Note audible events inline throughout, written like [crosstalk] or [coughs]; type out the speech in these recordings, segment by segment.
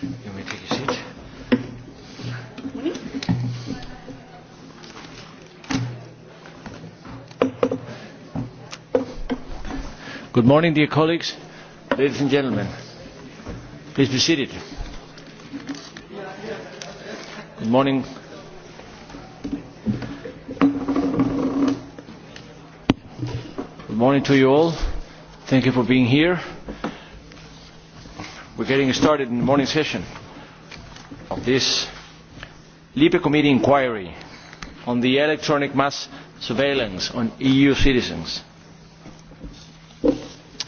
You may Good morning, dear colleagues, ladies and gentlemen. Please be seated. Good morning. Good morning to you all. Thank you for being here. We're getting started in the morning session of this LIPE Committee inquiry on the electronic mass surveillance on EU citizens.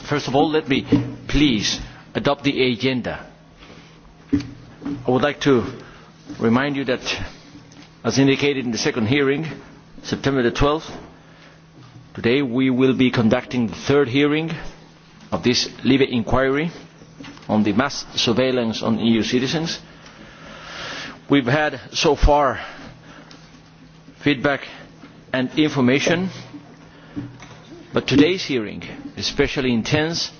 First of all, let me please adopt the agenda. I would like to remind you that, as indicated in the second hearing, September the 12th, today we will be conducting the third hearing of this LIBE inquiry on the mass surveillance on EU citizens. We've had so far feedback and information, but today's hearing is especially intense.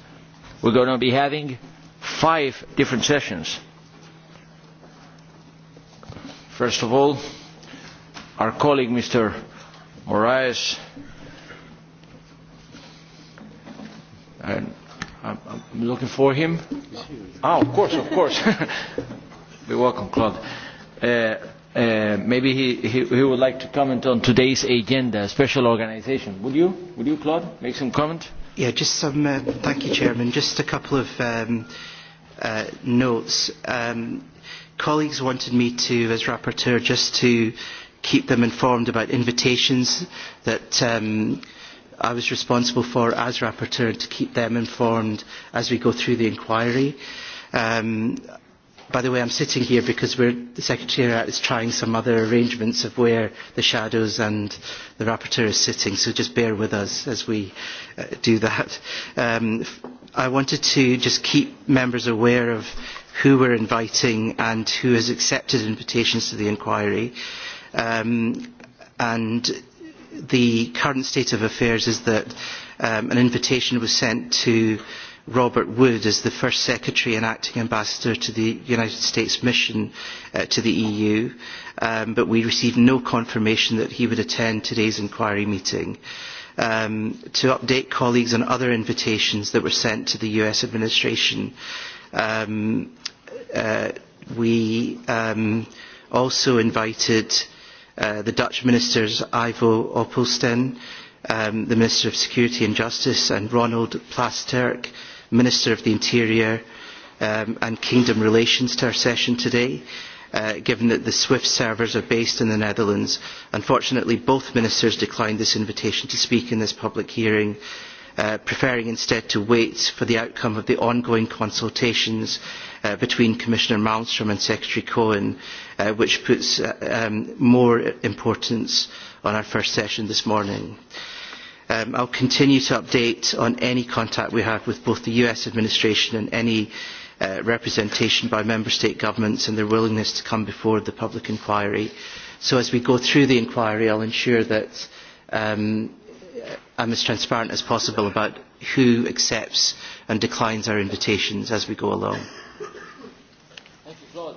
We're going to be having five different sessions. First of all, our colleague Mr. Moraes, and I'm, looking for him. Oh, of course, of course. Be [laughs] welcome, Claude. Uh, uh, maybe he, he, he would like to comment on today's agenda, special organization. Would you, would you, Claude, make some comment? Yeah, just some, uh, thank you, Chairman. Just a couple of um, uh, notes. Um, colleagues wanted me to, as rapporteur, just to keep them informed about invitations that um, i was responsible for as rapporteur to keep them informed as we go through the inquiry. Um, by the way, I'm sitting here because the Secretariat is trying some other arrangements of where the shadows and the rapporteur is sitting, so just bear with us as we uh, do that. Um, I wanted to just keep members aware of who we're inviting and who has accepted invitations to the inquiry. Um, and the current state of affairs is that um, an invitation was sent to Robert Wood as the first secretary and acting ambassador to the United States mission uh, to the EU, um, but we received no confirmation that he would attend today's inquiry meeting. Um, to update colleagues on other invitations that were sent to the US administration, uh, we also invited Uh, the Dutch ministers Ivo opstelten um, the Minister of Security and Justice, and Ronald Plasterk, Minister of the Interior um, and Kingdom Relations, to our session today. Uh, given that the SWIFT servers are based in the Netherlands. Unfortunately, both ministers declined this invitation to speak in this public hearing Uh, preferring instead to wait for the outcome of the ongoing consultations uh, between Commissioner Malmstrom and Secretary Cohen, uh, which puts um, more importance on our first session this morning. I um, will continue to update on any contact we have with both the US administration and any representation by Member State governments and their willingness to come before the public inquiry. So as we go through the inquiry, I will ensure that um, am as transparent as possible about who accepts and declines our invitations as we go along. Thank you, Claude.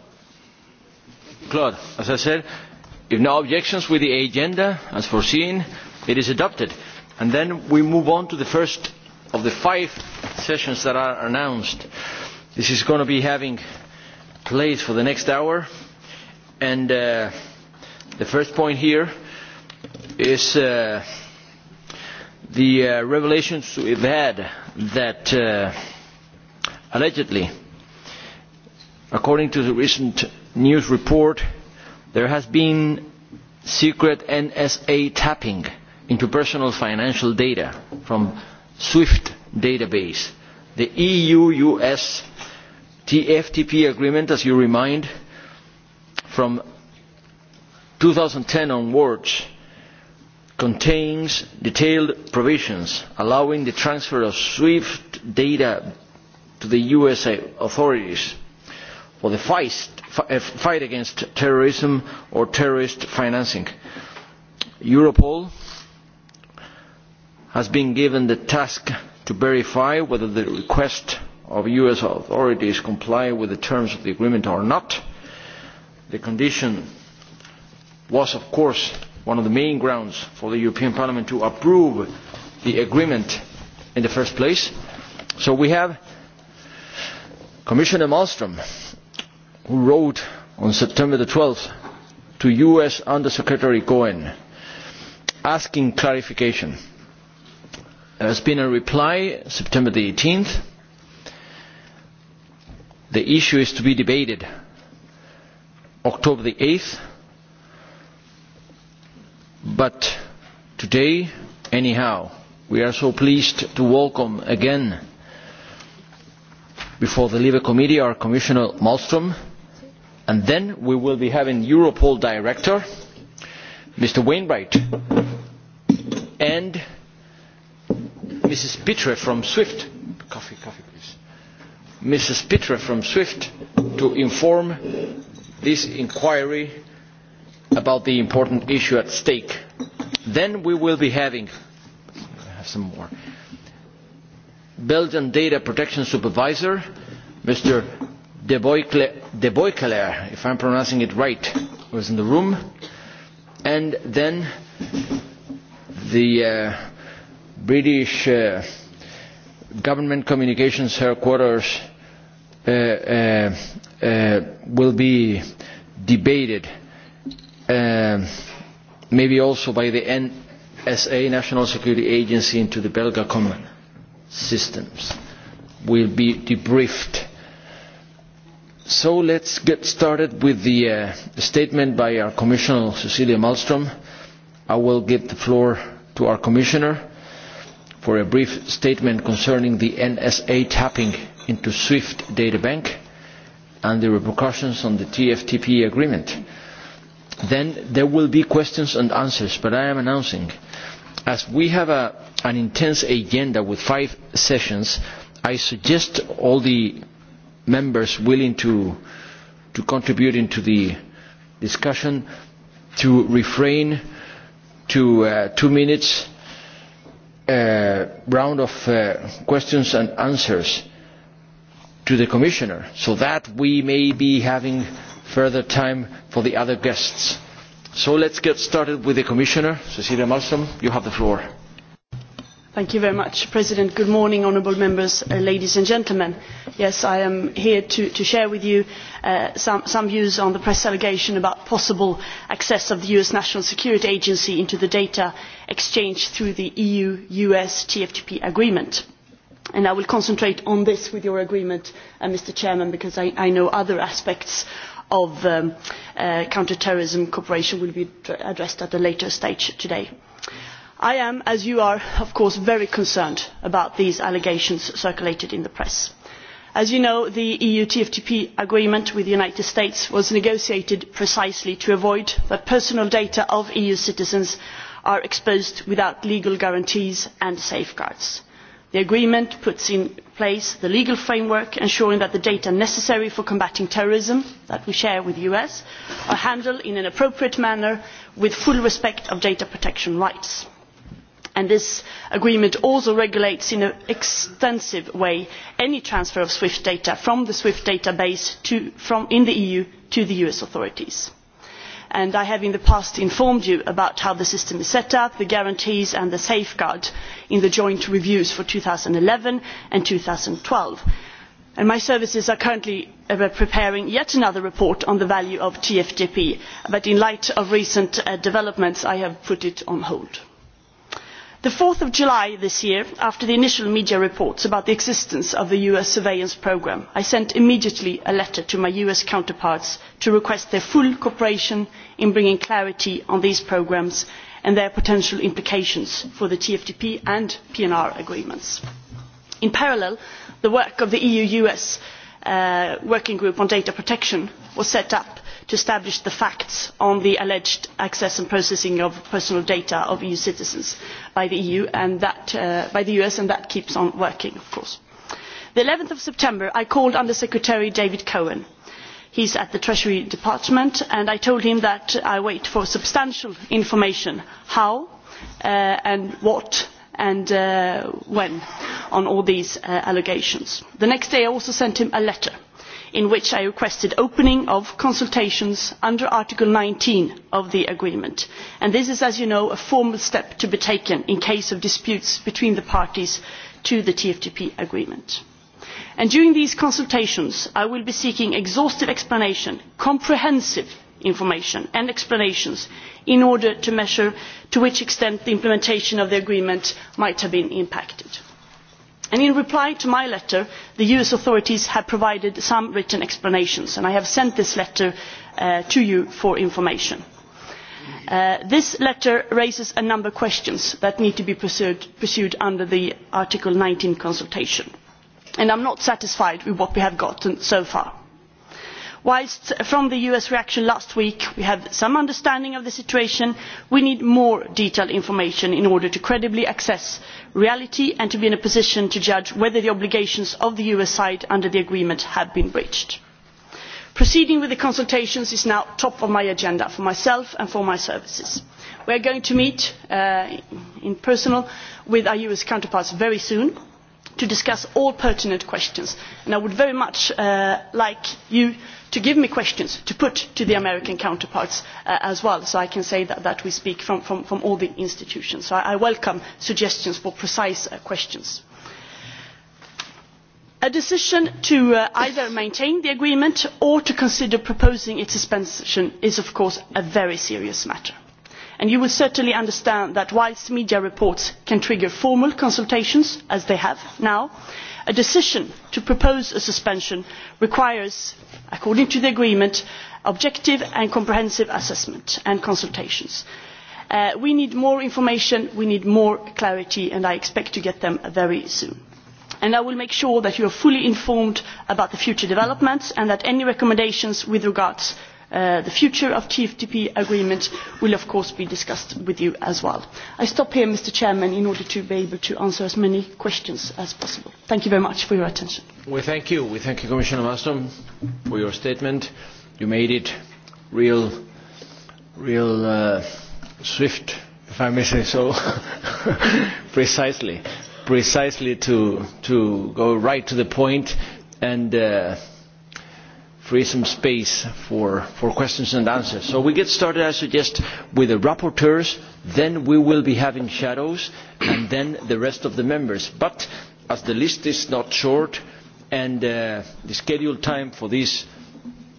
Claude, as I said, if no objections with the agenda as foreseen, it is adopted. And then we move on to the first of the five sessions that are announced. This is going to be having place for the next hour. And uh, the first point here is... Uh, the uh, revelations we've had that uh, allegedly, according to the recent news report, there has been secret NSA tapping into personal financial data from SWIFT database. The EU-US TFTP agreement, as you remind, from 2010 onwards contains detailed provisions allowing the transfer of swift data to the us authorities for the eh, fight against terrorism or terrorist financing. europol has been given the task to verify whether the request of us authorities comply with the terms of the agreement or not. the condition was of course one of the main grounds for the European Parliament to approve the agreement in the first place. So we have Commissioner Malmstrm, who wrote on September 12th to US Under Secretary Cohen asking clarification. There has been a reply September the 18th. The issue is to be debated October the 8 But today, anyhow, we are so pleased to welcome again before the LIBE Committee our Commissioner Malmstrm and then we will be having Europol Director, Mr. Wainwright and Mrs. Pitre from SWIFT. Coffee, coffee, please. Mrs. Pitre from SWIFT to inform this inquiry about the important issue at stake. Then we will be having some more Belgian data protection supervisor, Mr De Boykeler, if I am pronouncing it right, was in the room, and then the uh, British uh, Government Communications Headquarters uh, will be debated Um, maybe also by the NSA, National Security Agency, into the Belga common systems. Will be debriefed. So let's get started with uh, the statement by our Commissioner Cecilia Malmström. I will give the floor to our Commissioner for a brief statement concerning the NSA tapping into SWIFT databank and the repercussions on the TFTP agreement then there will be questions and answers but i am announcing as we have a, an intense agenda with five sessions i suggest all the members willing to to contribute into the discussion to refrain to uh, two minutes uh, round of uh, questions and answers to the commissioner so that we may be having further time for the other guests. So let's get started with the Commissioner. Cecilia Malmström, you have the floor. Thank you very much, President. Good morning, honourable members, uh, ladies and gentlemen. Yes, I am here to, to share with you uh, some, views on the press allegation about possible access of the US National Security Agency into the data exchange through the EU-US TFTP agreement. And I will concentrate on this with your agreement, uh, Mr. Chairman, because I, I know other aspects of um, uh, counter terrorism cooperation will be addressed at a later stage today. i am as you are of course very concerned about these allegations circulated in the press. as you know the eu tftp agreement with the united states was negotiated precisely to avoid that personal data of eu citizens are exposed without legal guarantees and safeguards. the agreement puts in place the legal framework ensuring that the data necessary for combating terrorism that we share with the us are handled in an appropriate manner with full respect of data protection rights. this agreement also regulates in an extensive way any transfer of swift data from the swift database in the eu to the us authorities and i have in the past informed you about how the system is set up the guarantees and the safeguards in the joint reviews for two thousand and eleven and two thousand and twelve my services are currently uh, preparing yet another report on the value of tftp but in light of recent uh, developments i have put it on hold. four july this year after the initial media reports about the existence of the us surveillance programme i sent immediately a letter to my us counterparts to request their full cooperation in bringing clarity on these programmes and their potential implications for the tftp and pnr agreements. in parallel the work of the eu us uh, working group on data protection was set up to establish the facts on the alleged access and processing of personal data of eu citizens by the, e uh, by the us and that keeps on working of course. on eleven september i called on under secretary david cohen he is at the treasury department and i told him that i wait for substantial information how uh, and what and uh, when on all these uh, allegations. the next day i also sent him a letter in which i requested the opening of consultations under article nineteen of the agreement and this is as you know a formal step to be taken in case of disputes between the parties to the tftp agreement during these consultations i will be seeking exhaustive explanation comprehensive information and explanations in order to measure to which extent the implementation of the agreement might have been impacted. in reply to my letter the us authorities have provided some written explanations and i have sent this letter uh, to you for information. Uh, this letter raises a number of questions that need to be pursued, under the article nineteen consultation and i am not satisfied with what we have gotten so far. whilst from the us reaction last week we have some understanding of the situation we need more detailed information in order to credibly assess reality and to be in a position to judge whether the obligations of the us side under the agreement have been breached. proceeding with the consultations is now top of my agenda for myself and for my services. we are going to meet uh, in person with our us counterparts very soon to discuss all pertinent questions and i would very much uh, like you to give me questions to put to the american counterparts uh, as well so i can say that, we speak from, all the institutions. so i, welcome suggestions for precise uh, questions. a decision to either maintain the agreement or to consider proposing its suspension is of course a very serious matter and you will certainly understand that whilst media reports can trigger formal consultations as they have now a decision to propose a suspension requires according to the agreement objective and comprehensive assessment and consultations. Uh, we need more information we need more clarity and i expect to get them very soon. i will make sure that you are fully informed about the future developments and that any recommendations with regard Uh, the future of the tftp agreement will of course be discussed with you as well. i stop here mr Chairman, in order to be able to answer as many questions as possible. thank you very much for your attention. we thank you. we thank you commissioner malmstrm for your statement. you made it real, real uh, swift if i may say so [laughs] precisely precisely to, to go right to the point and uh, free some space for, for questions and answers. So we get started, I suggest, with the rapporteurs, then we will be having shadows, and then the rest of the members. But as the list is not short, and uh, the scheduled time for this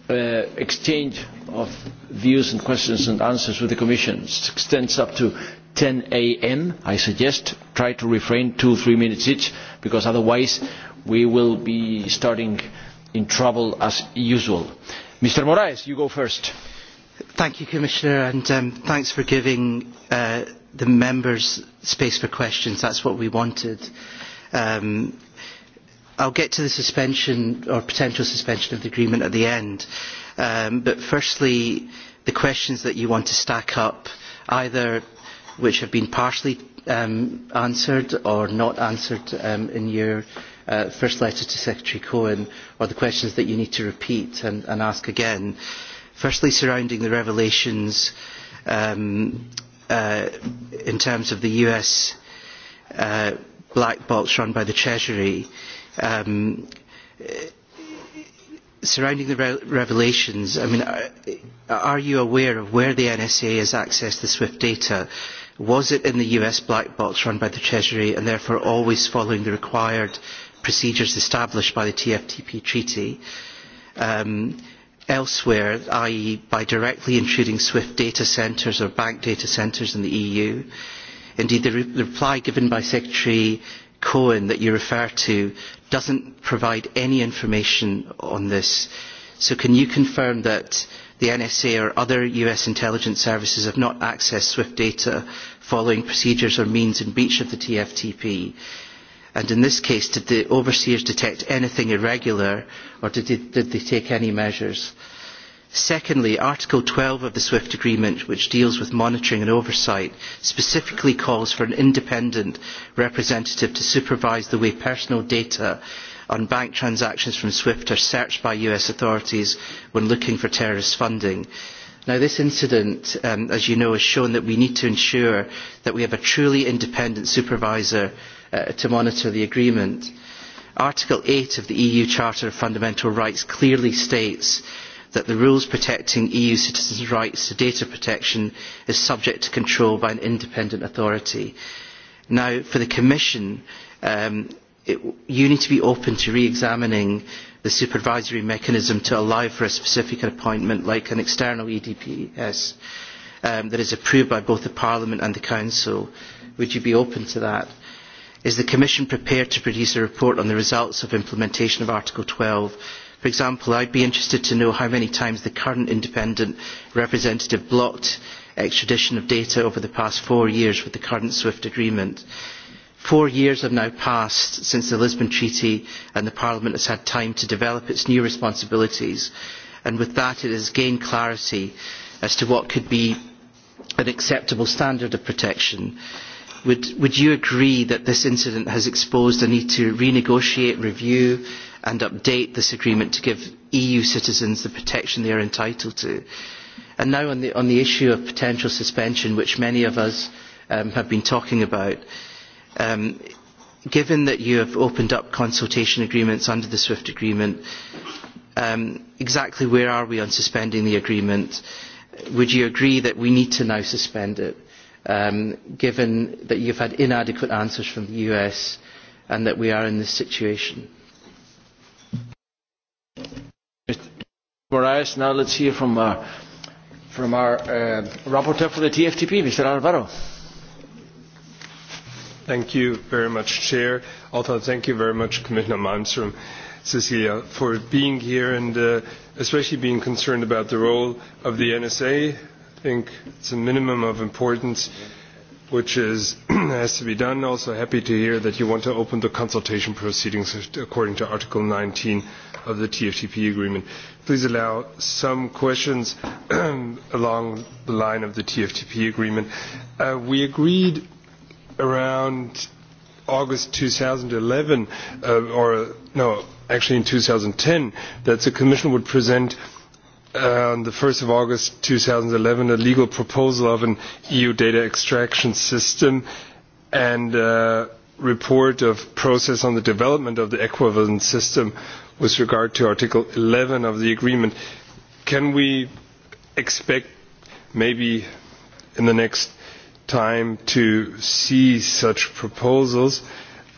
uh, exchange of views and questions and answers with the Commission extends up to 10 a.m. I suggest try to refrain two, three minutes each, because otherwise we will be starting in trouble as usual. Mr Moraes, you go first. Thank you, Commissioner, and um, thanks for giving uh, the members space for questions. That's what we wanted. Um, I'll get to the suspension or potential suspension of the agreement at the end. Um, but firstly, the questions that you want to stack up, either which have been partially um, answered or not answered in your Uh, first letter to Secretary Cohen or the questions that you need to repeat and, ask again. Firstly, surrounding the revelations um, uh, in terms of the US uh, black box run by the Treasury, um, surrounding the revelations, I mean, are, are you aware of where the NSA has accessed the SWIFT data? Was it in the US black box run by the Treasury and therefore always following the required procedures established by the TFTP Treaty um, elsewhere, i. e. by directly intruding SWIFT data centres or bank data centres in the EU. Indeed, the, reply given by Secretary Cohen that you refer to doesn't provide any information on this. So can you confirm that the NSA or other US intelligence services have not accessed SWIFT data following procedures or means in breach of the TFTP? and in this case did the overseers detect anything irregular or did they, did they take any measures? Secondly, Article 12 of the SWIFT agreement, which deals with monitoring and oversight, specifically calls for an independent representative to supervise the way personal data on bank transactions from SWIFT are searched by US authorities when looking for terrorist funding. Now, this incident, um, as you know, has shown that we need to ensure that we have a truly independent supervisor Uh, to monitor the agreement. Article 8 of the EU Charter of Fundamental Rights clearly states that the rules protecting EU citizens' rights to data protection is subject to control by an independent authority. Now, for the Commission, um, you need to be open to re-examining the supervisory mechanism to allow for a specific appointment like an external EDPS um, that is approved by both the Parliament and the Council. Would you be open to that? Is the Commission prepared to produce a report on the results of implementation of Article 12? For example, I would be interested to know how many times the current independent representative blocked extradition of data over the past four years with the current SWIFT agreement. Four years have now passed since the Lisbon Treaty and the Parliament has had time to develop its new responsibilities and with that it has gained clarity as to what could be an acceptable standard of protection would, you agree that this incident has exposed a need to renegotiate, review and update this agreement to give EU citizens the protection they are entitled to? And now on the, issue of potential suspension, which many of us um, have been talking about, um, given that you have opened up consultation agreements under the SWIFT agreement, um, exactly where are we on suspending the agreement? Would you agree that we need to now suspend it? um, given that you have had inadequate answers from the US and that we are in this situation. now let's hear from our, uh, from our uh, rapporteur for the Mr. Alvaro. Thank you very much, Chair. Also, thank you very much, Commissioner Malmström, Cecilia, for being here and uh, especially being concerned about the role of the NSA think it's a minimum of importance which is [clears throat] has to be done. Also happy to hear that you want to open the consultation proceedings according to Article 19 of the TFTP agreement. Please allow some questions [clears throat] along the line of the TFTP agreement. Uh, we agreed around August 2011, uh, or no, actually in 2010, that the Commission would present on the 1st of August 2011 a legal proposal of an EU data extraction system and a report of process on the development of the equivalent system with regard to Article 11 of the agreement. Can we expect maybe in the next time to see such proposals?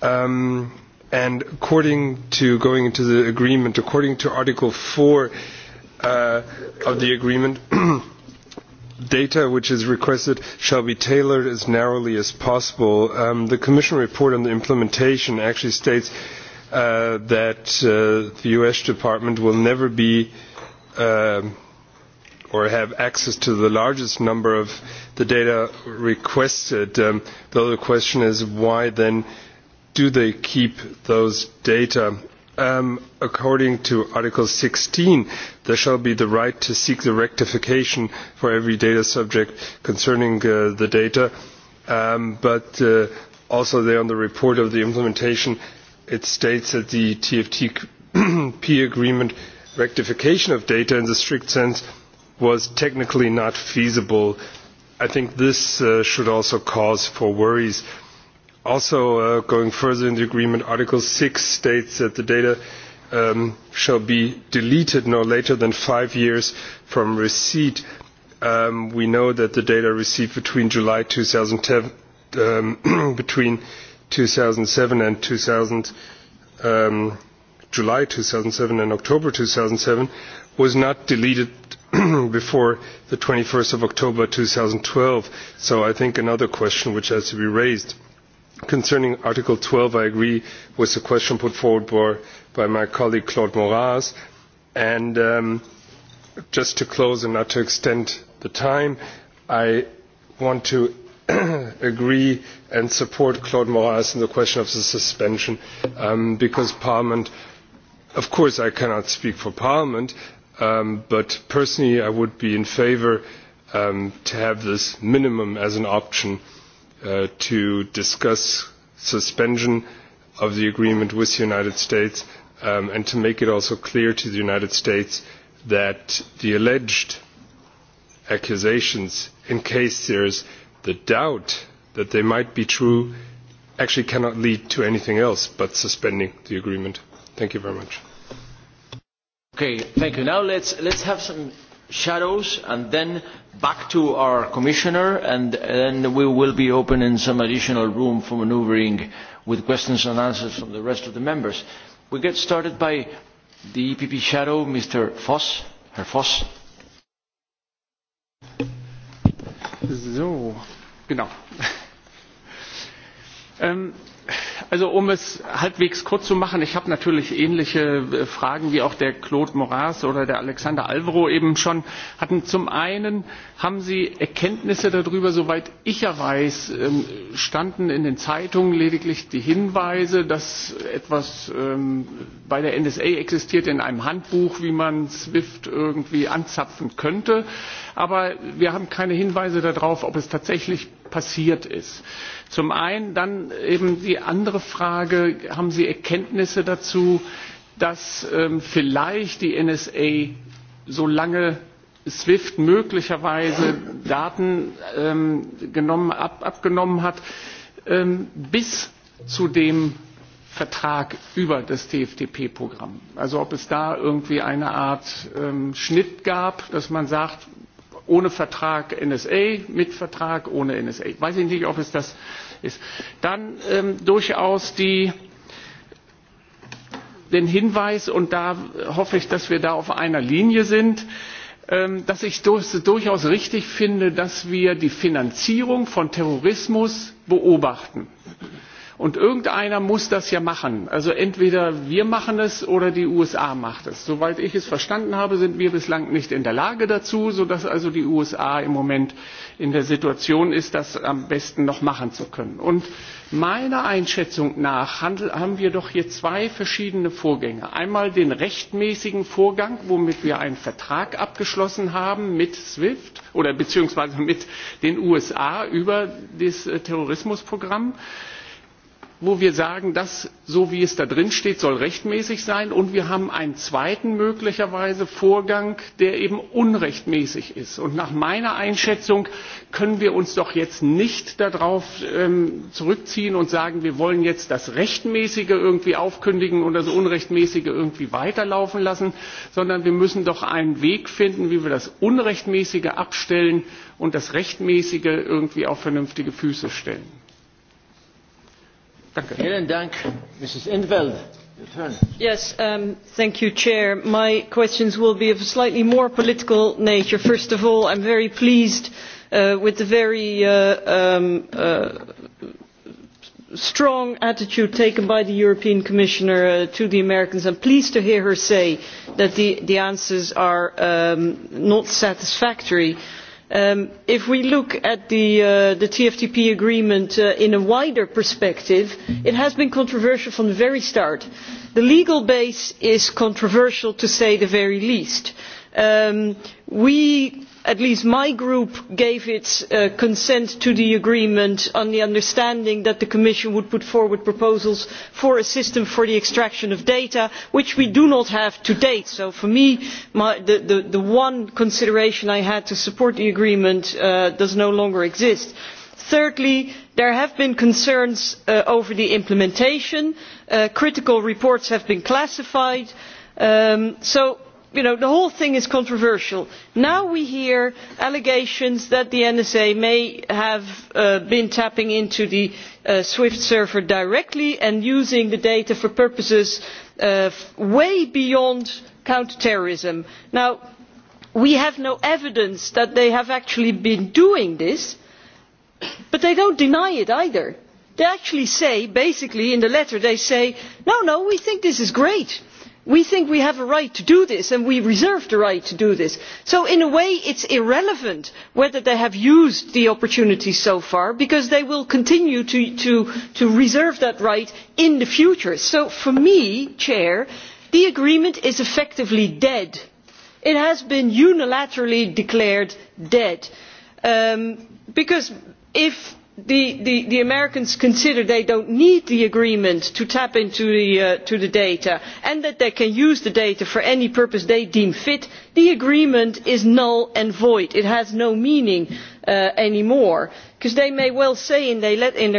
Um, and according to going into the agreement, according to Article 4, uh, of the agreement [clears throat] data which is requested shall be tailored as narrowly as possible. Um, the Commission report on the implementation actually states uh, that uh, the U.S. Department will never be uh, or have access to the largest number of the data requested. Um, the other question is why then do they keep those data? Um, according to Article 16, there shall be the right to seek the rectification for every data subject concerning uh, the data. Um, but uh, also there on the report of the implementation, it states that the TFTP [clears throat] agreement rectification of data in the strict sense was technically not feasible. I think this uh, should also cause for worries also uh, going further in the agreement article 6 states that the data um, shall be deleted no later than five years from receipt um, we know that the data received between july 2010 um, [clears throat] between 2007 and 2000 um, july 2007 and october 2007 was not deleted [clears throat] before the 21st of october 2012 so i think another question which has to be raised Concerning Article 12, I agree with the question put forward by, my colleague Claude Moraz. And um, just to close and not to extend the time, I want to [clears throat] agree and support Claude Moraes in the question of the suspension um, because Parliament, of course I cannot speak for Parliament, um, but personally I would be in favor to have this minimum as an option Uh, to discuss suspension of the agreement with the United States um, and to make it also clear to the United States that the alleged accusations, in case there is the doubt that they might be true, actually cannot lead to anything else but suspending the agreement. Thank you very much. Okay, thank you. Now let's, let's have some shadows and then back to our commissioner and then we will be opening some additional room for manoeuvring with questions and answers from the rest of the members. We get started by the EPP shadow, Mr. Voss. Herr Voss. So, genau. [laughs] ähm, also um es halbwegs kurz zu machen ich habe natürlich ähnliche äh, fragen wie auch der claude moraes oder der alexander alvaro eben schon hatten. zum einen haben sie erkenntnisse darüber soweit ich ja weiß ähm, standen in den zeitungen lediglich die hinweise dass etwas ähm, bei der nsa existiert in einem handbuch wie man swift irgendwie anzapfen könnte aber wir haben keine hinweise darauf ob es tatsächlich passiert ist. Zum einen dann eben die andere Frage, haben Sie Erkenntnisse dazu, dass ähm, vielleicht die NSA, solange SWIFT möglicherweise Daten ähm, genommen, abgenommen hat, ähm, bis zu dem Vertrag über das TFTP-Programm. Also ob es da irgendwie eine Art Schnitt gab, dass man sagt, ohne Vertrag NSA, mit Vertrag ohne NSA. Weiß ich nicht, ob es das ist. Dann ähm, durchaus die, den Hinweis, und da hoffe ich, dass wir da auf einer Linie sind, ähm, dass ich durchaus richtig finde, dass wir die Finanzierung von Terrorismus beobachten und irgendeiner muss das ja machen also entweder wir machen es oder die usa macht es soweit ich es verstanden habe sind wir bislang nicht in der lage dazu sodass also die usa im moment in der situation ist das am besten noch machen zu können und meiner einschätzung nach haben wir doch hier zwei verschiedene vorgänge einmal den rechtmäßigen vorgang womit wir einen vertrag abgeschlossen haben mit swift oder beziehungsweise mit den usa über das äh, terrorismusprogramm wo wir sagen das so wie es da drin steht soll rechtmäßig sein und wir haben einen zweiten möglicherweise vorgang der eben unrechtmäßig ist. nach meiner einschätzung können wir uns doch jetzt nicht darauf ähm, zurückziehen und sagen wir wollen jetzt das rechtmäßige irgendwie aufkündigen und das unrechtmäßige irgendwie weiterlaufen lassen sondern wir müssen doch einen weg finden wie wir das unrechtmäßige abstellen und das rechtmäßige irgendwie auf vernünftige füße stellen. Um, thank you, my questions will be of a slightly more political nature. first of all i am very pleased uh, with the very uh, um, uh, strong attitude taken by the european commissioner to the americans. i am pleased to hear her say that the, answers are um, not satisfactory. Um, if we look at the, uh, tftp agreement uh, in a wider perspective it has been controversial from the very start. the legal base is controversial to say the very least. Um, we at least my group gave its uh, consent to the agreement on the understanding that the commission would put forward proposals for a system for the extraction of data which we do not have to date so for me the, one consideration i had to support the agreement uh, does no longer exist. thirdly there have been concerns uh, over the implementation critical reports have been classified um, so the whole thing is controversial. now we hear allegations that the nsa may have uh, been tapping into the uh, swift server directly and using the data for purposes uh, way beyond counter terrorism. now we have no evidence that they have actually been doing this but they do not deny it either. they actually say basically in the letter they say no no we think this is great we think we have a right to do this and we reserve the right to do this so in a way it is irrelevant whether they have used the opportunity so far because they will continue to reserve that right in the future. so for me the agreement is effectively dead. it has been unilaterally declared dead um, because if The, americans consider they do not need the agreement to tap into uh, the, data and that they can use the data for any purpose they deem fit the agreement is null and void it has no meaning uh, anymore. any more because they may well say in, their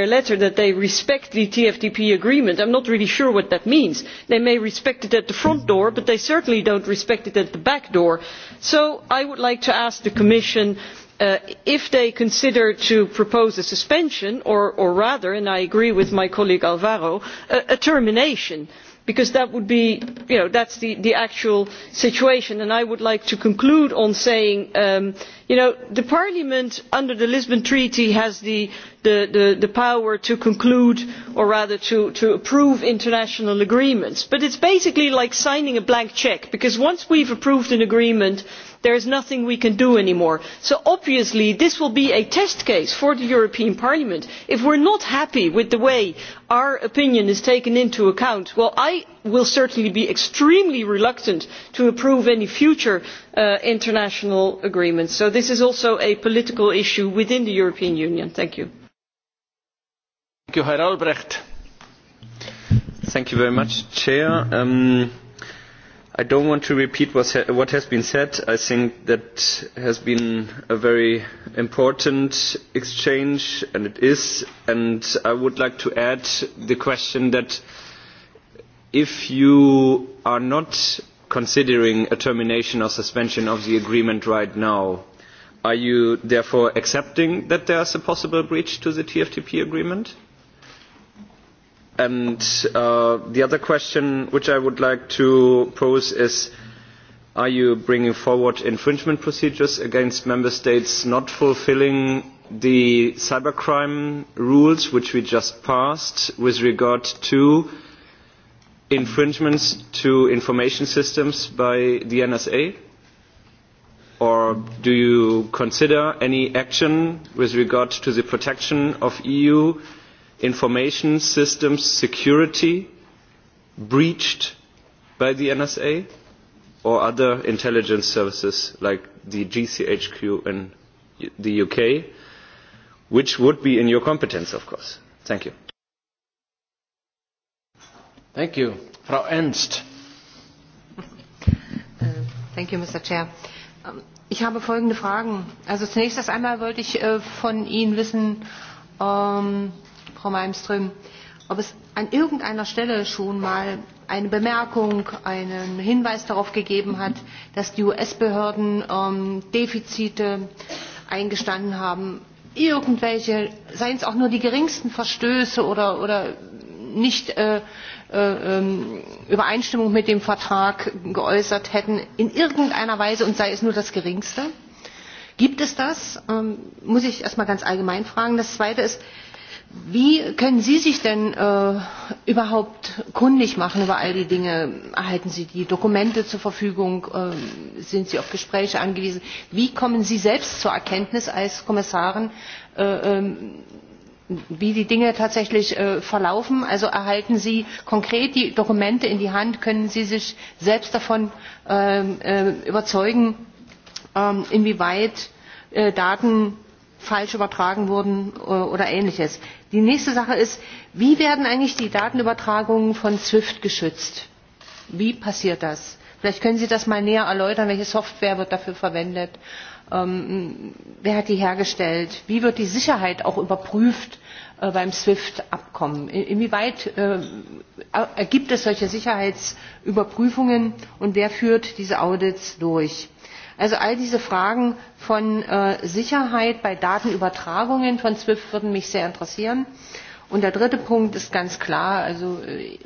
letter that they respect the tftp agreement i am not really sure what that means. they may respect it at the front door but they certainly do not respect it at the back door. so i would like to ask the commission Uh, if they consider to propose a suspension or, rather and i agree with my colleague alvaro a, termination because that would be the, actual situation and i would like to conclude on saying um, the parliament under the lisbon treaty has the, power to conclude or rather to, approve international agreements but it is basically like signing a blank cheque because once we have approved an agreement there is nothing we can do any more. so obviously this will be a test case for the european parliament. if we are not happy with the way our opinion is taken into account well i will certainly be extremely reluctant to approve any future uh, international agreements. so this is also a political issue within the european union. thank you. very um, i do not want to repeat what has been said i think that has been a very important exchange and it is and i would like to add the question that if you are not considering a termination or suspension of the agreement right now are you therefore accepting that there is a possible breach of the tftp agreement? And uh, the other question which I would like to pose is Are you bringing forward infringement procedures against member states not fulfilling the cybercrime rules which we just passed with regard to infringements to information systems by the NSA? Or do you consider any action with regard to the protection of EU information systems security breached by the NSA or other intelligence services like the GCHQ in the UK, which would be in your competence, of course. Thank you. Thank you. Frau Ernst. Äh, thank you, Mr. Chair. Ähm, ich habe folgende Fragen. Also zunächst einmal wollte ich äh, von Ihnen wissen, ähm, Frau Malmström, ob es an irgendeiner Stelle schon mal eine Bemerkung, einen Hinweis darauf gegeben hat, dass die US-Behörden ähm, Defizite eingestanden haben, irgendwelche, seien es auch nur die geringsten Verstöße oder, oder nicht äh, äh, ähm, Übereinstimmung mit dem Vertrag geäußert hätten, in irgendeiner Weise und sei es nur das Geringste? Gibt es das? Ähm, muss ich erstmal ganz allgemein fragen. Das Zweite ist, Wie können Sie sich denn äh, überhaupt kundig machen über all die Dinge? Erhalten Sie die Dokumente zur Verfügung? Äh, sind Sie auf Gespräche angewiesen? Wie kommen Sie selbst zur Erkenntnis als Kommissarin, äh, ähm, wie die Dinge tatsächlich äh, verlaufen? Also erhalten Sie konkret die Dokumente in die Hand? Können Sie sich selbst davon ähm, äh, überzeugen, ähm, inwieweit äh, Daten falsch übertragen wurden oder ähnliches die nächste sache ist wie werden eigentlich die datenübertragungen von swift geschützt? wie passiert das? vielleicht können sie das mal näher erläutern welche software wird dafür verwendet? Ähm, wer hat die hergestellt? wie wird die sicherheit auch überprüft äh, beim swift abkommen? inwieweit äh, ergibt es solche sicherheitsüberprüfungen und wer führt diese audits durch? also all diese fragen von äh, sicherheit bei datenübertragungen von swift würden mich sehr interessieren. und der dritte punkt ist ganz klar also äh,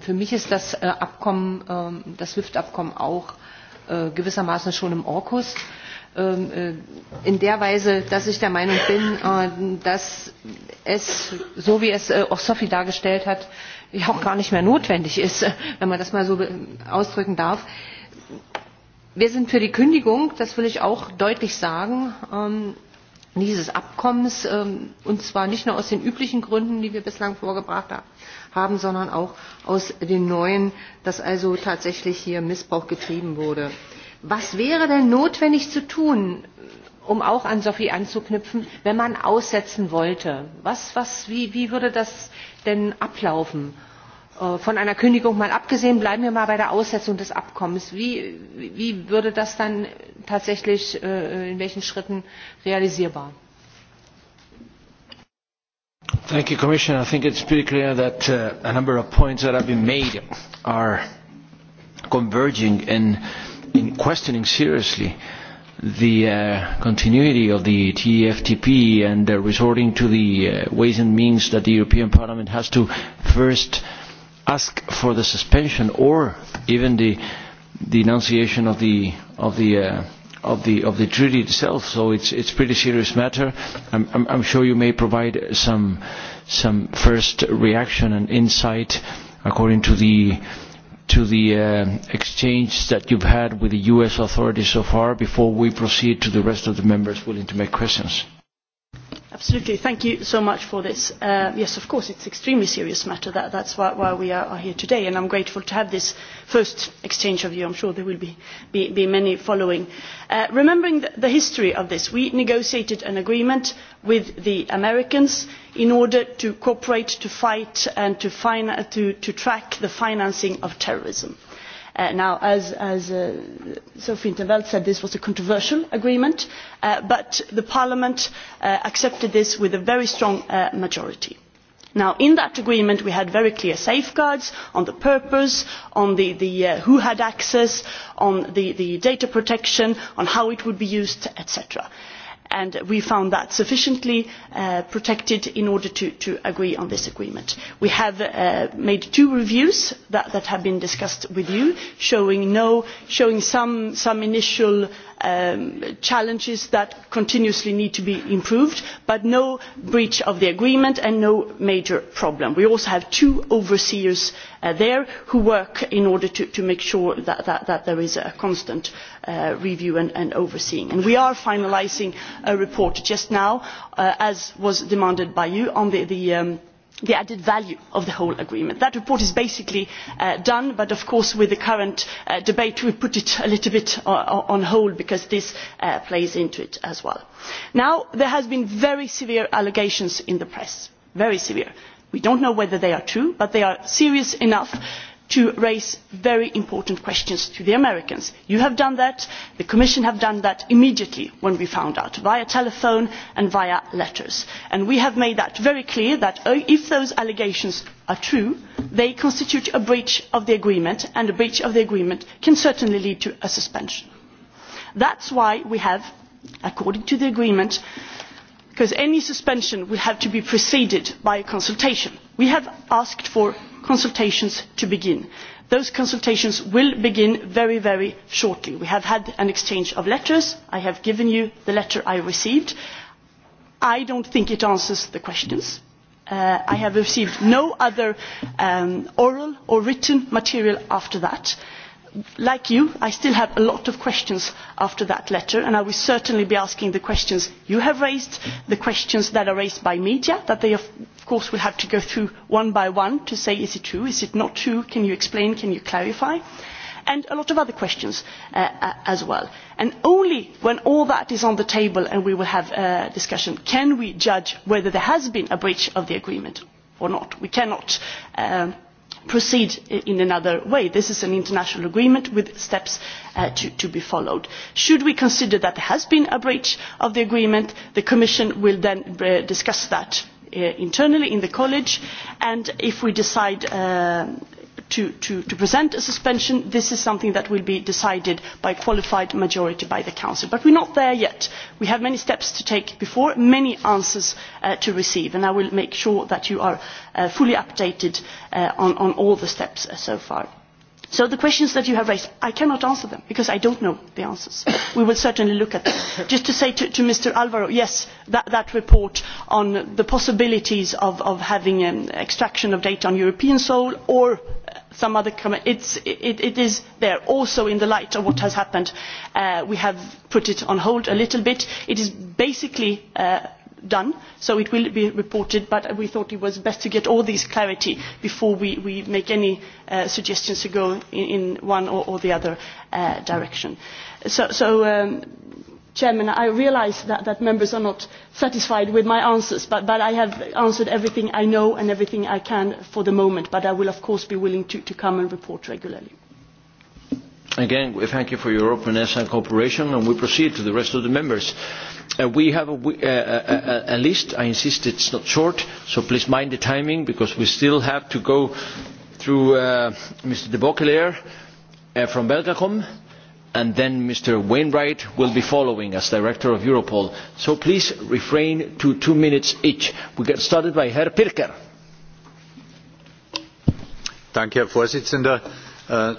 für mich ist das äh, abkommen ähm, das swift abkommen auch gewissermaßen schon im orkus ähm, in der weise dass ich der meinung bin dass es so wie es auch sophie dargestellt hat ja auch gar nicht mehr notwendig ist [laughs] wenn man das mal so ausdrücken darf wir sind für die kündigung das will ich auch deutlich sagen ähm, dieses abkommens ähm, und zwar nicht nur aus den üblichen gründen die wir bislang vorgebracht haben sondern auch aus den neuen dass also tatsächlich hier missbrauch getrieben wurde. was wäre denn notwendig zu tun um auch an sophie anzuknüpfen wenn man aussetzen wollte? Was, wie würde das denn ablaufen? Äh, von einer kündigung mal abgesehen bleiben wir mal bei der aussetzung des abkommens wie, wie würde das dann tatsächlich äh, in welchen schritten realisierbar? Thank you, Commissioner. I think it's pretty clear that uh, a number of points that have been made are converging in, in questioning seriously the uh, continuity of the TFTP and uh, resorting to the uh, ways and means that the European Parliament has to first ask for the suspension or even the denunciation of the of the uh, of the of the treaty itself. So it's it's pretty serious matter. I'm, I'm, I'm sure you may provide some some first reaction and insight according to the to the uh, exchange that you've had with the U.S. authorities so far before we proceed to the rest of the members willing to make questions. Absolutely. Thank you so much for this. Uh, yes, of course, it is an extremely serious matter. That, is why, we are here today, and I am grateful to have this first exchange of I am sure there will be, many following. Uh, remembering the, history of this, we negotiated an agreement with the Americans in order to cooperate, to fight, and to track the financing of terrorism Uh, now as, as uh, sophia in 't veld said this was a controversial agreement uh, but the parliament accepted this with a very strong majority. in that agreement we had very clear safeguards on the purpose on who had access on the data protection on how it would be used etc and we found that sufficiently uh, protected in order to, agree on this agreement. we have uh, made two reviews that, have been discussed with you showing, showing some initial Um, challenges that continuously need to be improved but no breach of the agreement and no major problem. we also have two overseers uh, there who work in order to, make sure that, there is a constant uh, review and, overseeing. we are finalising a report just now uh, as was demanded by you on the, um, the added value of the whole agreement. that report is basically uh, done but of course with the current uh, debate we put it a little bit on, hold because this uh, plays into it as well. now there have been very severe allegations in the press very severe. we do not know whether they are true but they are serious enough to raise very important questions to the americans. you have done that the commission has done that immediately when we found out via telephone and via letters and we have made that very clear that oh, if those allegations are true they constitute a breach of the agreement and a breach of the agreement can certainly lead to a suspension. that is why we have according to the agreement because any suspension will have to be preceded by a consultation we have asked for consultations to begin. those consultations will begin very, very shortly. we have had an exchange of letters i have given you the letter i received. i do not think it answers the questions. Uh, i have received no other um, oral or written material after that like you i still have a lot of questions after that letter and i will certainly be asking the questions you have raised the questions that are raised by the media that they of course will have to go through one by one to say is it true is it not true can you explain can you clarify and a lot of other questions uh, uh, as well. only when all that is on the table and we will have a discussion can we judge whether there has been a breach of the agreement or not. we cannot um, proceed in another way. this is an international agreement with steps uh, to, be followed. should we consider that there has been a breach of the agreement the commission will then uh, discuss that uh, internally in the college and if we decide to, present a suspension this is something that will be decided by a qualified majority by the council but we are not there yet. we have many steps to take before many answers uh, to receive and i will make sure that you are uh, fully updated uh, on all the steps so far so the questions that you have raised i cannot answer them because i do not know the answers. we will certainly look at them. [coughs] just to say to, mr alvaro yes that, report on the possibilities of, having an extraction of data on european soil or uh, some other it, it is there also in the light of what has happened uh, we have put it on hold a little bit. it is basically uh, done so it will be reported but we thought it was best to get all this clarity before we, make any uh, suggestions to go in, one or, the other uh, direction. so, um, Chairman, i realise that, members are not satisfied with my answers but, i have answered everything i know and everything i can for the moment but i will of course be willing to come and report regularly. Again, we thank you for your openness and cooperation, and we proceed to the rest of the members. Uh, we have uh, uh, a, list. I insist it's not short, so please mind the timing, because we still have to go through Mr. de Bocquelaer from Belgacom, and then Mr. Wainwright will be following as Director of Europol. So please refrain to two minutes each. We get started by Herr Pirker. Herr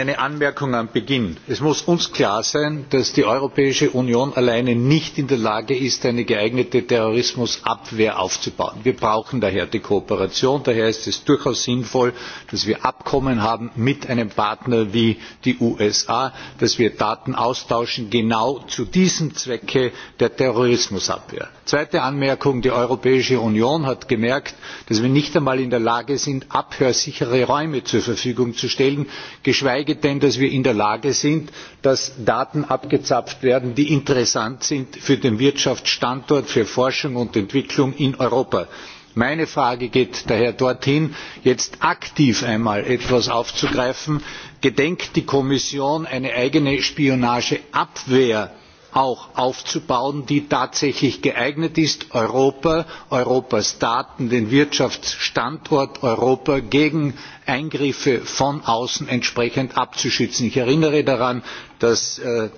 eine anmerkung am beginn es muss uns klar sein dass die europäische union alleine nicht in der lage ist eine geeignete terrorismusabwehr aufzubauen. wir brauchen daher die kooperation daher ist es durchaus sinnvoll dass wir abkommen haben mit einem partner wie den usa dass wir daten austauschen genau zu diesem zwecke der terrorismusabwehr. zweite anmerkung die europäische union hat gemerkt dass wir nicht einmal in der lage sind abhörsichere räume zur verfügung zu stellen geschweige geschweige denn dass wir in der lage sind dass daten abgezapft werden die interessant sind für den wirtschaftsstandort für forschung und entwicklung in europa. meine frage geht daher dorthin jetzt aktiv einmal etwas aufzugreifen gedenkt die kommission eine eigene spionageabwehr auch aufzubauen die tatsächlich geeignet ist europa europas daten den wirtschaftsstandort europa gegen eingriffe von außen entsprechend abzuschützen. ich erinnere daran dass äh,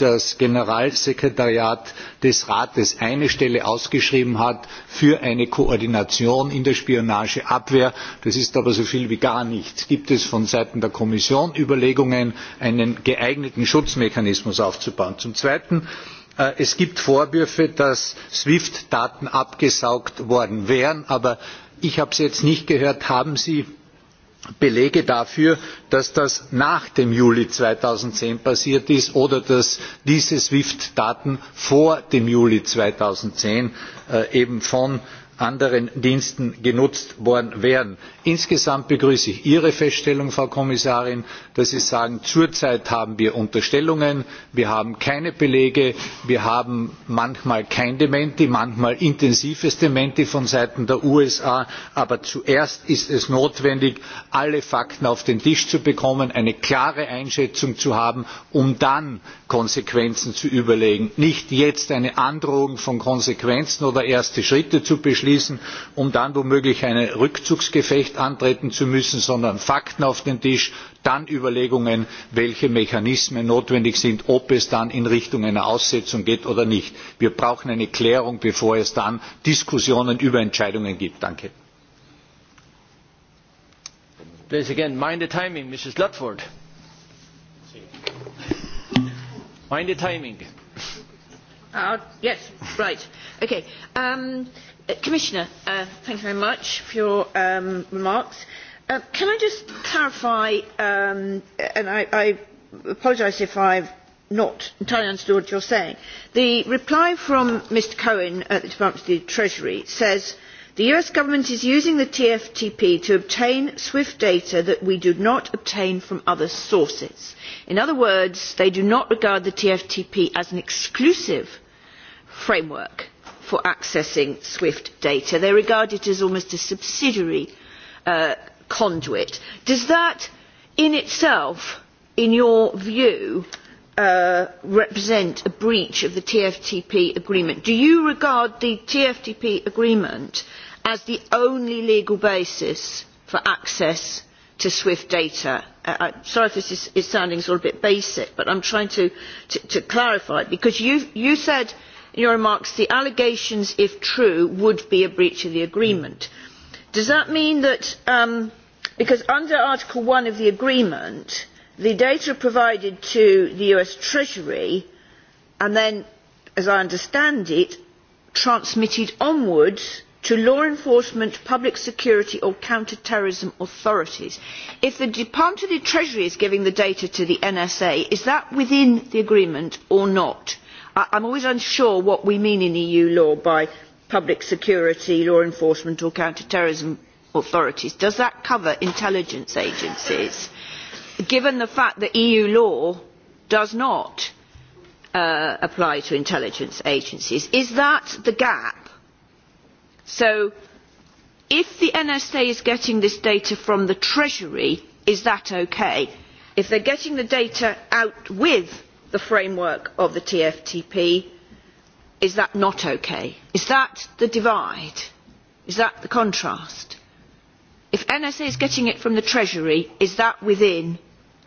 das generalsekretariat des rates eine stelle ausgeschrieben hat für eine koordination in der spionageabwehr. das ist aber so viel wie gar nichts. gibt es von seiten der kommission überlegungen einen geeigneten schutzmechanismus aufzubauen? zum zweiten äh, es gibt vorwürfe dass swift daten abgesaugt worden wären aber ich habe es jetzt nicht gehört haben sie belege dafür dass das nach dem juli zweitausendzehn passiert ist oder dass diese swift daten vor dem juli zweitausendzehn äh, eben von anderen diensten genutzt worden wären. insgesamt begrüße ich ihre feststellung frau kommissarin dass sie sagen zurzeit haben wir unterstellungen wir haben keine belege wir haben manchmal kein dementi manchmal intensives dementi von seiten der usa aber zuerst ist es notwendig alle fakten auf den tisch zu bekommen eine klare einschätzung zu haben um dann konsequenzen zu überlegen nicht jetzt eine androhung von konsequenzen oder erste schritte zu abzuschließen um dann womöglich ein rückzugsgefecht antreten zu müssen sondern fakten auf den tisch dann überlegungen welche mechanismen notwendig sind ob es dann in richtung einer aussetzung geht oder nicht. wir brauchen eine klärung bevor es dann diskussionen über entscheidungen gibt. Uh, Commissioner, uh, thank you very much for your um, remarks. Uh, can I just clarify, um, and I, apologise if have not entirely understood what are saying. The reply from Mr Cohen at the Department of the Treasury says the US government is using the TFTP to obtain SWIFT data that we do not obtain from other sources. In other words, they do not regard the TFTP as an exclusive framework for accessing swift data. they regard it as almost a subsidiary uh, conduit. does that in itself in your view uh, represent a breach of the tftp agreement? do you regard the tftp agreement as the only legal basis for access to swift data? Uh, I'm sorry if this is, is sounding sort of a bit basic but i am trying to, to, to clarify because you, you said your remarks the allegations if true would be a breach of the agreement. does that mean that um, because under article one of the agreement the data are provided to the us treasury and then as i understand it transmitted onwards to law enforcement public security or counter terrorism authorities. if the department of the treasury is giving the data to the nsa is that within the agreement or not? I am always unsure what we mean in eu law by public security law enforcement or counter terrorism authorities. does that cover intelligence agencies given the fact that eu law does not uh, apply to intelligence agencies? is that the gap? so if the nsa is getting this data from the treasury is that okay? if they are getting the data out with the framework of the tftp is that not okay? is that the divide? is that the contrast? if nsa is getting it from the treasury is that within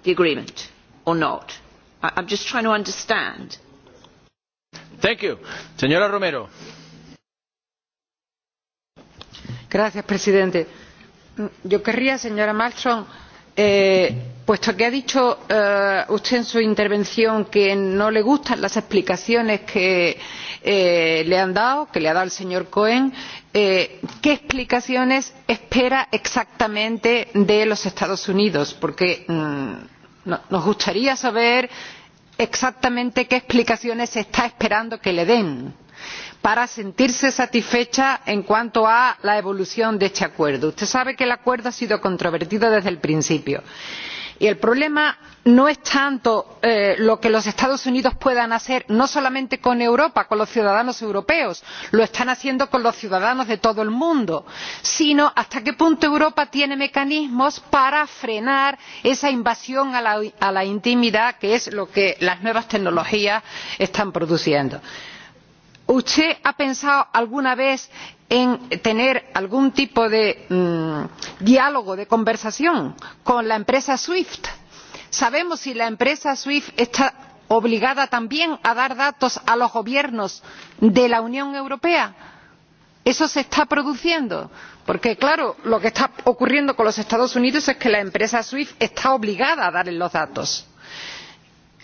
the agreement or not? i am just trying to understand. Thank you. Señora Romero. Gracias, presidente. Yo querría, señora Malmström, eh, puesto que ha dicho eh, usted en su intervención que no le gustan las explicaciones que eh, le han dado que le ha dado el señor cohen eh, qué explicaciones espera exactamente de los estados unidos? porque mm, nos gustaría saber exactamente qué explicaciones está esperando que le den para sentirse satisfecha en cuanto a la evolución de este acuerdo. usted sabe que el acuerdo ha sido controvertido desde el principio y el problema no es tanto eh, lo que los estados unidos puedan hacer no solamente con europa con los ciudadanos europeos lo están haciendo con los ciudadanos de todo el mundo sino hasta qué punto europa tiene mecanismos para frenar esa invasión a la, a la intimidad que es lo que las nuevas tecnologías están produciendo. usted ha pensado alguna vez en tener algún tipo de mm, diálogo de conversación con la empresa swift? sabemos si la empresa swift está obligada también a dar datos a los gobiernos de la unión europea? eso se está produciendo? porque claro lo que está ocurriendo con los estados unidos es que la empresa swift está obligada a darles los datos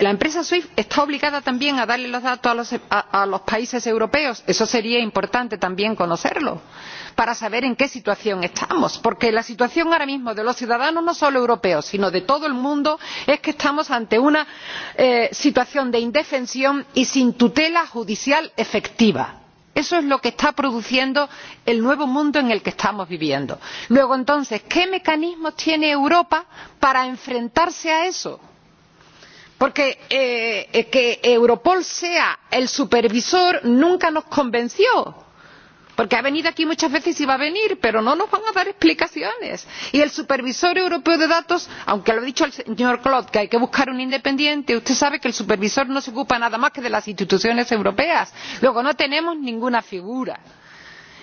la empresa swift está obligada también a darle los datos a los, países europeos eso sería importante también conocerlo para saber en qué situación estamos porque la situación ahora mismo de los ciudadanos no solo europeos sino de todo el mundo es que estamos ante una eh, situación de indefensión y sin tutela judicial efectiva eso es lo que está produciendo el nuevo mundo en el que estamos viviendo. luego entonces qué mecanismos tiene europa para enfrentarse a eso? porque eh, eh, que europol sea el supervisor nunca nos convenció porque ha venido aquí muchas veces y va a venir pero no nos van a dar explicaciones y el supervisor europeo de datos aunque lo ha dicho el señor claude que hay que buscar un independiente usted sabe que el supervisor no se ocupa nada más que de las instituciones europeas luego no tenemos ninguna figura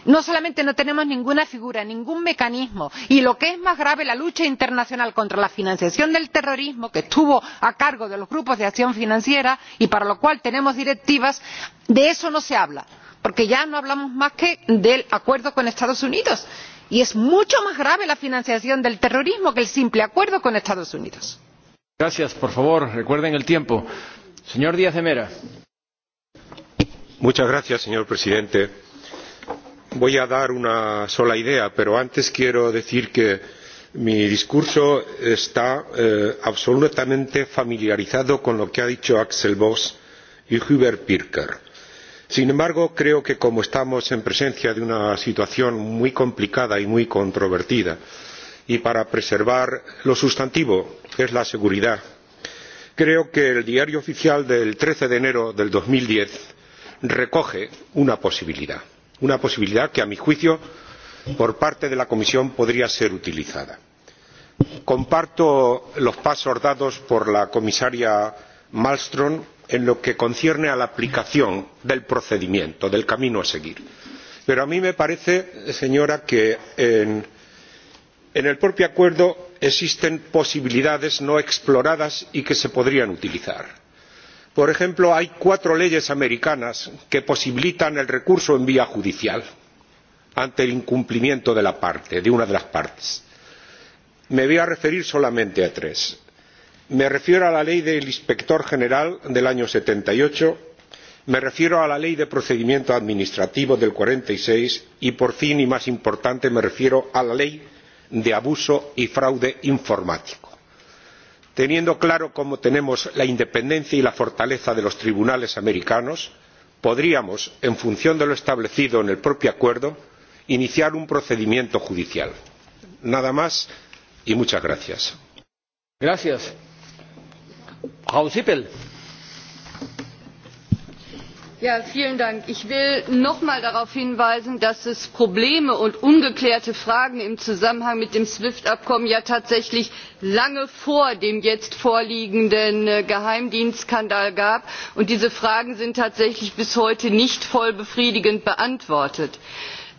no solamente no tenemos ninguna figura ningún mecanismo y lo que es más grave la lucha internacional contra la financiación del terrorismo que estuvo a cargo de los grupos de acción financiera y para lo cual tenemos directivas de eso no se habla porque ya no hablamos más que del acuerdo con los estados unidos y es mucho más grave la financiación del terrorismo que el simple acuerdo con los estados unidos. Gracias, por favor recuerden el tiempo. señor díaz de mera. Muchas gracias, señor presidente voy a dar una sola idea pero antes quiero decir que mi discurso está eh, absolutamente familiarizado con lo que ha dicho axel voss y hubert pirker. sin embargo creo que como estamos en presencia de una situación muy complicada y muy controvertida y para preservar lo sustantivo que es la seguridad creo que el diario oficial del trece de enero de dos mil diez recoge una posibilidad una posibilidad que a mi juicio por parte de la comisión podría ser utilizada. comparto los pasos dados por la comisaria malmstrm en lo que concierne a la aplicación del procedimiento del camino a seguir pero a mí me parece señora que en, en el propio acuerdo existen posibilidades no exploradas y que se podrían utilizar por ejemplo hay cuatro leyes americanas que posibilitan el recurso en vía judicial ante el incumplimiento de, la parte, de una de las partes. me voy a referir solamente a tres. me refiero a la ley del inspector general del año setenta y ocho me refiero a la ley de procedimiento administrativo del cuarenta y seis y por fin y más importante me refiero a la ley de abuso y fraude informático teniendo claro cómo tenemos la independencia y la fortaleza de los tribunales americanos podríamos en función de lo establecido en el propio acuerdo iniciar un procedimiento judicial. nada más y muchas gracias. Herr vielen ich will noch einmal darauf hinweisen dass es probleme und ungeklärte fragen im zusammenhang mit dem swift abkommen ja tatsächlich lange vor dem jetzt vorliegenden äh, geheimdienstskandal gab und diese fragen sind tatsächlich bis heute nicht voll befriedigend beantwortet.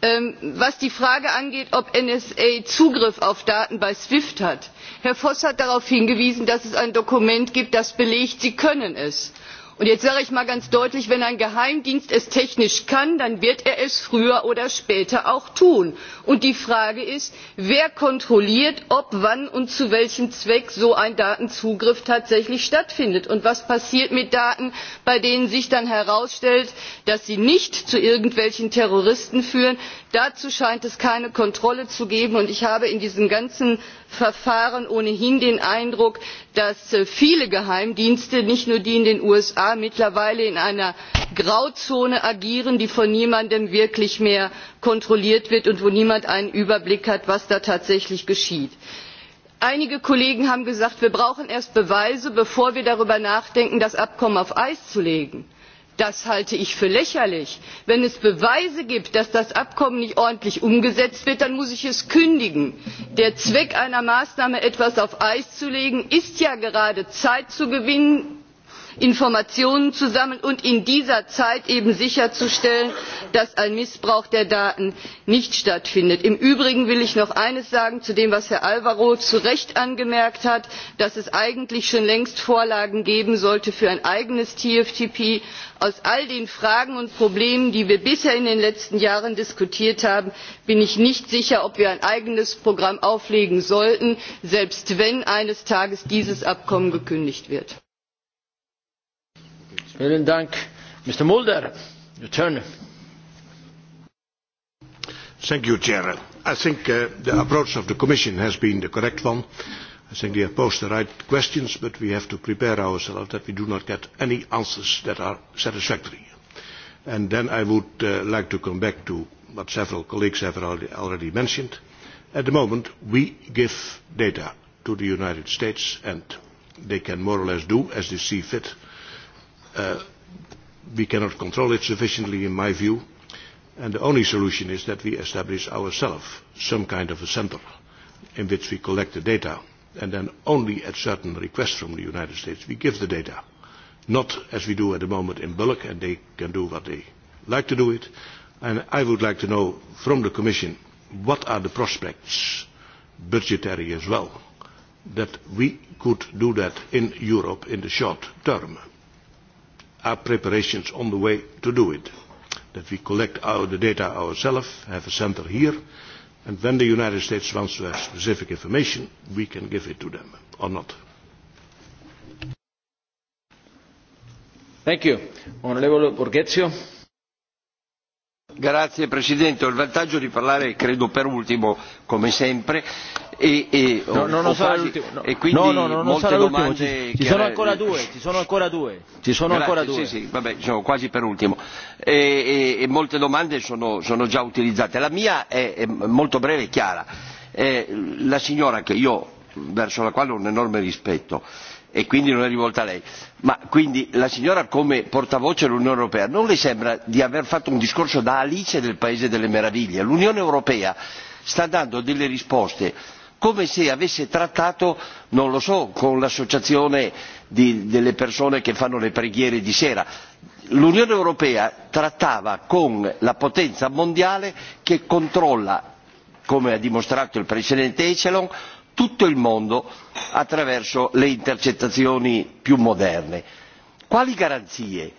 Ähm, was die frage angeht ob nsa zugriff auf daten bei swift hat herr voss hat darauf hingewiesen dass es ein dokument gibt das belegt sie können es und jetzt sage ich mal ganz deutlich wenn ein geheimdienst es technisch kann dann wird er es früher oder später auch tun. und die frage ist wer kontrolliert ob wann und zu welchem zweck so ein datenzugriff tatsächlich stattfindet und was passiert mit daten bei denen sich dann herausstellt dass sie nicht zu irgendwelchen terroristen führen? dazu scheint es keine kontrolle zu geben und ich habe in diesem ganzen verfahren ohnehin den eindruck dass äh, viele geheimdienste nicht nur die in den usa mittlerweile in einer grauzone agieren die von niemandem wirklich mehr kontrolliert wird und wo niemand einen überblick hat was da tatsächlich geschieht. einige kollegen haben gesagt wir brauchen erst beweise bevor wir darüber nachdenken das abkommen auf eis zu legen das halte ich für lächerlich. wenn es beweise gibt dass das abkommen nicht ordentlich umgesetzt wird dann muss ich es kündigen. der zweck einer maßnahme etwas auf eis zu legen ist ja gerade zeit zu gewinnen informationen zu sammeln und in dieser zeit eben sicherzustellen dass ein missbrauch der daten nicht stattfindet. im übrigen will ich noch eines sagen zu dem was herr alvaro zu recht angemerkt hat dass es eigentlich schon längst vorlagen geben sollte für ein eigenes tftp. aus all den fragen und problemen die wir bisher in den letzten jahren diskutiert haben bin ich nicht sicher ob wir ein eigenes programm auflegen sollten selbst wenn eines tages dieses abkommen gekündigt wird. Mr. Mulder, turn. Thank you, Chair. I think uh, the approach of the Commission has been the correct one. I think we have posed the right questions, but we have to prepare ourselves that we do not get any answers that are satisfactory. And then I would uh, like to come back to what several colleagues have already mentioned. At the moment, we give data to the United States, and they can more or less do as they see fit Uh, we cannot control it sufficiently in my view and the only solution is that we establish ourselves some kind of a centre in which we collect the data and then only at certain requests from the United States we give the data not as we do at the moment in bulk and they can do what they like to do it and I would like to know from the Commission what are the prospects budgetary as well that we could do that in Europe in the short term are preparations on the way to do it. That we collect our, the data ourselves, have a center here, and when the United States wants to have specific information, we can give it to them or not. Thank you. Honorable Grazie Presidente, ho il vantaggio di parlare credo per ultimo come sempre e, e, e quindi molte domande ci, sono ancora due, ci sono ancora due, ci sono ancora due. Sì, sì, sono quasi per ultimo e, e molte domande sono, già utilizzate. La mia è, molto breve e chiara. la signora verso la quale ho un enorme rispetto, e quindi non è rivolta a lei ma quindi la signora come portavoce dell'unione europea non le sembra di aver fatto un discorso da alice del paese delle meraviglie? l'unione europea sta dando delle risposte come se avesse trattato non lo so con l'associazione di, delle persone che fanno le preghiere di sera l'unione europea trattava con la potenza mondiale che controlla come ha dimostrato il presidente echelon tutto il mondo attraverso le intercettazioni più moderne. quali garanzie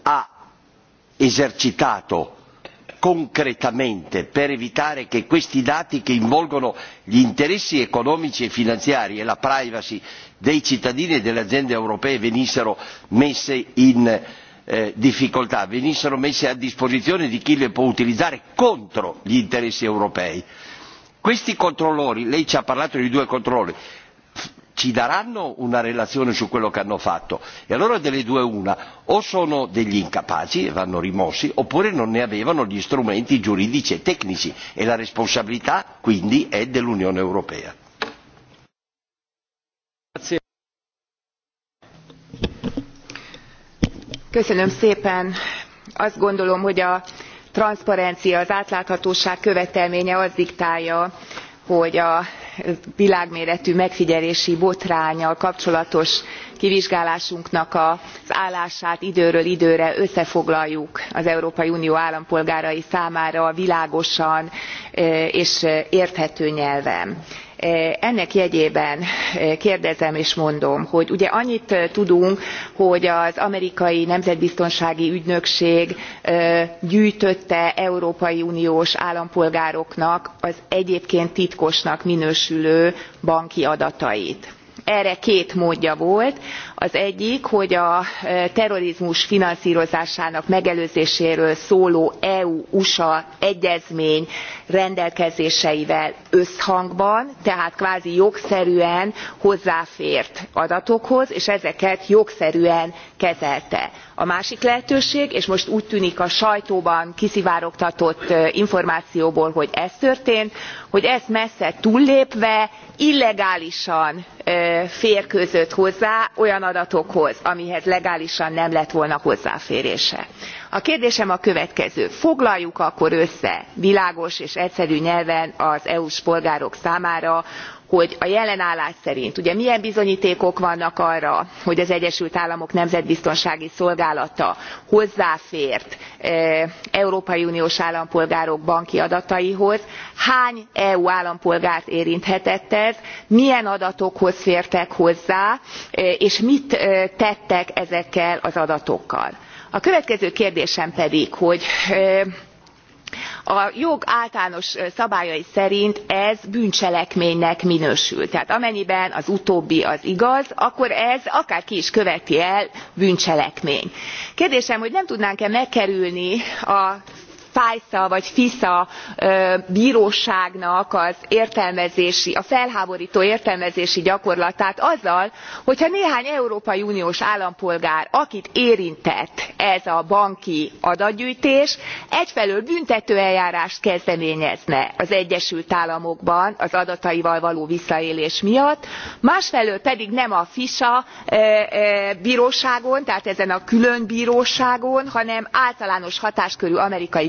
ha esercitato concretamente per evitare che questi dati che involgono gli interessi economici e finanziari e la privacy dei cittadini e delle aziende europee venissero messe in eh, difficoltà venissero messe a disposizione di chi le può utilizzare contro gli interessi europei? questi controllori lei ci ha parlato di due controllori, ci daranno una relazione su quello che hanno fatto e allora delle due una o sono degli incapaci e vanno rimossi oppure non ne avevano gli strumenti giuridici e tecnici e la responsabilità quindi è dell'unione europea. köszönöm szépen azt gondolom transzparencia az átláthatóság követelménye az diktálja hogy a világméretű megfigyelési botránnyal kapcsolatos kivizsgálásunknak az állását időről időre összefoglaljuk az európai unió állampolgárai számára világosan eh, és eh, érthető nyelven. Eh, ennek jegyében eh, kérdezem és mondom hogy ugye annyit eh, tudunk hogy az amerikai nemzetbiztonsági ügynökség gyűjtötte európai uniós állampolgároknak az egyébként titkosnak minősülő banki adatait. erre két módja volt az egyik hogy a e, terrorizmus finanszrozásának megelőzéséről szóló eu usa egyezmény rendelkezéseivel összhangban tehát kvázi jogszerűen hozzáfért adatokhoz és ezeket jogszerűen kezelte a másik lehetőség és most úgy tűnik a sajtóban kiszivárogtatott információból hogy ez történt hogy ezt messze túllépve illegálisan férkőzött hozzá olyan adatokhoz amihez legálisan nem lett volna hozzáférése. a kérdésem a következő foglaljuk akkor össze világos és egyszerű nyelven az eu s polgárok számára hogy a jelen állás szerint ugye milyen bizonytékok vannak arra hogy az egyesült államok nemzetbiztonsági szolgálata hozzáfért e, európai uniós állampolgárok banki adataihoz hány eu állampolgárt érinthetett ez milyen adatokhoz fértek hozzá e, és mit e, tettek ezekkel az adatokkal? a következő kérdésem pedig hogy a jog általános szabályai szerint ez bűncselekménynek minősül tehát amennyiben az utóbbi az igaz akkor ez akárki is követi el bűncselekmény. kérdésem hogy nem tudnánk e megkerülni a FISA vagy fisza bróságnak az értelmezési a felháborító értelmezési gyakorlatát azzal hogyha néhány európai uniós állampolgár akit érintett ez a banki adatgyűjtés egyfelől büntetőeljárást kezdeményezne az egyesült államokban az adataival való visszaélés miatt másfelől pedig nem a fisa bróságon tehát ezen a külön bróságon hanem általános hatáskörű amerikai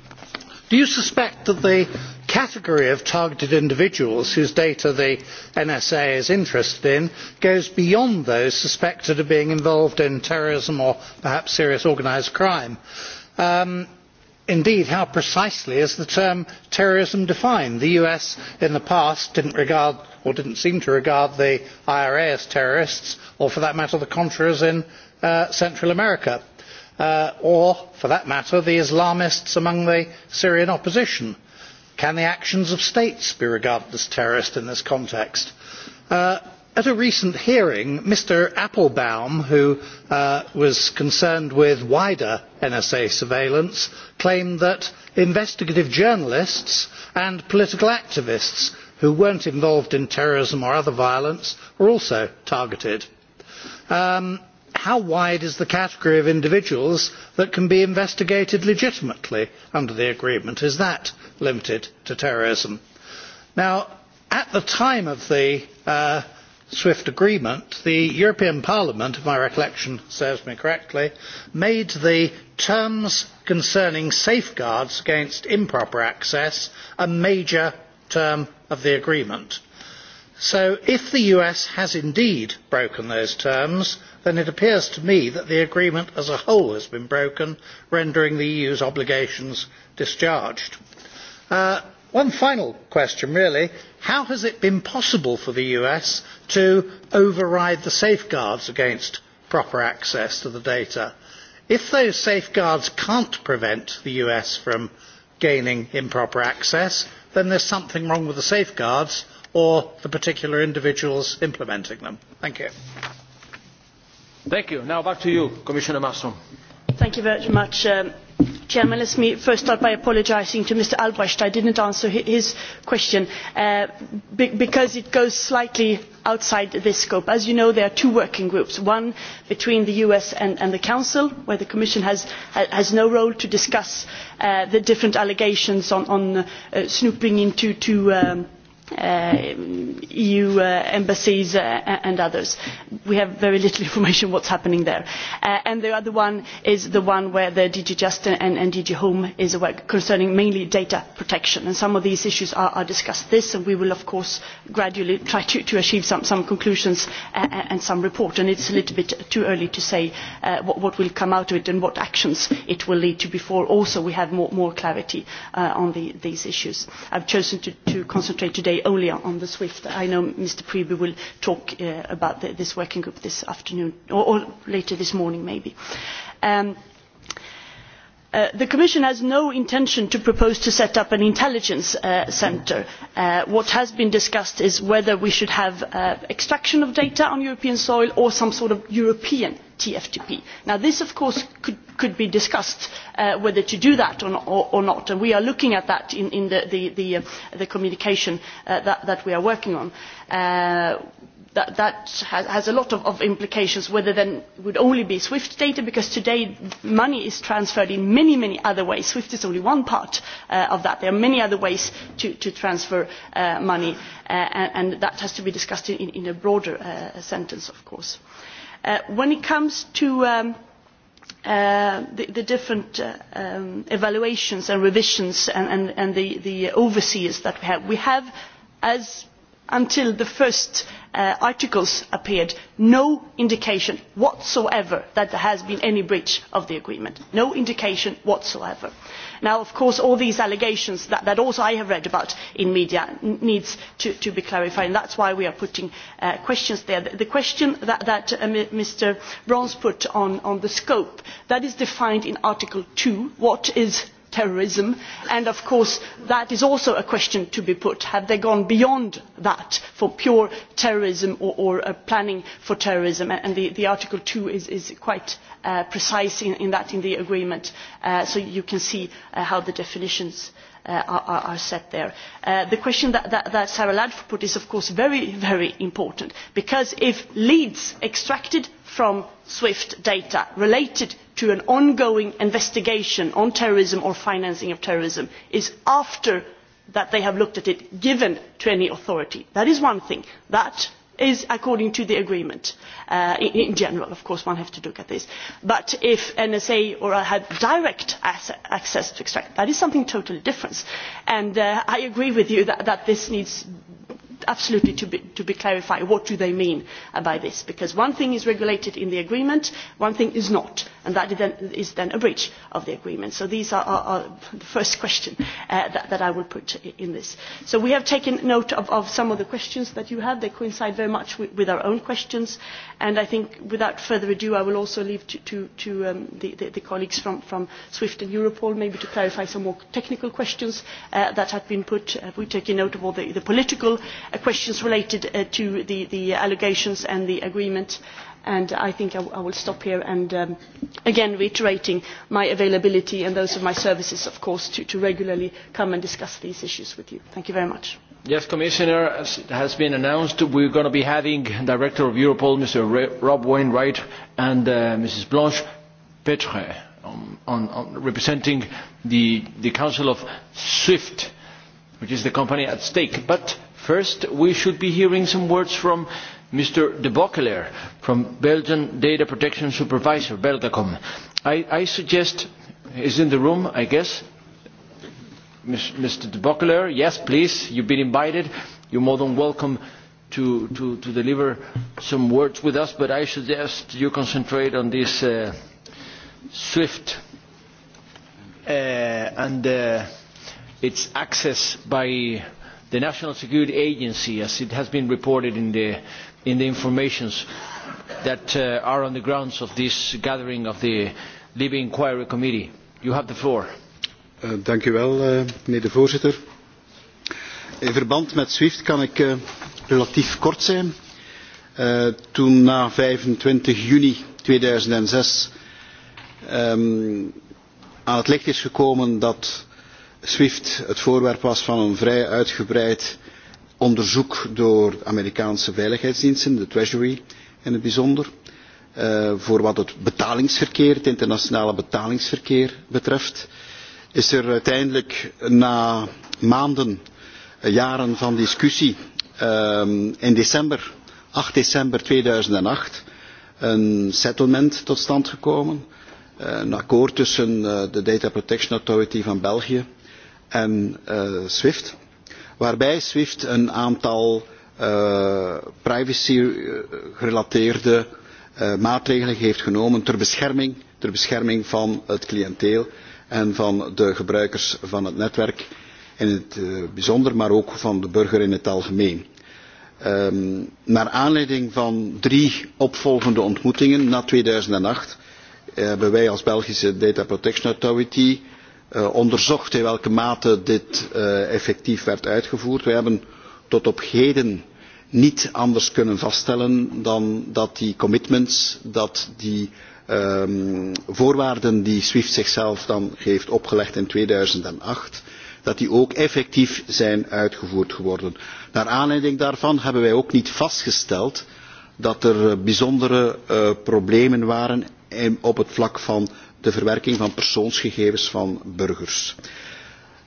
do you suspect that the category of targeted individuals whose data the nsa is interested in goes beyond those suspected of being involved in terrorism or perhaps serious organised crime? Um, indeed how precisely is the term terrorism' defined? the us in the past did not regard or did not seem to regard the ira as terrorists or for that matter the contras in uh, central america. Uh, or for that matter the islamists among the syrian opposition? can the actions of states be regarded as terrorist in this context? Uh, at a recent hearing mr Applebaum, who uh, was concerned with wider nsa surveillance claimed that investigative journalists and political activists who were not involved in terrorism or other violence were also targeted. Um, how wide is the category of individuals that can be investigated legitimately under the agreement? is that limited to terrorism? Now, at the time of the uh, swift agreement the european parliament if my recollection serves me correctly made the terms concerning safeguards against improper access a major term of the agreement so if the us has indeed broken those terms then it appears to me that the agreement as a whole has been broken rendering the eu's obligations discharged. Uh, one final question really how has it been possible for the us to override the safeguards against proper access to the data? if those safeguards cannot prevent the us from gaining improper access then there is something wrong with the safeguards or the particular individuals implementing them. Now back to you, Commissioner Thank you very much. Um, let me first start by apologising to Mr Albrecht. I did not answer his question uh, because it goes slightly outside this scope. As you know, there are two working groups one between the US and, the Council, where the Commission has, no role to discuss uh, the different allegations on, uh, snooping into um, Uh, eu uh, embassies uh, and others. we have very little [laughs] information on what is happening there. and the other one is the one where the dg just and dg home is concerning mainly data protection and some of these issues are discussed this and we will of course gradually try to achieve some conclusions and some report and it is a little bit too early to say what will come out of it and what actions it will lead to before also we have more clarity on these issues. i have chosen to concentrate today only on the SWIFT. I know Mr. Priebe will talk uh, about this working group this afternoon or, later this morning maybe. Um, uh, the commission has no intention to propose to set up an intelligence uh, centre. what has been discussed is whether we should have extraction of data on european soil or some sort of european tftp. Now, this of course could, be discussed uh, whether to do that or, not and we are looking at that in, uh, the, communication uh, that, we are working on. that, has, a lot of, implications whether then it would only be swift data because today money is transferred in many many other ways. swift is only one part of that. there are many other ways to, transfer money and, that has to be discussed in, in a broader sentence of course. Uh, when it comes to um, uh, the, different uh, um, evaluations and revisions and, the, the overseers that we have we have as until the first articles appeared no indication whatsoever that there has been any breach of the agreement no indication whatsoever now of course all these allegations that, also i have read about in the media need to, be clarified and that is why we are putting uh, questions there. the question that, uh, mr brons put on, on the scope that is defined in article two what is terrorism and of course that is also a question to be put have they gone beyond that for pure terrorism or, uh, planning for terrorism and the, article two is, quite uh, precise in that in the agreement uh, so you can see how the definitions Uh, are, set there. Uh, the question that, sarah ludford put is of course very very important because if leads extracted from swift data related to an ongoing investigation on terrorism or financing of terrorism is after that they have looked at it given to any authority that is one thing that is according to the agreement uh, in, general of course one has to look at this but if the nsa or I had direct access to extract that is something totally different and uh, i agree with you that, that this needs absolutely to be, to clarified what do they mean uh, by this because one thing is regulated in the agreement one thing is not and that is then a breach of the agreement. so these are, the first questions uh, that, i would put in this. so we have taken note of, some of the questions that you have. they coincide very much with, our own questions and i think without further ado i will also leave to, um, the, colleagues from, swift and europol maybe to clarify some more technical questions uh, that have been put. we have taken note of all the political Uh, questions related uh, to the, the allegations and the agreement and i think i, will stop here and um, again reiterating my availability and those of my services of course to, regularly come and discuss these issues with you. thank you very much. yes commissioner as has been announced we are going to be having director of europol mr rob wainwright and uh, mrs blanche petre um, on, on representing the, the council of swift which is the company at stake but first we should be hearing some words from mr de from belgian data protection supervisor belgacom. i, I suggest he is in the room i guess mr de yes please you have been invited you are more than welcome to, to, to deliver some words with us but i suggest you concentrate on this uh, swift uh, and uh, its access by the national security agency as it has been reported in the, in the information that uh, are on the grounds of this gathering of the libe inquiry committee. you have the floor. Eh, dank u wel eh, voorzitter. in verband met swift kan ik eh, relatief kort zijn. toen na 25 juni 2006 um, ehm, aan het licht is gekomen dat swift het voorwerp was van een vrij uitgebreid onderzoek door amerikaanse veiligheidsdiensten de treasury in het bijzonder eh, voor wat het betalingsverkeer het internationale betalingsverkeer betreft is er uiteindelijk na maanden eh, jaren van discussie eh, in december acht december 2008 een settlement tot stand gekomen een akkoord tussen de data protection authority van belgië en eh, SWIFT, waarbij SWIFT een aantal eh, privacy gerelateerde eh, maatregelen heeft genomen ter bescherming, ter bescherming van het cliënteel en van de gebruikers van het netwerk in het bijzonder, maar ook van de burger in het algemeen. Ehm, naar aanleiding van drie opvolgende ontmoetingen na 2008 hebben wij als Belgische Data Protection Authority Eh, onderzocht in welke mate dit eh, effectief werd uitgevoerd. We hebben tot op heden niet anders kunnen vaststellen dan dat die commitments dat die ehm, voorwaarden die swift zichzelf dan heeft opgelegd in tweeduizendacht dat die ook effectief zijn uitgevoerd geworden. naar aanleiding daarvan hebben wij ook niet vastgesteld dat er bijzondere eh, problemen waren op het vlak van de verwerking van persoonsgegevens van burgers.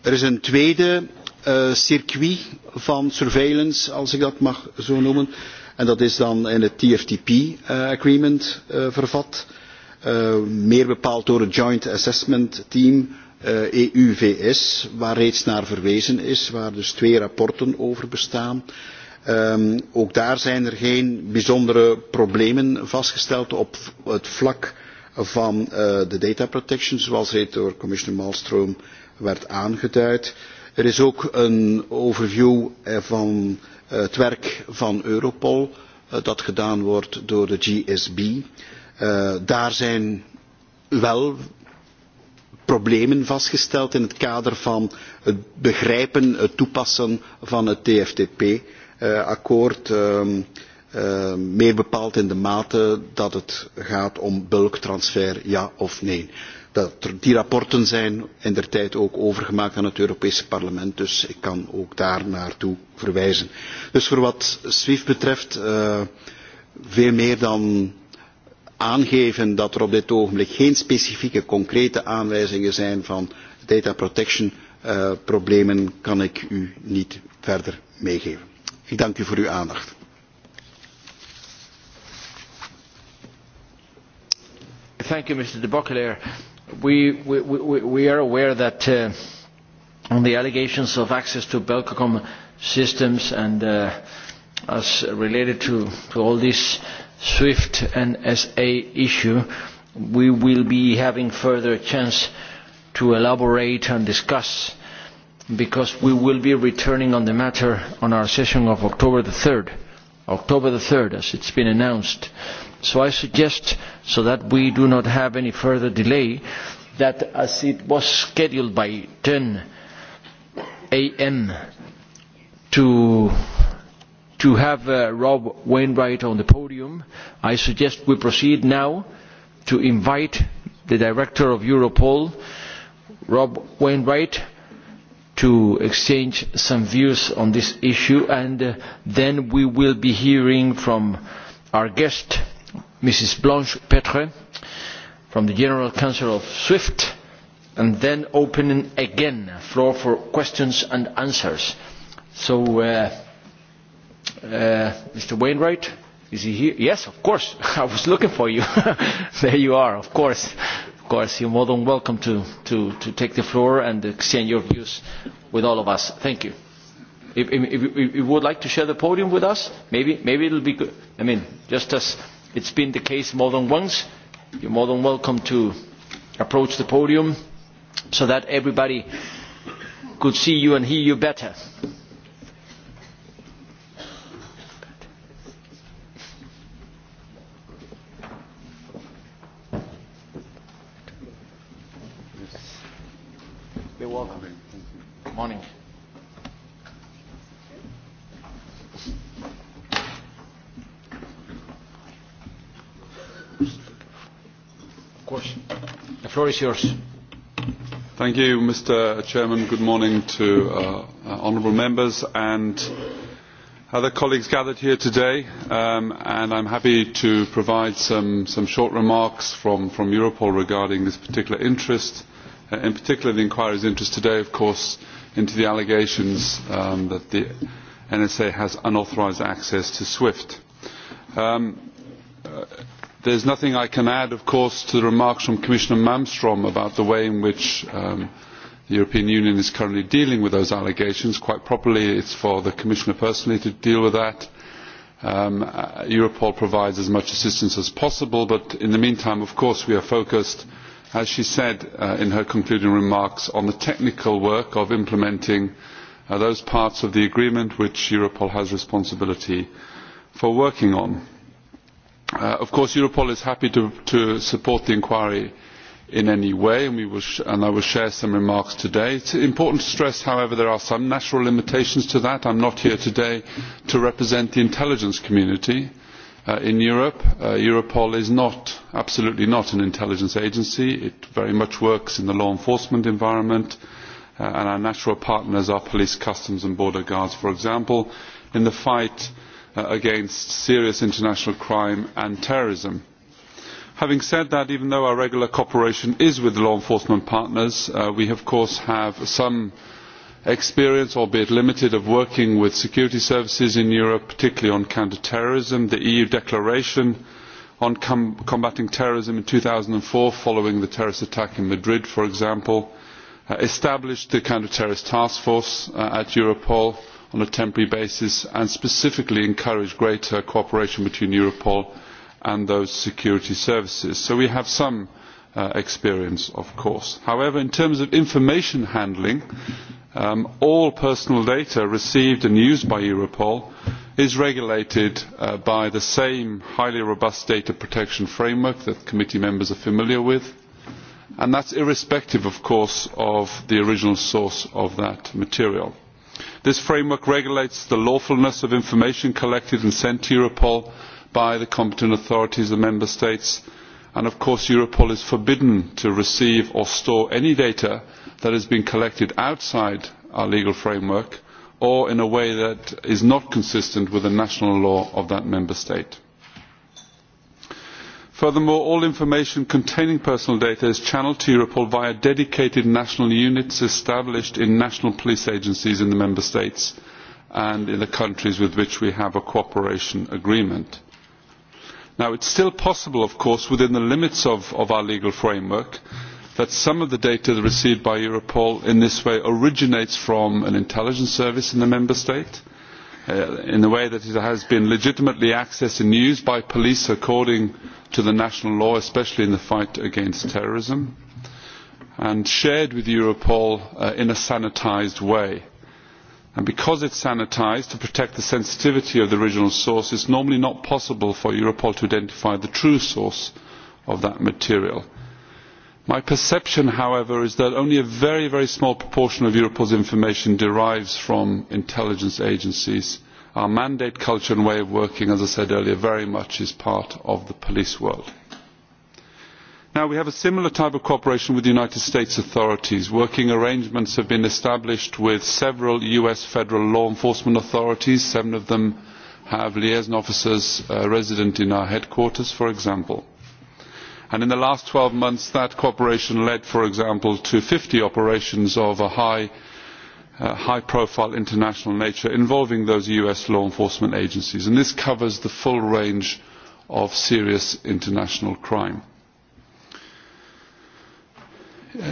Er is een tweede eh, circuit van surveillance, als ik dat mag zo noemen, en dat is dan in het TFTP eh, agreement eh, vervat, meer bepaald door het Joint Assessment Team EUVS. E waar reeds naar verwezen is, waar dus twee rapporten over bestaan. Ehm, ook daar zijn er geen bijzondere problemen vastgesteld op het vlak van eh, de data protection zoals reeds door commissioner Malmström werd aangeduid. Er is ook een overview eh, van eh, het werk van Europol dat gedaan wordt door de GSB. Daar zijn wel problemen vastgesteld in het kader van het begrijpen, het toepassen van het TFTP akkoord. Ehm, Eh, meer bepaald in de mate dat het gaat om bulktransfer, ja of nee. Er, die rapporten zijn in der tijd ook overgemaakt aan het Europese parlement, dus ik kan ook daar naartoe verwijzen. Dus voor wat SWIFT betreft, eh, veel meer dan aangeven dat er op dit ogenblik geen specifieke concrete aanwijzingen zijn van data protection eh, problemen, kan ik u niet verder meegeven. Ik dank u voor uw aandacht. Thank you, Mr. de Bocler. We, we, we, we are aware that on uh, the allegations of access to Belcom systems and uh, as related to, all this SWIFT NSA issue, we will be having further chance to elaborate and discuss because we will be returning on the matter on our session of October the October the 3rd, as has been announced so i suggest so that we do not have any further delay that as it was scheduled by 10 a.m. to to have uh, rob wainwright on the podium i suggest we proceed now to invite the director of europol rob wainwright to exchange some views on this issue and uh, then we will be hearing from our guest Mrs. Blanche Petre from the General Council of SWIFT and then opening again the floor for questions and answers. So, uh, uh, Mr. Wainwright, is he here? Yes, of course. [laughs] I was looking for you. [laughs] there you are, of course. Of course, you're more than welcome to, to, take the floor and exchange your views with all of us. Thank you. If, if, you would like to share the podium with us, maybe, maybe it'll be good. I mean, just as It's been the case more than once. You're more than welcome to approach the podium so that everybody could see you and hear you better. Good morning. Thank you, Mr. Chairman. Good morning to uh, uh, honourable members and other colleagues gathered here today, um, and I'm happy to provide some, some short remarks from, Europol regarding this particular interest, uh, in particular the inquiry's interest today, of course, into the allegations um, that the NSA has unauthorised access to SWIFT. Um, there is nothing i can add of course to the remarks from commissioner malmstrm about the way in which um, the european union is currently dealing with those allegations. quite properly it is for the commissioner personally to deal with that. Um, uh, europol provides as much assistance as possible but in the meantime of course we are focused as she said uh, in her concluding remarks on the technical work of implementing uh, those parts of the agreement which europol has responsibility for working on. Uh, of course europol is happy to, support the inquiry in any way and, i will share some remarks today. it is important to stress however there are some natural limitations to that. i am not here today to represent the intelligence community uh, in europe. Uh, europol is not absolutely not an intelligence agency. it very much works in the law enforcement environment and our natural partners are police customs and border guards for example in the fight Uh, against serious international crime and terrorism. having said that even though our regular cooperation is with law enforcement partners uh, we of course have some experience albeit limited of working with security services in europe particularly on counter terrorism. the eu declaration on combating terrorism in two thousand and four following the terrorist attack in madrid for example uh, established the counter terrorist task force at europol on a temporary basis and specifically encourage greater cooperation between europol and those security services. so we have some uh, experience of course. however in terms of information handling um, all personal data received and used by europol is regulated uh, by the same highly robust data protection framework that committee members are familiar with and that is irrespective of course of the original source of that material this framework regulates the lawfulness of information collected and sent to europol by the competent authorities of member states and of course europol is forbidden to receive or store any data that has been collected outside our legal framework or in a way that is not consistent with the national law of that member state furthermore all information containing personal data is channelled to europol via dedicated national units established in national police agencies in the member states and in the countries with which we have a cooperation agreement. it is still possible of course within the limits of, of our legal framework that some of the data received by europol in this way originates from an intelligence service in the member state Uh, in the way that it has been legitimately accessed and used by police according to the national law, especially in the fight against terrorism, and shared with Europol uh, in a sanitised way. And because it is sanitised to protect the sensitivity of the original source, it is normally not possible for Europol to identify the true source of that material my perception however is that only a very very small proportion of europol's information derives from intelligence agencies. our mandate culture and way of working as i said earlier very much is part of the police world. Now, we have a similar type of cooperation with the united states authorities. working arrangements have been established with several us federal law enforcement authorities seven of them have liaison officers uh, resident in our headquarters for example and in the last twelve months that cooperation led for example to fifty operations of a high, uh, profile international nature involving those us law enforcement agencies and this covers the full range of serious international crime.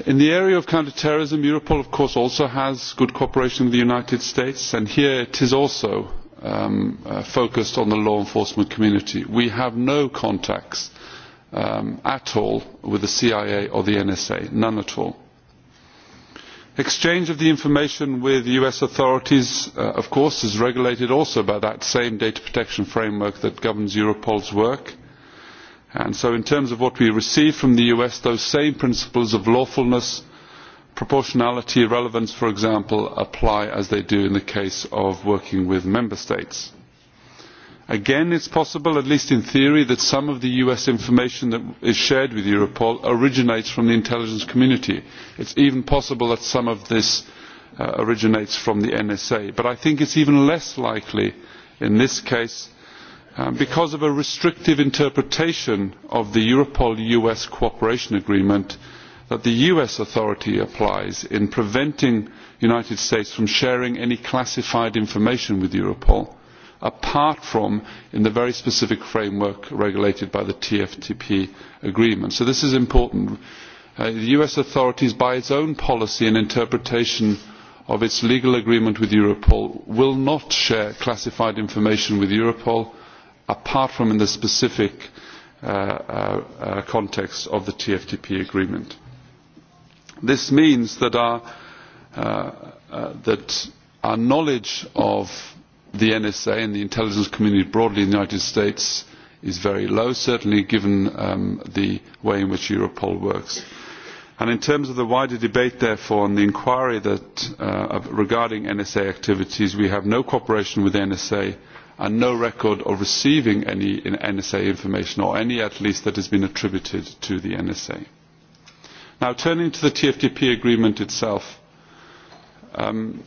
in the area of counter terrorism europol of course also has good cooperation with the united states and here it is also um, uh, focused on the law enforcement community. we have no contacts um, at all with the CIA or the NSA, none at all. Exchange of the information with US authorities, uh, of course, is regulated also by that same data protection framework that governs Europol's work. And so in terms of what we receive from the US, those same principles of lawfulness, proportionality, relevance, for example, apply as they do in the case of working with member states again it is possible at least in theory that some of the us information that is shared with europol originates from the intelligence community. it is even possible that some of this uh, originates from the nsa but i think it is even less likely in this case uh, because of a restrictive interpretation of the europol us cooperation agreement that the us authority applies in preventing the united states from sharing any classified information with europol apart from in the very specific framework regulated by the tftp agreement. so this is important. Uh, the us authorities by its own policy and interpretation of its legal agreement with europol will not share classified information with europol apart from in the specific uh, uh, context of the tftp agreement. this means that our, that our knowledge of the NSA and the intelligence community broadly in the United States is very low, certainly given um, the way in which Europol works. And in terms of the wider debate, therefore, on the inquiry that, uh, regarding NSA activities, we have no cooperation with the NSA and no record of receiving any NSA information, or any at least that has been attributed to the NSA. Now, turning to the TFTP agreement itself, um,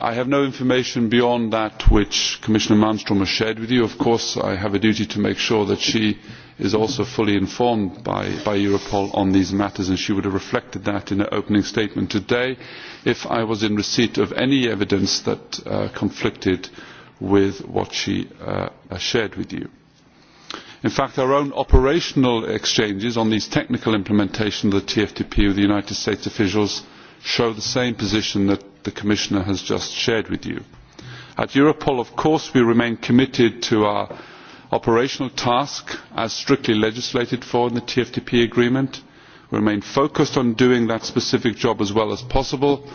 i have no information beyond that which commissioner malmstrm has shared with you. of course i have a duty to make sure that she is also fully informed by, europol on these matters and she would have reflected that in her opening statement today if i was in receipt of any evidence that uh, conflicted with what she uh, shared with you. in fact our own operational exchanges on these technical implementation of the tftp with the united states officials show the same position that the Commissioner has just shared with you. At Europol, of course, we remain committed to our operational task as strictly legislated for in the TFTP agreement. We remain focused on doing that specific job as well as possible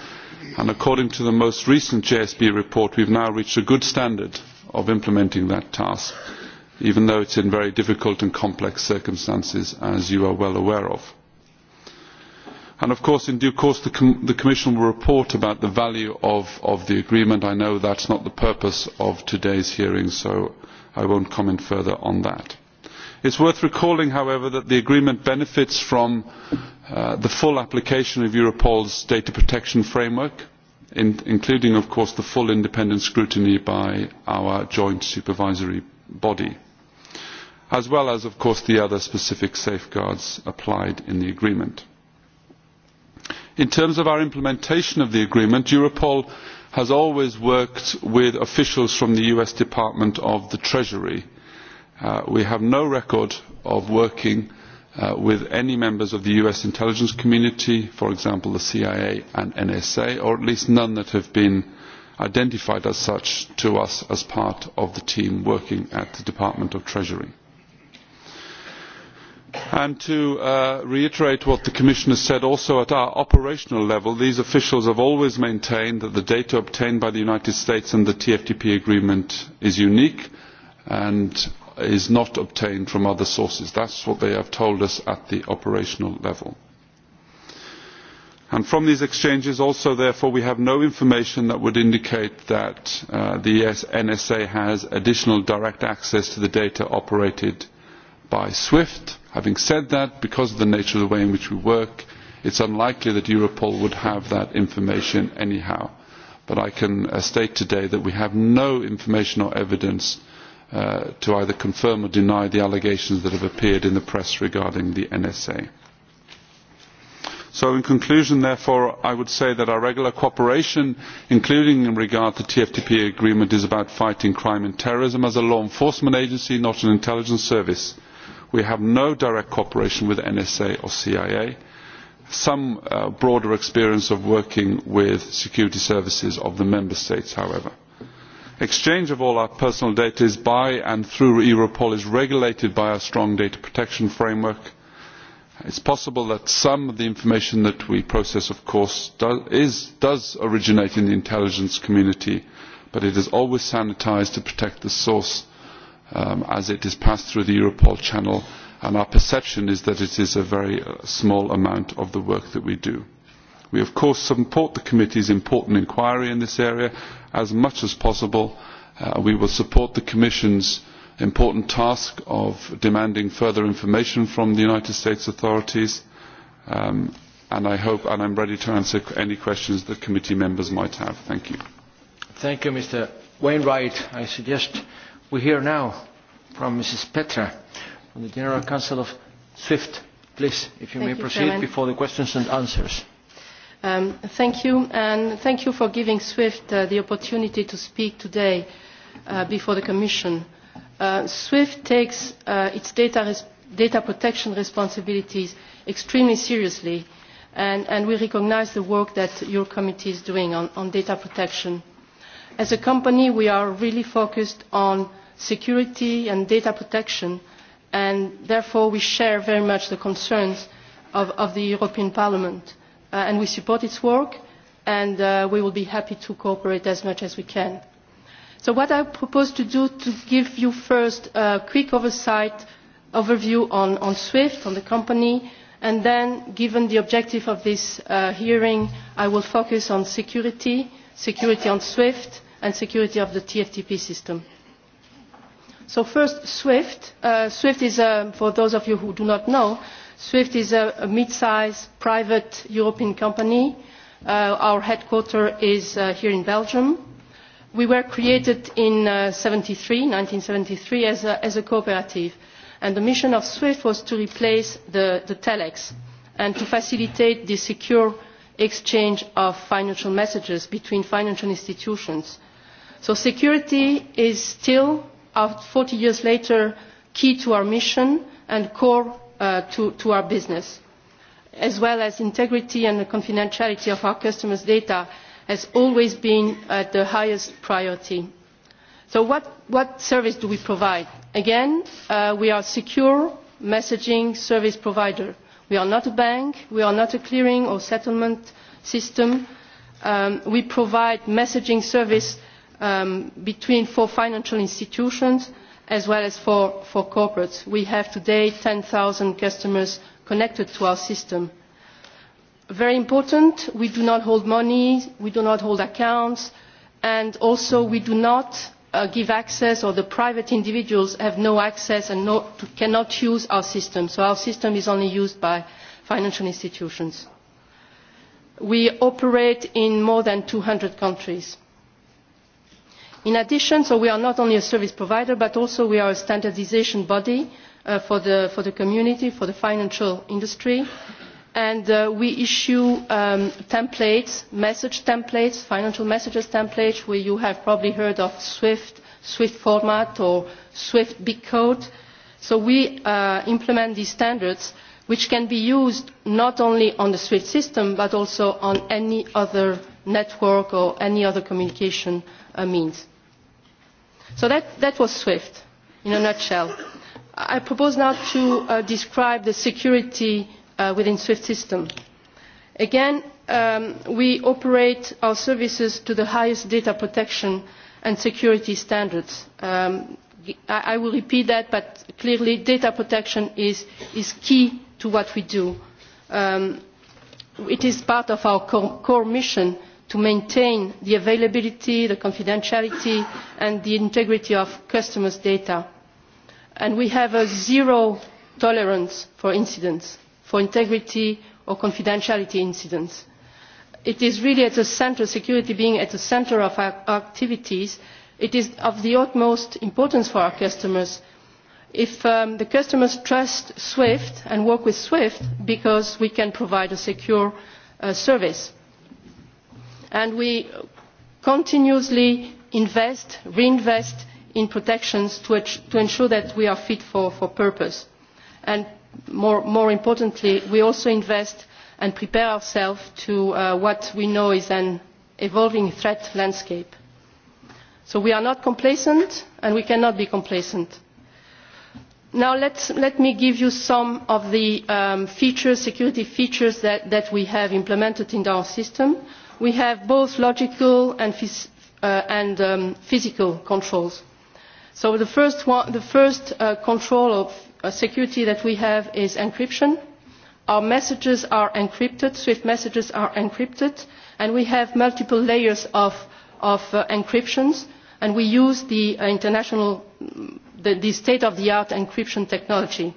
and according to the most recent JSB report, we have now reached a good standard of implementing that task, even though it is in very difficult and complex circumstances, as you are well aware of and of course in due course the, commission will report about the value of, the agreement. i know that is not the purpose of today's hearing so i will not comment further on that. it is worth recalling however that the agreement benefits from uh, the full application of europol's data protection framework including of course the full independent scrutiny by our joint supervisory body as well as of course the other specific safeguards applied in the agreement in terms of our implementation of the agreement europol has always worked with officials from the us department of the treasury uh, we have no record of working uh, with any members of the us intelligence community for example the cia and nsa or at least none that have been identified as such to us as part of the team working at the department of treasury and to uh, reiterate what the commissioner said also at our operational level these officials have always maintained that the data obtained by the united states and the tftp agreement is unique and is not obtained from other sources. that is what they have told us at the operational level. from these exchanges also therefore we have no information that would indicate that uh, the e nsa has additional direct access to the data operated by swift Having said that, because of the nature of the way in which we work, it is unlikely that Europol would have that information anyhow. But I can uh, state today that we have no information or evidence uh, to either confirm or deny the allegations that have appeared in the press regarding the NSA. So in conclusion, therefore, I would say that our regular cooperation, including in regard to the TFTP agreement, is about fighting crime and terrorism as a law enforcement agency, not an intelligence service We have no direct cooperation with NSA or CIA, some uh, broader experience of working with security services of the Member States, however. Exchange of all our personal data is by and through Europol is regulated by our strong data protection framework. It is possible that some of the information that we process, of course, is, does originate in the intelligence community, but it is always sanitised to protect the source um, as it is passed through the Europol channel and our perception is that it is a very uh, small amount of the work that we do. We of course support the committee's important inquiry in this area as much as possible. Uh, we will support the Commission's important task of demanding further information from the United States authorities um, and I hope and I'm ready to answer any questions that committee members might have. Thank you. Thank you, Mr. Wainwright. I suggest we hear now from Mrs. Petra from the General Council of SWIFT. Please, if you may proceed before the questions and answers. Um, thank you, and thank you for giving SWIFT uh, the opportunity to speak today uh, before the Commission. Uh, SWIFT takes its data, data protection responsibilities extremely seriously, and, and we recognise the work that your committee is doing on data protection. As a company, we are really focused on security and data protection and therefore we share very much the concerns of, the European Parliament uh, and we support its work and uh, we will be happy to cooperate as much as we can. So what I propose to do to give you first a quick oversight overview on, SWIFT, on the company, and then given the objective of this uh, hearing I will focus on security, security on SWIFT and security of the TFTP system so first swift uh, swift is um, for those of you who do not know swift is a, mid sized private european company uh, our headquarters is uh, here in belgium we were created in 73 1973 as a, as a cooperative and the mission of swift was to replace the telex and to facilitate the secure exchange of financial messages between financial institutions so security is still forty years later key to our mission and core uh, to, our business as well as integrity and the confidentiality of our customers' data has always been at uh, the highest priority. so what, service do we provide? again uh, we are a secure messaging service provider. we are not a bank we are not a clearing or settlement system. Um, we provide messaging service Um, between for financial institutions as well as for, for corporates. we have today ten customers connected to our system. very important we do not hold money we do not hold accounts and also we do not uh, give access or the private individuals have no access and no, cannot use our system so our system is only used by financial institutions. we operate in more than two hundred countries in addition we are not only a service provider but also we are a standardisation body uh, for, the, community for the financial industry and uh, we issue um, templates message templates financial messages templates where you have probably heard of swift swift format or swift big code so we uh, implement these standards which can be used not only on the swift system but also on any other network or any other communication means so that, that was swift in a nutshell. i propose now to uh, describe the security uh, within swift system. again um, we operate our services to the highest data protection and security standards. Um, I, i will repeat that but clearly data protection is, is key to what we do. Um, it is part of our core, core mission to maintain the availability the confidentiality and the integrity of customers' data and we have a zero tolerance for incidents for integrity or confidentiality incidents. it is really at the centre security being at the centre of our activities it is of the utmost importance for our customers. if um, the customers trust swift and work with swift because we can provide a secure uh, service and we continuously invest and reinvest in protections to, ensure that we are fit for, purpose and more, importantly we also invest and prepare ourselves to uh, what we know is an evolving threat landscape. so we are not complacent and we cannot be complacent. now let me give you some of the um, features, security features that, that we have implemented in our system we have both logical and, uh, um, physical controls. so the first, uh, control of uh, security that we have is encryption. our messages are encrypted swift messages are encrypted and we have multiple layers of, encryption and we use the international mm, the state of the art encryption technology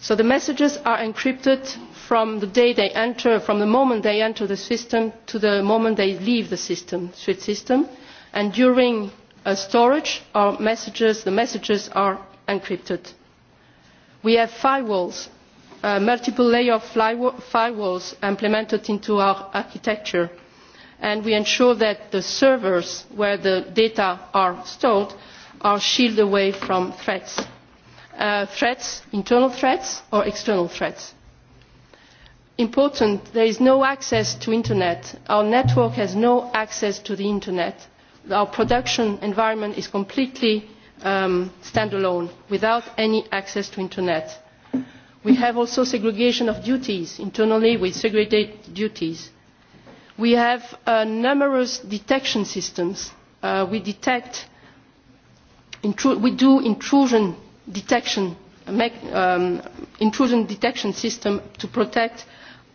so the messages are encrypted from the day they enter from the moment they enter the system to the moment they leave the system swift system and during uh, storage our messages the messages are encrypted we have firewalls uh, multiple layer firewalls implemented into our architecture and we ensure that the servers where the data are stored are shielded away from threats Uh, threats internal threats or external threats. important there is no access to the internet our network has no access to the internet our production environment is completely um, standalone, stand without any access to internet. we have also segregation of duties internally with segregated duties. we have uh, numerous detection systems. Uh, we detect we do intrusion detection um, intrusion detection system to protect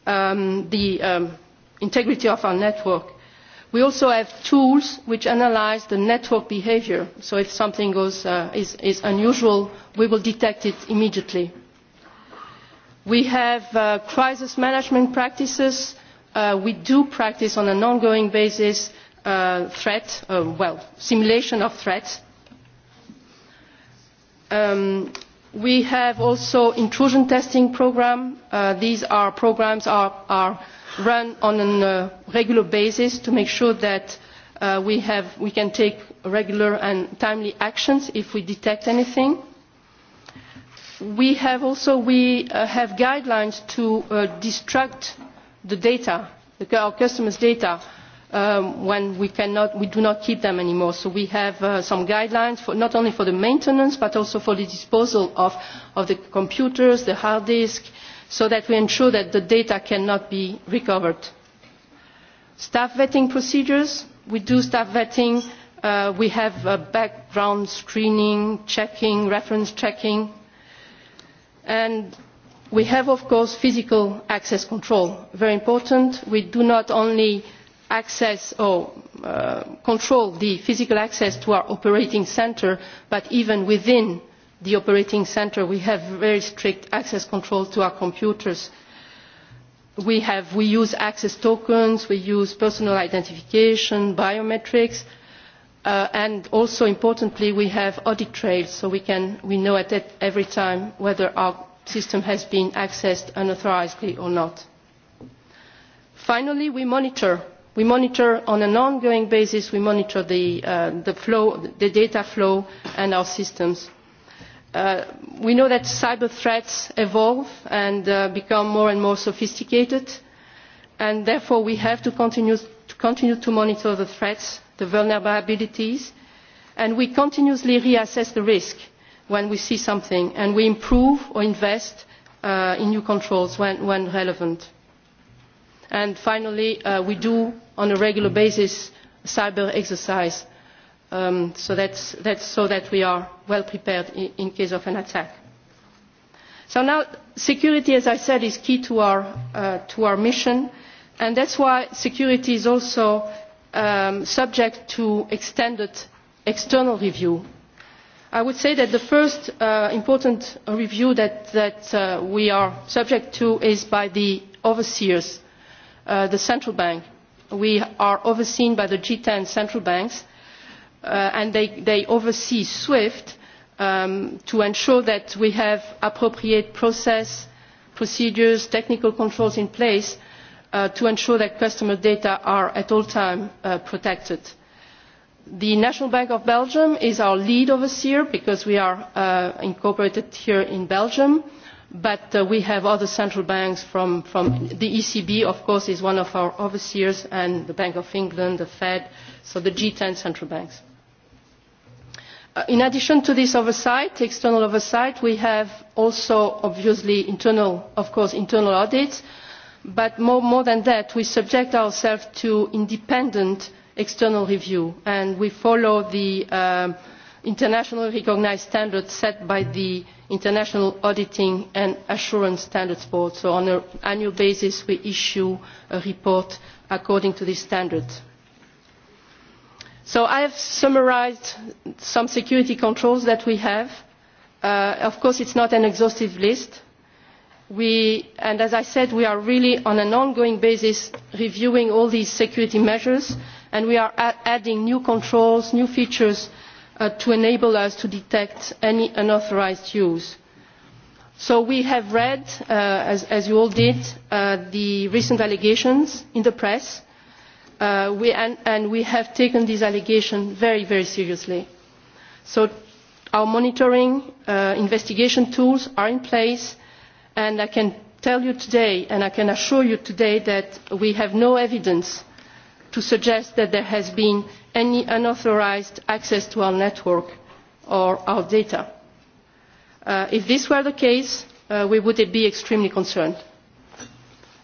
um, the um, integrity of our network. we also have tools which analyse the network behaviour so if something goes, uh, is, is unusual we will detect it immediately. we have uh, crisis management practices Uh, we do practice on an ongoing basis uh, threat uh, well simulation of threats Um, we have also intrusion testing programme. Uh, these are programmes are, run on a regular basis to make sure that uh, we, can take regular and timely actions if we detect anything. We have also we, uh, have guidelines to destruct the data, our customers' data Um, when we, cannot, we do not keep them anymore. So we have uh, some guidelines not only for the maintenance but also for the disposal of, the computers, the hard disk, so that we ensure that the data cannot be recovered. Staff vetting procedures we do staff vetting, uh, we have background screening, checking, reference checking, and we have of course physical access control very important. We do not only access or uh, control the physical access to our operating centre but even within the operating centre we have very strict access control to our computers. We, have, we use access tokens we use personal identification biometrics uh, and also importantly we have audit trails so we, can, we know at every time whether our system has been accessed unauthorisedly or not. finally we monitor we monitor on an ongoing basis we monitor the, uh, flow, the data flow and our systems. Uh, we know that cyber threats evolve and uh, become more and more sophisticated and therefore we have to continue to, monitor the threats the vulnerabilities and we continuously reassess the risk when we see something and we improve or invest in new controls when relevant and finally uh, we do on a regular basis cyber exercise um, so, that we are well prepared in, case of an attack. so now security as i said is key to our, uh, mission and that is why security is also um, subject to extended external review. i would say that the first uh, important review that we are subject to is by the overseers Uh, the central bank. We are overseen by the G10 central banks uh, and they, they oversee SWIFT um, to ensure that we have appropriate process, procedures, technical controls in place uh, to ensure that customer data are at all times protected. The National Bank of Belgium is our lead overseer because we are incorporated here in Belgium but uh, we have other central banks from, the ecb of course is one of our overseers and the bank of england the fed so the g 10 central banks. Uh, in addition to this oversight external oversight we have also obviously internal of course internal audits but more, than that we subject ourselves to independent external review and we follow the um, internationally recognised standards set by the international auditing and assurance standards board so on an annual basis we issue a report according to these standards. so i have summarised some security controls that we have. Uh, of course it is not an exhaustive list and as i said we are really on an ongoing basis reviewing all these security measures and we are adding new controls new features Uh, to enable us to detect any unauthorised use. so we have read uh, as, you all did uh, the recent allegations in the press and, and we have taken these allegations very very seriously. so our monitoring investigation tools are in place and i can tell you today and i can assure you today that we have no evidence to suggest that there has been any unauthorised access to our network or our data. Uh, if this were the case uh, we would be extremely concerned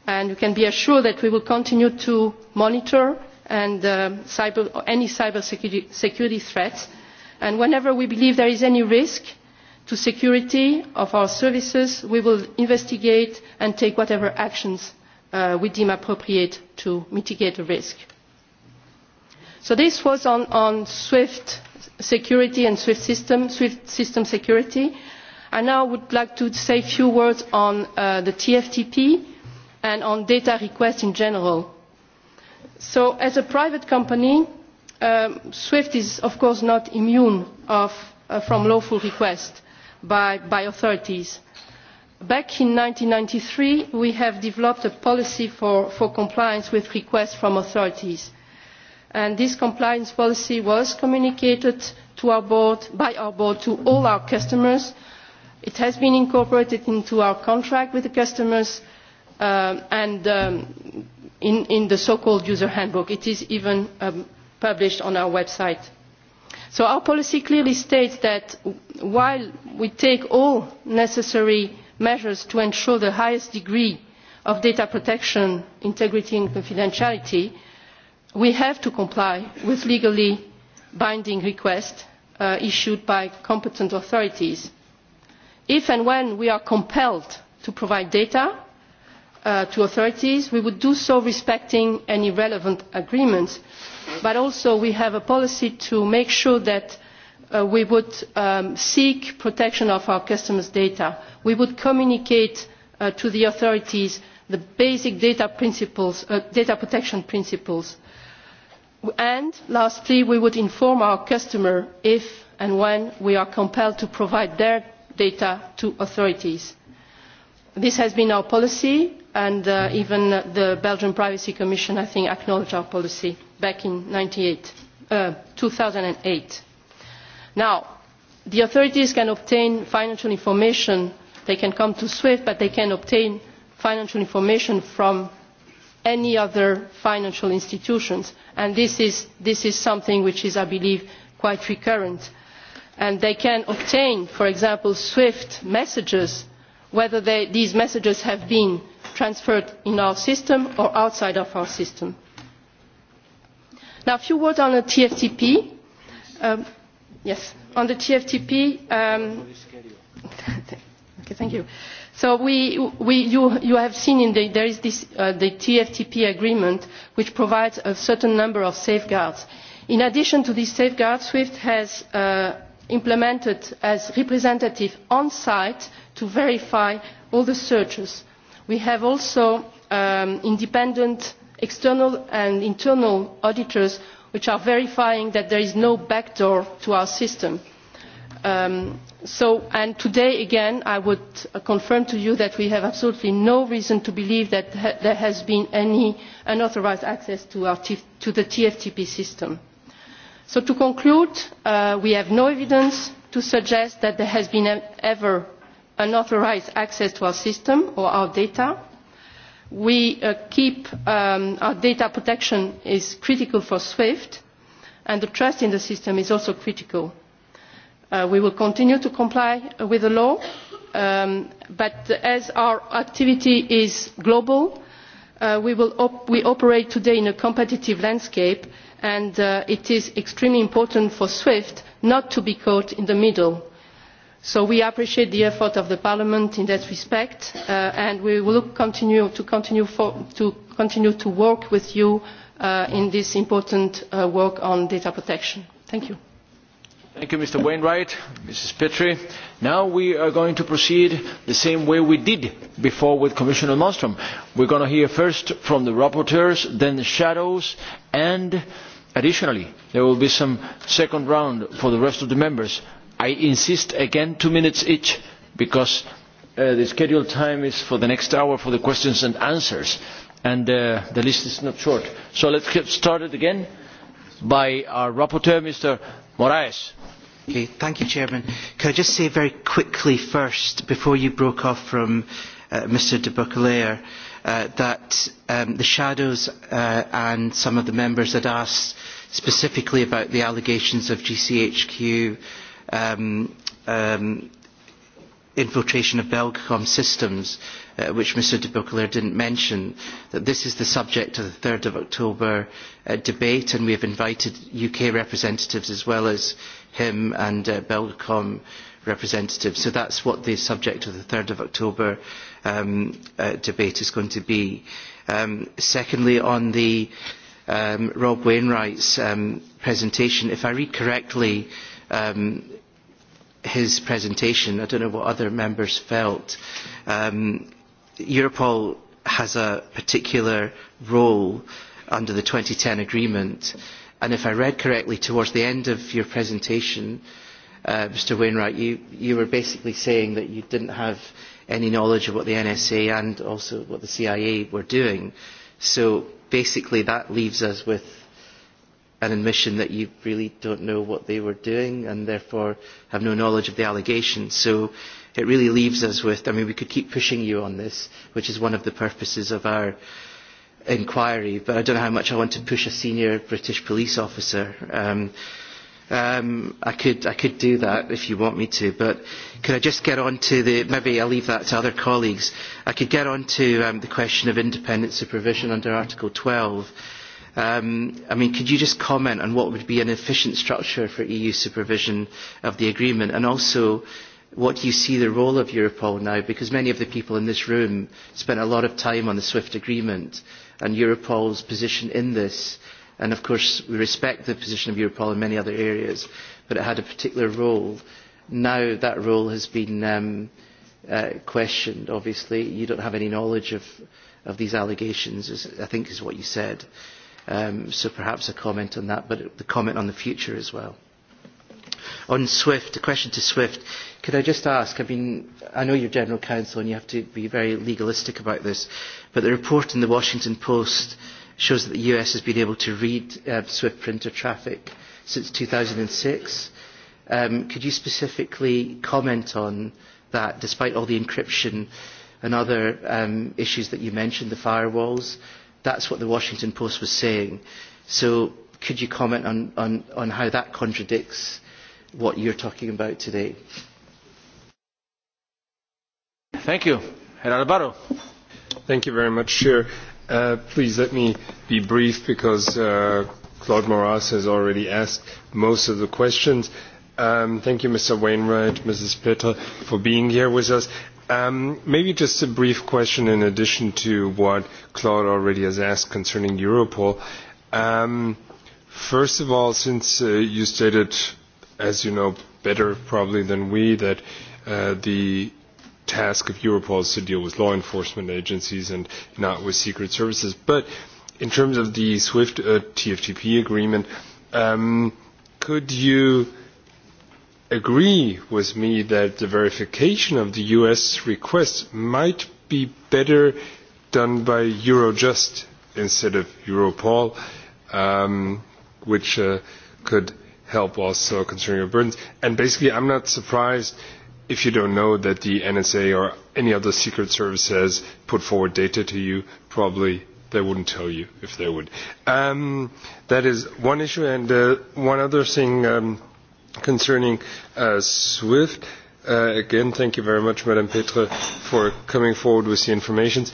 and you can be assured that we will continue to monitor and, uh, any cyber security, security threats and whenever we believe there is any risk to security of our services we will investigate and take whatever actions we deem appropriate to mitigate the risk so this was on, swift security and swift system swift system security i now would like to say a few words on uh, the tftp and on data requests in general so as a private company um, swift is of course not immune uh, from lawful requests by, authorities back in one thousand nine hundred and ninety three we have developed a policy for compliance with requests from authorities and this compliance policy was communicated to our board, by our board to all our customers. it has been incorporated into our contract with the customers um, and um, in, the so called user handbook. it is even um, published on our website. so our policy clearly states that while we take all necessary measures to ensure the highest degree of data protection integrity and confidentiality we have to comply with legally binding requests uh, issued by competent authorities. if and when we are compelled to provide data uh, to authorities we would do so respecting any relevant agreements but also we have a policy to make sure that uh, we would um, seek protection of our customers' data. we would communicate to the authorities the basic data protection principles and lastly we would inform our customers if and when we are compelled to provide their data to authorities. this has been our policy and uh, even the belgian privacy commission i think acknowledged our policy back in uh, two thousand and eight now the authorities can obtain financial information they can come to swift but they can obtain financial information from any other financial institutions and this is, something which is i believe quite recurrent and they can obtain for example swift messages whether these messages have been transferred in our system or outside of our system. now a few words on the tftp. Um, yes on the tftp um, thank you so we, we, you, you have seen there is this, uh, the tftp agreement which provides a certain number of safeguards. in addition to these safeguards swift has uh, implemented as representative on site to verify all the searches. we have also um, independent external and internal auditors which are verifying that there is no back door to our system Um, so, and today again i would confirm to you that we have absolutely no reason to believe that there has been any unauthorised access to, the tftp system. so to conclude uh, we have no evidence to suggest that there has been e, ever unauthorised access to our system or our data. we uh, keep um, our data protection is critical for swift and the trust in the system is also critical Uh, we will continue to comply with the law um, but as our activity is global uh, we, operate today in a competitive landscape and uh, it is extremely important for swift not to be caught in the middle. so we appreciate the effort of parliament in that respect and we will continue to to, continue to work with you in this important work on data protection. thank you. Thank you, Mr. Wainwright, Mrs. Petrie. Now we are going to proceed the same way we did before with Commissioner We are going to hear first from the rapporteurs, then the shadows, and additionally, there will be some second round for the rest of the members. I insist again, two minutes each, because uh, the scheduled time is for the next hour for the questions and answers, and uh, the list is not short. So let's get started again by our rapporteur, Mr. Moraes. thank you, Chairman. Can I just say very quickly first, before you broke off from uh, Mr de Buccalaire, uh, that um, the shadows uh, and some of the members had asked specifically about the allegations of GCHQ um, um, infiltration of Belgacom systems Uh, which Mr de did not mention, that this is the subject of the 3 of October uh, debate and we have invited UK representatives as well as him and uh, Belcom representatives. So that is what the subject of the 3 of October um, debate is going to be. Um, secondly, on the um, Rob Wainwright's presentation, if I read correctly, his presentation, I don't know what other members felt, Europol has a particular role under the 2010 agreement and if I read correctly towards the end of your presentation uh, Mr Wainwright you, you were basically saying that you didn't have any knowledge of what the NSA and also what the CIA were doing so basically that leaves us with an admission that you really don't know what they were doing and therefore have no knowledge of the allegations so it really leaves us with, I mean, we could keep pushing you on this, which is one of the purposes of our inquiry, but I don't know how much I want to push a senior British police officer. Um, um I, could, I could do that if you want me to, but could I just get on to the, maybe I'll leave that to other colleagues, I could get on to um, the question of independent supervision under Article 12. Um, I mean, could you just comment on what would be an efficient structure for EU supervision of the agreement and also what do you see the role of Europol now? Because many of the people in this room spent a lot of time on the SWIFT agreement and Europol's position in this. And of course, we respect the position of Europol in many other areas, but it had a particular role. Now that role has been um, uh, questioned, obviously. You don't have any knowledge of, of these allegations, I think is what you said. Um, so perhaps a comment on that, but the comment on the future as well on SWIFT, a question to SWIFT, could I just ask, I mean, I know you're general counsel and you have to be very legalistic about this, but the report in the Washington Post shows that the US has been able to read uh, SWIFT printer traffic since 2006. Um, could you specifically comment on that, despite all the encryption and other um, issues that you mentioned, the firewalls? That's what the Washington Post was saying. So could you comment on, on, on how that contradicts what you're talking about today. Thank you. Herr Albaro. Thank you very much, Chair. Uh, please let me be brief because uh, Claude Moras has already asked most of the questions. Um, thank you, Mr. Wainwright, Mrs. Petter, for being here with us. Um, maybe just a brief question in addition to what Claude already has asked concerning Europol. Um, first of all, since uh, you stated as you know better probably than we, that uh, the task of Europol is to deal with law enforcement agencies and not with secret services. But in terms of the SWIFT uh, TFTP agreement, um, could you agree with me that the verification of the US request might be better done by Eurojust instead of Europol, um, which uh, could – help also concerning your burdens. And basically, I'm not surprised if you don't know that the NSA or any other secret service has put forward data to you, probably they wouldn't tell you if they would. Um, that is one issue. And uh, one other thing um, concerning uh, SWIFT. Uh, again, thank you very much, Madame Petre, for coming forward with the information.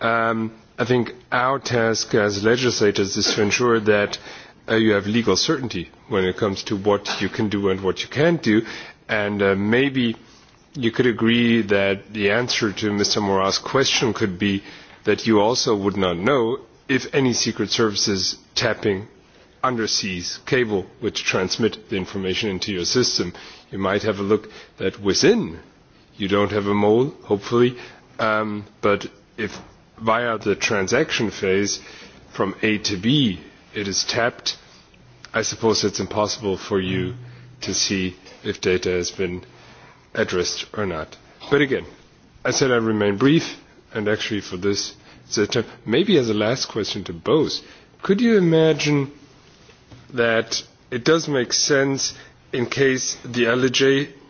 Um, I think our task as legislators is to ensure that Uh, you have legal certainty when it comes to what you can do and what you can't do and uh, maybe you could agree that the answer to mr Morat's question could be that you also would not know if any secret services tapping underseas cable which transmit the information into your system you might have a look that within you don't have a mole hopefully um, but if via the transaction phase from a to b it is tapped, I suppose it's impossible for you to see if data has been addressed or not. But again, I said I remain brief, and actually for this, maybe as a last question to both, could you imagine that it does make sense in case the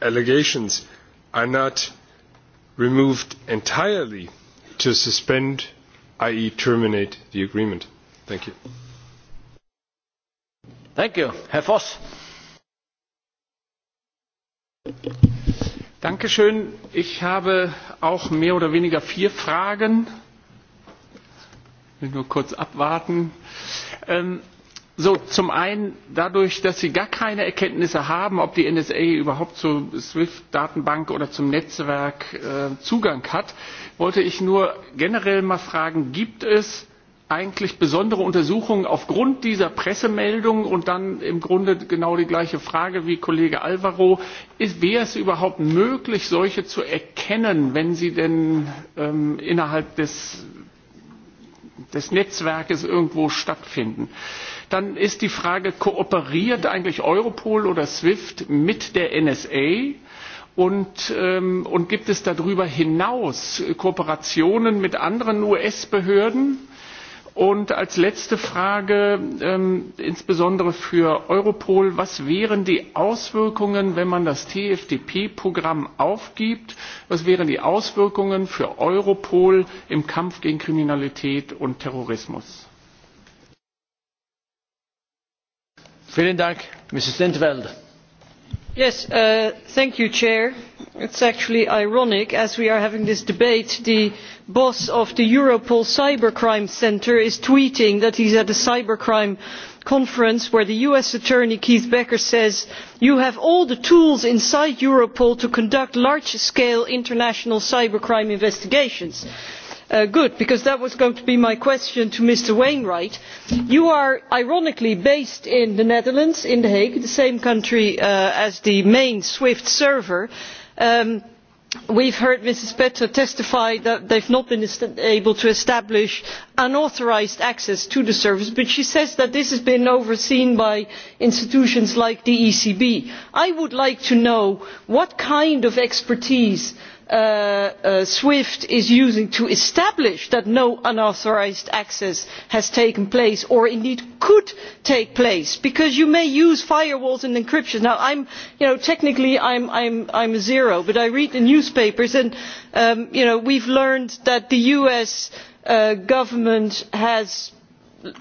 allegations are not removed entirely to suspend, i.e. terminate the agreement? Thank you. Herr Voss. Ich habe auch mehr oder weniger vier Fragen. Ich will nur kurz abwarten. Ähm, zum einen dadurch, dass Sie gar keine Erkenntnisse haben, ob die NSA überhaupt zur SWIFT-Datenbank oder zum Netzwerk äh, Zugang hat, wollte ich nur generell mal fragen, gibt es eigentlich besondere untersuchungen aufgrund dieser pressemeldung und dann im grunde genau die gleiche frage wie kollege alvaro ist, wäre es überhaupt möglich solche zu erkennen wenn sie denn ähm, innerhalb des, netzwerkes irgendwo stattfinden? dann ist die frage kooperiert eigentlich europol oder swift mit der nsa? Und, ähm, und gibt es darüber hinaus kooperationen mit anderen us behörden? und als letzte frage ähm, insbesondere für europol was wären die auswirkungen wenn man das TFDP programm aufgibt was wären die auswirkungen für europol im kampf gegen kriminalität und terrorismus? vielen dank mrs Yes, President, uh, thank you, actually ironic, as we are having this debate, the boss of the Europol Cybercrime Centre is tweeting that he is at a cybercrime conference where the US Attorney Keith Becker says, you have all the tools inside Europol to conduct large-scale international cybercrime investigations. Uh, good because that was going to be my question to mr wainwright. you are ironically based in the netherlands in the hague the same country uh, as the main swift server. Um, we have heard ms petre testify that they have not been able to establish unauthorised access to the service but she says that this has been overseen by institutions like the ecb. i would like to know what kind of expertise Uh, uh, swift is using to establish that no unauthorised access has taken place or indeed could take place because you may use firewalls and encryption. now technically i am a zero but i read the newspapers and um, we have learned that the us uh, government has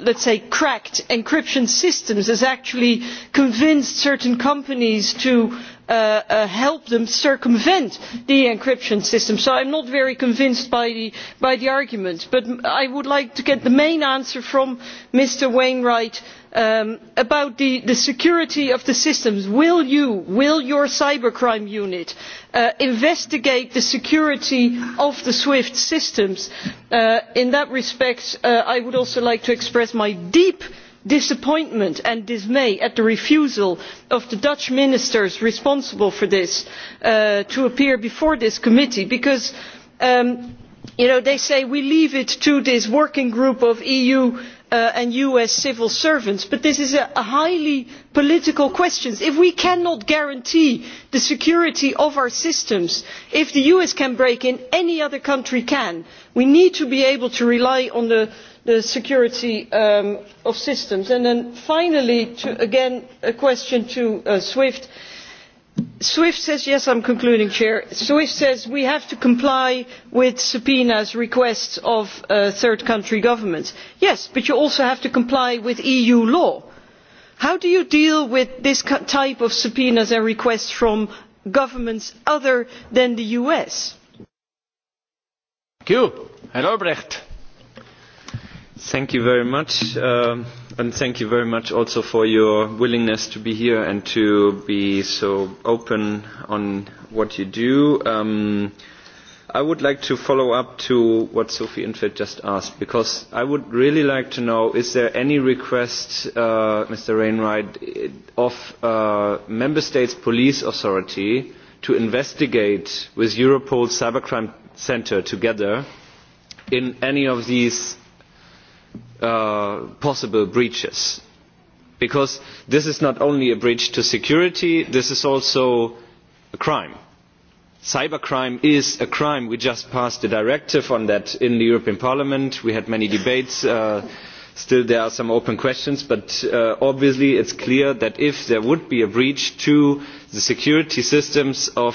let say cracked encryption systems has actually convinced certain companies to Uh, uh, help them circumvent the encryption system so i am not very convinced by the, by argument but i would like to get the main answer from mr wainwright um, about the, security of the systems. will you will your cybercrime unit uh, investigate the security of the swift systems? in that respect i would also like to express my deep disappointment and dismay at the refusal of the dutch ministers responsible for this uh, to appear before this committee because um, they say we leave it to this working group of eu uh, and us civil servants but this is a highly political question. if we cannot guarantee the security of our systems if the us can break in any other country can we need to be able to rely on the the security um, of systems. And then finally again a question to uh, swift swift says yes i am concluding chair swift says we have to comply with subpoenas requests of uh, third country governments. yes but you also have to comply with eu law. how do you deal with this type of subpoenas and requests from governments other than the us? Thank you very much, um, and thank you very much also for your willingness to be here and to be so open on what you do. Um, I would like to follow up to what Sophie Infeld just asked, because I would really like to know, is there any request, uh, Mr. Rainwright, of uh, Member States Police Authority to investigate with Europol Cybercrime Center together in any of these Uh, possible breaches because this is not only a breach to security this is also a crime cybercrime is a crime we just passed a directive on that in the european parliament we had many debates uh, still there are some open questions but uh, obviously obviously is clear that if there would be a breach to the security systems of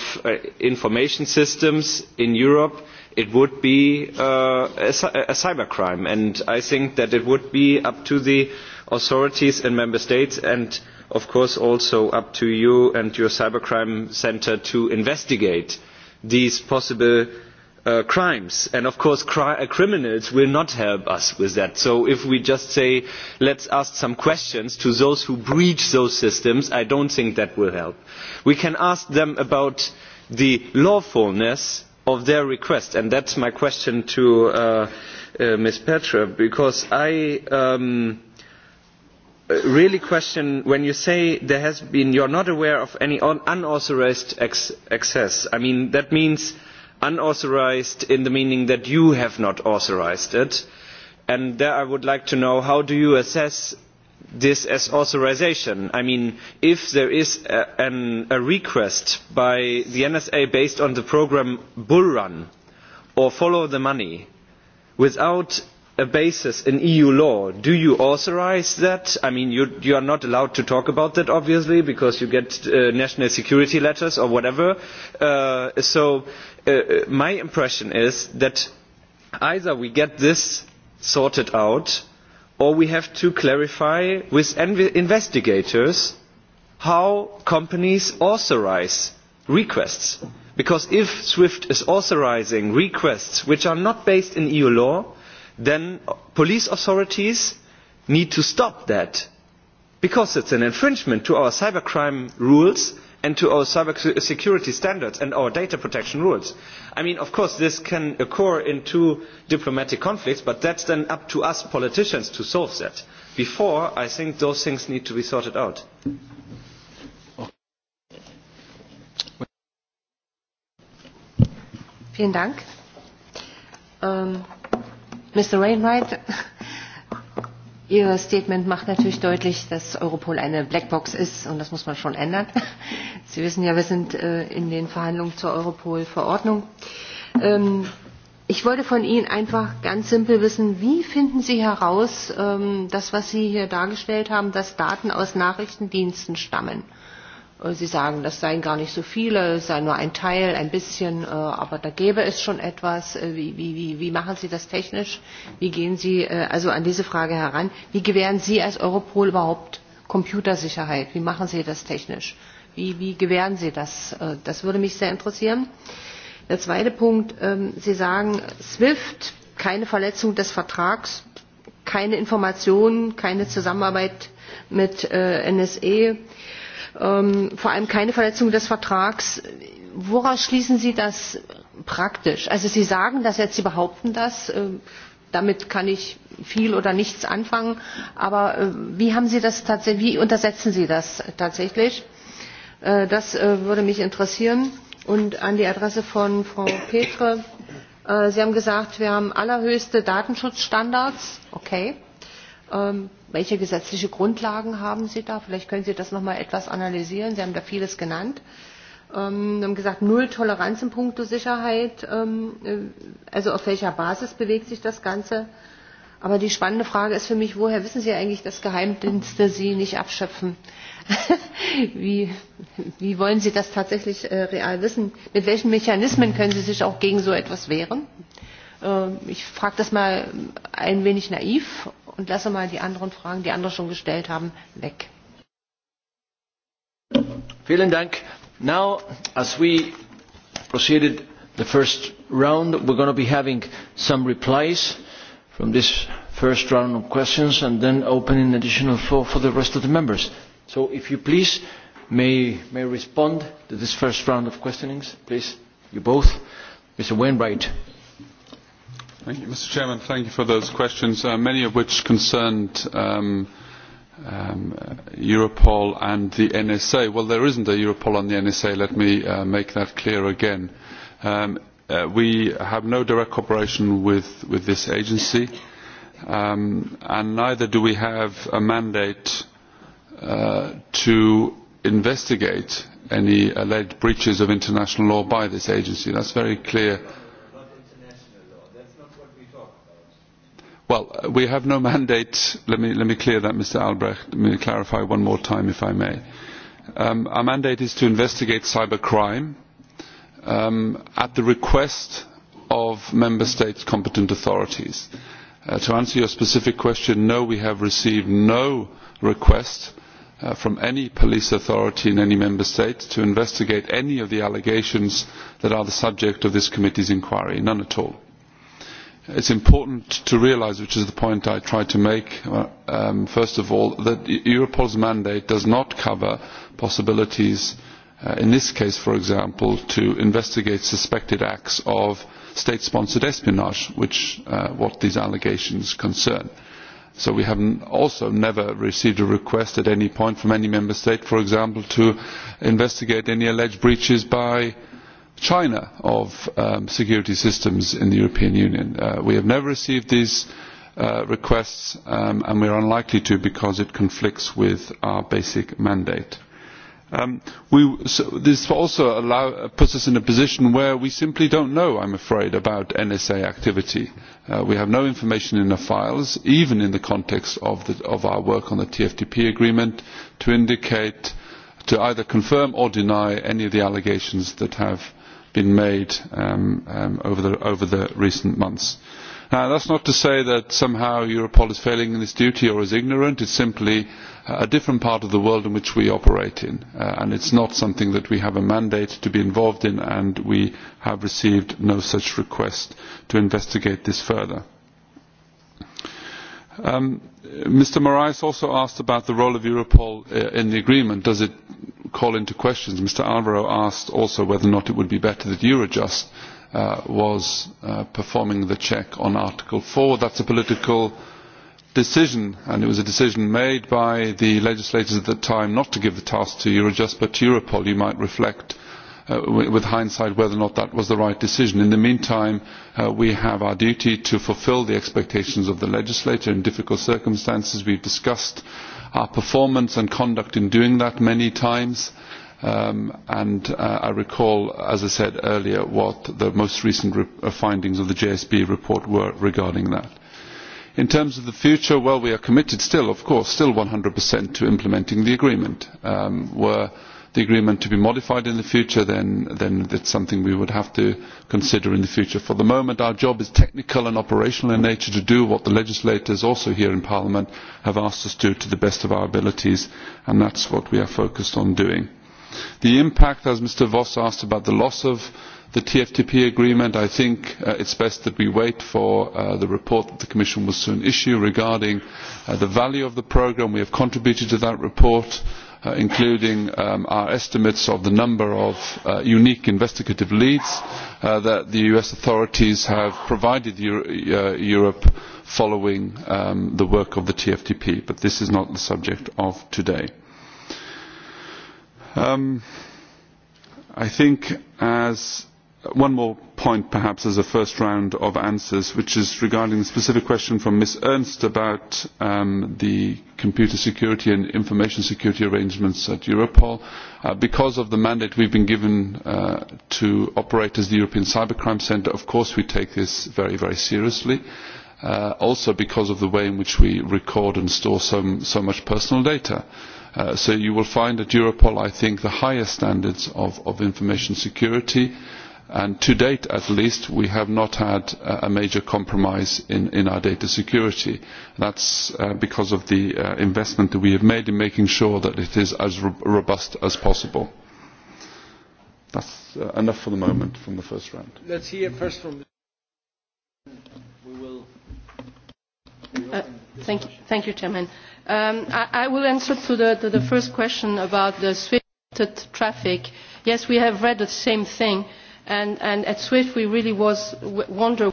information systems in europe it would be uh, a, a cybercrime and i think that it would be up to the authorities in member states and of course also up to you and your cybercrime centre to investigate these possible uh, crimes and of course uh, criminals will not help us with that so if we just say let's ask some questions to those who breach those systems i don't think that will help we can ask them about the lawfulness of their request and is my question to uh, uh, ms petre because i um, really question when you say there has been you are not aware of any unauthorised access i mean that means unauthorised in the meaning that you have not authorised it and there i would like to know how do you assess this as authorisation. I mean, if there is a, request by the NSA based on the programme Bull Run or Follow the Money without a basis in EU law, do you authorise that? I mean, you, are not allowed to talk about that, obviously, because you get uh, national security letters or whatever. Uh, so uh, my impression is that either we get this sorted out or we have to clarify with investigators how companies authorise requests because if swift is authorising requests which are not based in eu law then police authorities need to stop that because it's an infringement to our cybercrime rules and to our cyber security standards and our data protection rules. I mean, of course, this can occur in two diplomatic conflicts, but that's then up to us politicians to solve that. Before, I think those things need to be sorted out. Vielen Dank. Mr. Ähm, Wainwright, Ihr Statement macht natürlich deutlich, dass Europol eine Blackbox ist und das muss man schon ändern. [laughs] Sie wissen ja, wir sind äh, in den Verhandlungen zur Europol-Verordnung. Ähm, ich wollte von Ihnen einfach ganz simpel wissen, wie finden Sie heraus, ähm, das, was Sie hier dargestellt haben, dass Daten aus Nachrichtendiensten stammen? Äh, Sie sagen, das seien gar nicht so viele, es sei nur ein Teil, ein bisschen, äh, aber da gäbe es schon etwas. Äh, wie, wie, wie machen Sie das technisch? Wie gehen Sie also an diese Frage heran? Wie gewähren Sie als Europol überhaupt Computersicherheit? Wie machen Sie das technisch? Wie, wie gewähren Sie das? Das würde mich sehr interessieren. Der zweite Punkt, ähm, Sie sagen, SWIFT, keine Verletzung des Vertrags, keine Informationen, keine Zusammenarbeit mit NSE Ähm, vor allem keine verletzung des vertrags woraus schließen sie das praktisch? also sie sagen das jetzt sie behaupten das äh, damit kann ich viel oder nichts anfangen aber äh, wie haben sie das tatsächlich wie untersetzen sie das tatsächlich? Äh, das würde mich interessieren. und an die adresse von frau petre sie haben gesagt wir haben allerhöchste datenschutzstandards okay ähm, Welche gesetzliche Grundlagen haben Sie da? Vielleicht können Sie das noch mal etwas analysieren. Sie haben da vieles genannt. Ähm, haben gesagt, null Toleranz in puncto Sicherheit. Ähm, äh, also auf welcher Basis bewegt sich das Ganze? Aber die spannende Frage ist für mich, woher wissen Sie eigentlich, dass Geheimdienste Sie nicht abschöpfen? [laughs] wie, wie wollen Sie das tatsächlich äh, real wissen? Mit welchen Mechanismen können Sie sich auch gegen so etwas wehren? Ähm, ich frage das mal ein wenig naiv und lasse mal die anderen Fragen, die andere schon gestellt haben, weg. Vielen Dank. Now, as we proceeded the first round, we're going to be having some replies from this first round of questions and then opening additional floor for the rest of the members. So if you please may, may respond to this first round of questionings, please, you both. Mr. Wainwright. Mr. Chairman. Thank you for those questions, uh, many of which concerned um, um Europol and the NSA. Well, there isn't a Europol on the NSA. Let me uh, make that clear again. Um, uh, we have no direct cooperation with, with this agency, um, and neither do we have a mandate uh, to investigate any alleged breaches of international law by this agency. That's very clear Well, we have no mandate. Let me, clear that, Mr. Albrecht. Let me clarify one more time, if I may. Um, our mandate is to investigate cybercrime um, at the request of member states' competent authorities. Uh, to answer your specific question, no, we have received no request uh, from any police authority in any member state to investigate any of the allegations that are the subject of this committee's inquiry. None at all. It is important to realise, which is the point I tried to make, uh, um, first of all, that e- Europol's mandate does not cover possibilities, uh, in this case, for example, to investigate suspected acts of state-sponsored espionage, which uh, what these allegations concern. So we have also never received a request at any point from any member state, for example, to investigate any alleged breaches by China of um, security systems in the European Union. Uh, we have never received these uh, requests um, and we are unlikely to because it conflicts with our basic mandate. Um, we, this also allow, uh, puts us in a position where we simply don't know, I'm afraid, about NSA activity. we have no information in the files, even in the context of, of our work on the TFTP agreement, to indicate, to either confirm or deny any of the allegations that have been made um, um, over, the, over the recent months. Now, that's not to say that somehow Europol is failing in its duty or is ignorant. It's simply a different part of the world in which we operate in. Uh, and it's not something that we have a mandate to be involved in, and we have received no such request to investigate this further. Mr um, Moraes also asked about the role of Europol uh, in the agreement. Does it call into questions? Mr Alvaro asked also whether or not it would be better that Eurojust uh, was uh, performing the check on Article 4. That's a political decision, and it was a decision made by the legislators at the time not to give the task to Eurojust, but to Europol. You might reflect Uh, with hindsight whether or not that was the right decision. In the meantime, uh, we have our duty to fulfil the expectations of the legislator in difficult circumstances. We've discussed our performance and conduct in doing that many times. Um, and uh, I recall, as I said earlier, what the most recent findings of the JSB report were regarding that. In terms of the future, well, we are committed still, of course, still 100% to implementing the agreement. Um, we're the agreement to be modified in the future, then, then that's something we would have to consider in the future. For the moment, our job is technical and operational in nature to do what the legislators also here in Parliament have asked us to do to the best of our abilities, and that's what we are focused on doing. The impact, as Mr. Voss asked about the loss of the TFTP agreement, I think it uh, it's best that we wait for uh, the report that the Commission will soon issue regarding uh, the value of the programme. We have contributed to that report Uh, including um, our estimates of the number of uh, unique investigative leads uh, that the us authorities have provided europe following um, the work of the tftp but this is not the subject of today. Um, i think as Uh, one more point perhaps as a first round of answers which is regarding the specific question from ms ernst about um, the computer security and information security arrangements at europol uh, because of the mandate we have been given uh, to operate as the european cybercrime centre of course we take this very very seriously also because of the way in which we record and store so much personal data. so you will find at europol i think the highest standards of, of information security and to date at least we have not had a major compromise in, our data security. that is uh, because of the uh, investment that we have made in making sure that it is as robust as possible. that is uh, enough for the moment from the first round. hear first from thank you chairman. Um, I, will answer to the, to the first question about the swift traffic. yes we have read the same thing and, and at SWIFT we really was wonder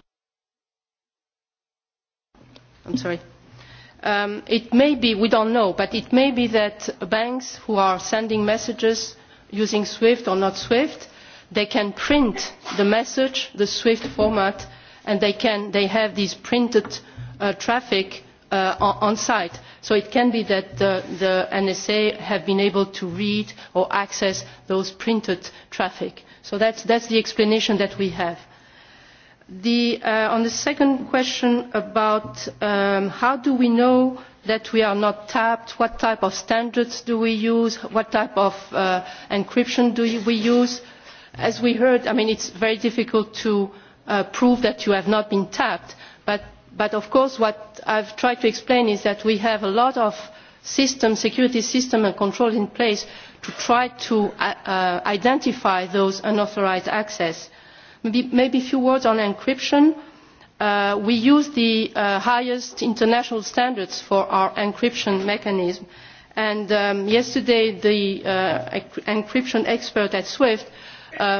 I'm sorry. Um, it may be, we don't know, but it may be that banks who are sending messages using SWIFT or not SWIFT, they can print the message, the SWIFT format, and they, can, they have these printed uh, traffic uh, on site. So it can be that the, the NSA have been able to read or access those printed traffic so that is the explanation that we have. The, uh, on the second question about um, how do we know that we are not tapped what type of standards do we use what type of uh, encryption do we use as we heard i mean it's very difficult to uh, prove that you have not been tapped but, but of course what i've tried to explain is that we have a lot of system security system and control in place to try to uh, uh, identify those unauthorised access. Maybe, a few words on encryption. Uh, we use the highest international standards for our encryption mechanism and um, yesterday the encryption expert at swift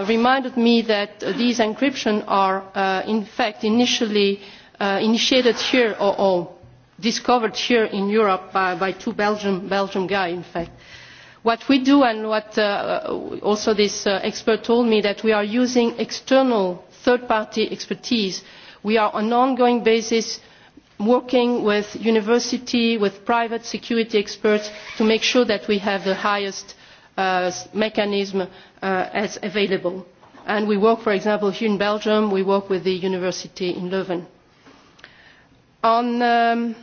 reminded me that these encryption are in fact initially initiated here or, discovered here in europe by, by two belgian, belgian guys in fact what we do and what uh, uh, also this uh, expert told me that we are using external third party expertise. we are on an ongoing basis working with universities with private security experts to make sure that we have the highest mechanism as available and we work for example here in belgium we work with the university in leuven. on um,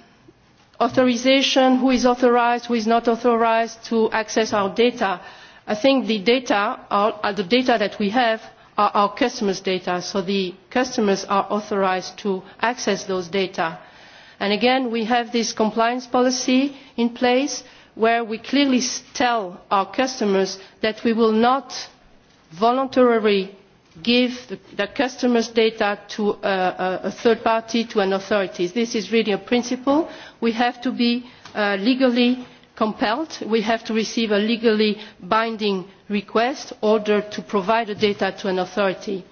authorisation who is authorised who is not authorised to access our data. i think the data uh, the data that we have are our customers' data so the customers are authorised to access those data. And again we have this compliance policy in place where we clearly tell our customers that we will not voluntarily give the, customers' data to a third party, to an authority. This is really a principle. We have to be uh, legally compelled, we have to receive a legally binding request in order to provide the data to an authority.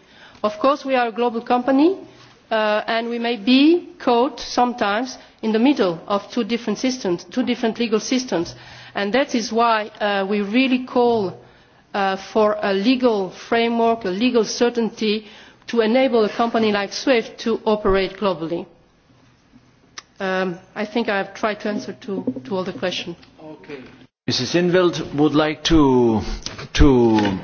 Of course we are a global company uh, and we may be caught sometimes in the middle of two different systems, two different legal systems, and that is why uh, we really call Uh, for a legal framework a legal certainty to enable a company like swift to operate globally. Um, i think i have tried to answer to, all the questions. mrs in 't veld would like to, to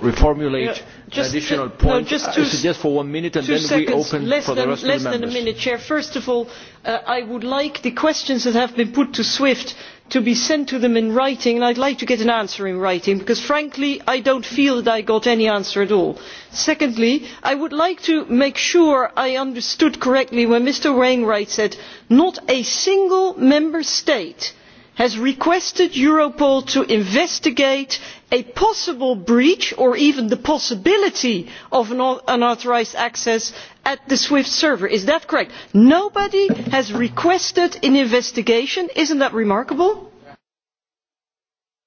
reformulate yeah, an additional to, point. No, just two, suggest for one minute and then seconds, we open less for than, the rest less of the members. than a minute. Chair. first of all uh, i would like the questions that have been put to swift to be sent to them in writing and i would like to get an answer in writing because frankly i do not feel that i got any answer at all. secondly i would like to make sure i understood correctly when mr wainwright said that not a single member state has requested europol to investigate a possible breach or even the possibility of unauthorised access at the swift server is that correct? nobody has requested an investigation is that remarkable?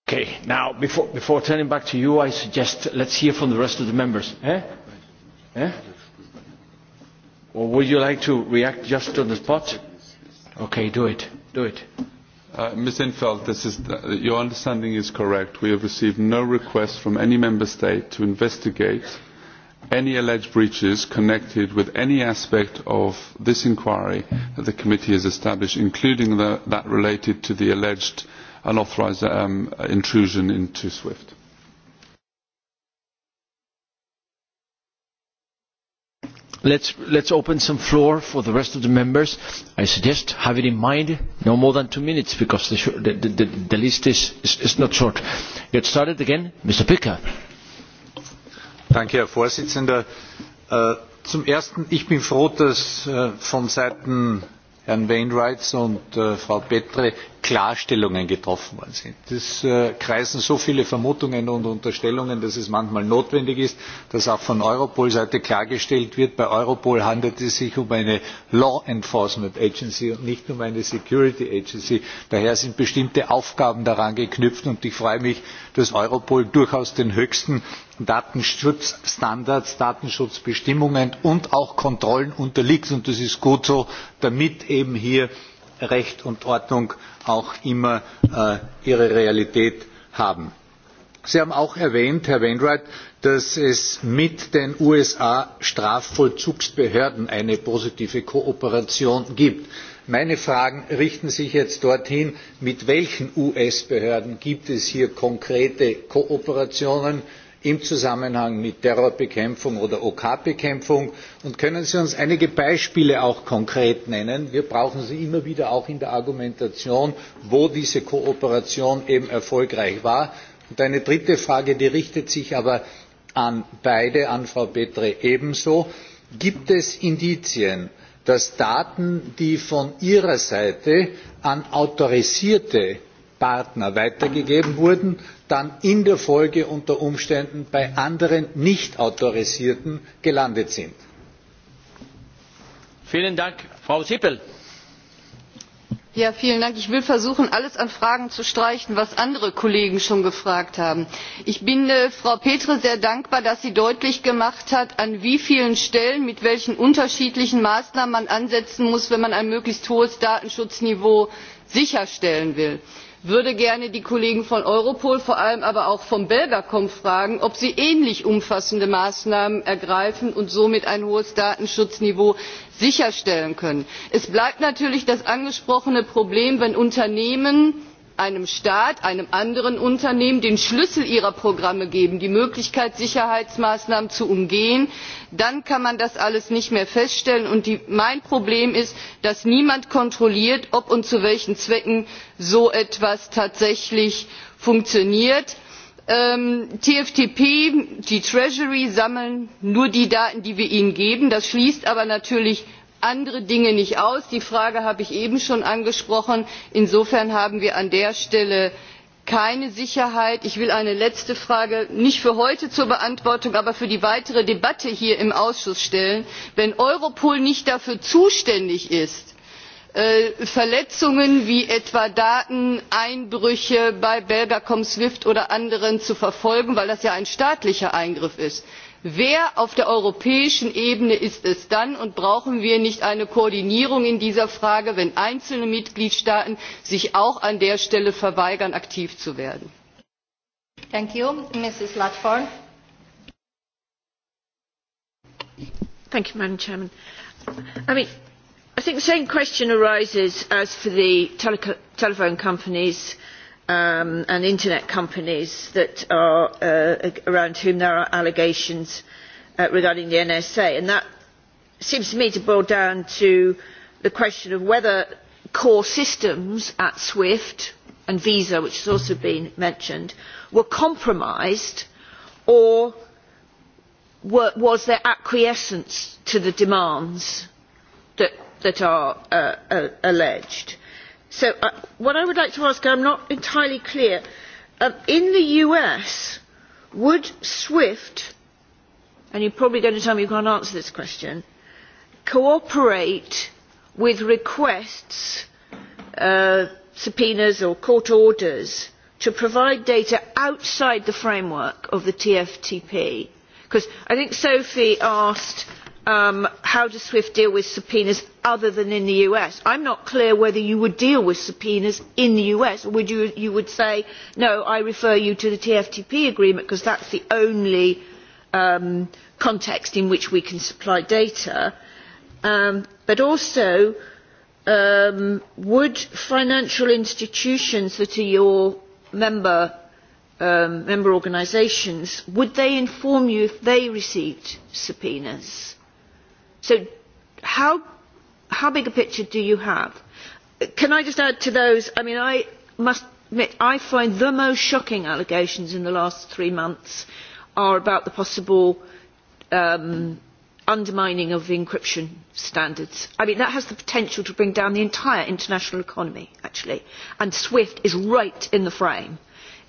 Okay, now before, before turning back to you i suggest let's hear from the rest of the members. Eh? Eh? or would you like to react just on the spot? okay do it do it. Uh, Ms Infeld, this is the, your understanding is correct. We have received no request from any member state to investigate any alleged breaches connected with any aspect of this inquiry that the committee has established, including that related to the alleged unauthorised um, intrusion into SWIFT. Let's, let's open some floor for the rest of the members. I suggest have it in mind no more than two minutes because the, list is, is not short. Get started again, Mr. Picker. Herr Präsident. Äh, zum Ersten, ich bin froh, dass äh, von Seiten Herrn Wainwrights und äh, Frau Petre klarstellungen getroffen worden sind. es äh, kreisen so viele vermutungen und unterstellungen dass es manchmal notwendig ist dass auch von europol seite klargestellt wird bei europol handelt es sich um eine law enforcement agency und nicht um eine security agency. daher sind bestimmte aufgaben daran geknüpft und ich freue mich dass europol durchaus den höchsten datenschutzstandards datenschutzbestimmungen und auch kontrollen unterliegt und das ist gut so damit eben hier recht und ordnung auch immer äh, ihre realität haben. sie haben auch erwähnt herr wainwright dass es mit den usa strafvollzugsbehörden eine positive kooperation gibt. meine fragen richten sich jetzt dorthin mit welchen us behörden gibt es hier konkrete kooperationen? im zusammenhang mit terrorbekämpfung oder ok bekämpfung? und können sie uns einige beispiele auch konkret nennen wir brauchen sie immer wieder auch in der argumentation wo diese kooperation eben erfolgreich war? und eine dritte frage die richtet sich aber an beide an frau petre ebenso gibt es indizien dass daten die von ihrer seite an autorisierte partner weitergegeben wurden dann in der folge unter umständen bei anderen nicht autorisierten gelandet sind. Frau ich will versuchen alles an fragen zu streichen was andere kollegen schon gefragt haben. ich bin äh, frau petre sehr dankbar dass sie deutlich gemacht hat an wie vielen stellen mit welchen unterschiedlichen maßnahmen man ansetzen muss wenn man ein möglichst hohes datenschutzniveau sicherstellen will würde gerne die kollegen von europol vor allem aber auch vom belgacom fragen ob sie ähnlich umfassende maßnahmen ergreifen und somit ein hohes datenschutzniveau sicherstellen können. es bleibt natürlich das angesprochene problem wenn unternehmen einem staat einem anderen unternehmen den schlüssel ihrer programme geben die möglichkeit sicherheitsmaßnahmen zu umgehen dann kann man das alles nicht mehr feststellen. mein problem ist dass niemand kontrolliert ob und zu welchen zwecken so etwas tatsächlich funktioniert. Ähm, tftp die treasury sammeln nur die daten die wir ihnen geben das schließt aber natürlich andere dinge nicht aus die frage habe ich eben schon angesprochen. insofern haben wir an der stelle keine sicherheit. ich will eine letzte frage nicht für heute zur beantwortung aber für die weitere debatte hier im ausschuss stellen wenn europol nicht dafür zuständig ist äh, verletzungen wie etwa dateneinbrüche bei belgacom swift oder anderen zu verfolgen weil das ja ein staatlicher eingriff ist wer auf der europäischen ebene ist es dann und brauchen wir nicht eine koordinierung in dieser frage wenn einzelne mitgliedstaaten sich auch an der stelle verweigern aktiv zu werden? Thank Madam Chairman. I think the same question arises as for the telephone companies Um, and internet companies uh, around whom there are allegations uh, regarding the NSA. And that seems to me to boil down to the question of whether core systems at SWIFT and Visa, which has also been mentioned, were compromised or was there acquiescence to the demands that, are uh, alleged? So uh, what I would like to ask, I am not entirely clear, um, in the US, would SWIFT, and you probably going to tell me you cannot answer this question, cooperate with requests, uh, subpoenas or court orders to provide data outside the framework of the TFTP? Because I think Sophie asked Um, how does swift deal with subpoenas other than in the us? i am not clear whether you would deal with subpoenas in the us or would you, you would say no i refer you to the tftp agreement because that is the only um, context in which we can supply data um, but also would financial institutions that are your member member organisations would they inform you if they received subpoenas? So how, how big a picture do you have? Can I just add to those, I mean, I must admit, I find the most shocking allegations in the last three months are about the possible um, undermining of encryption standards. I mean, that has the potential to bring down the entire international economy, actually. And SWIFT is right in the frame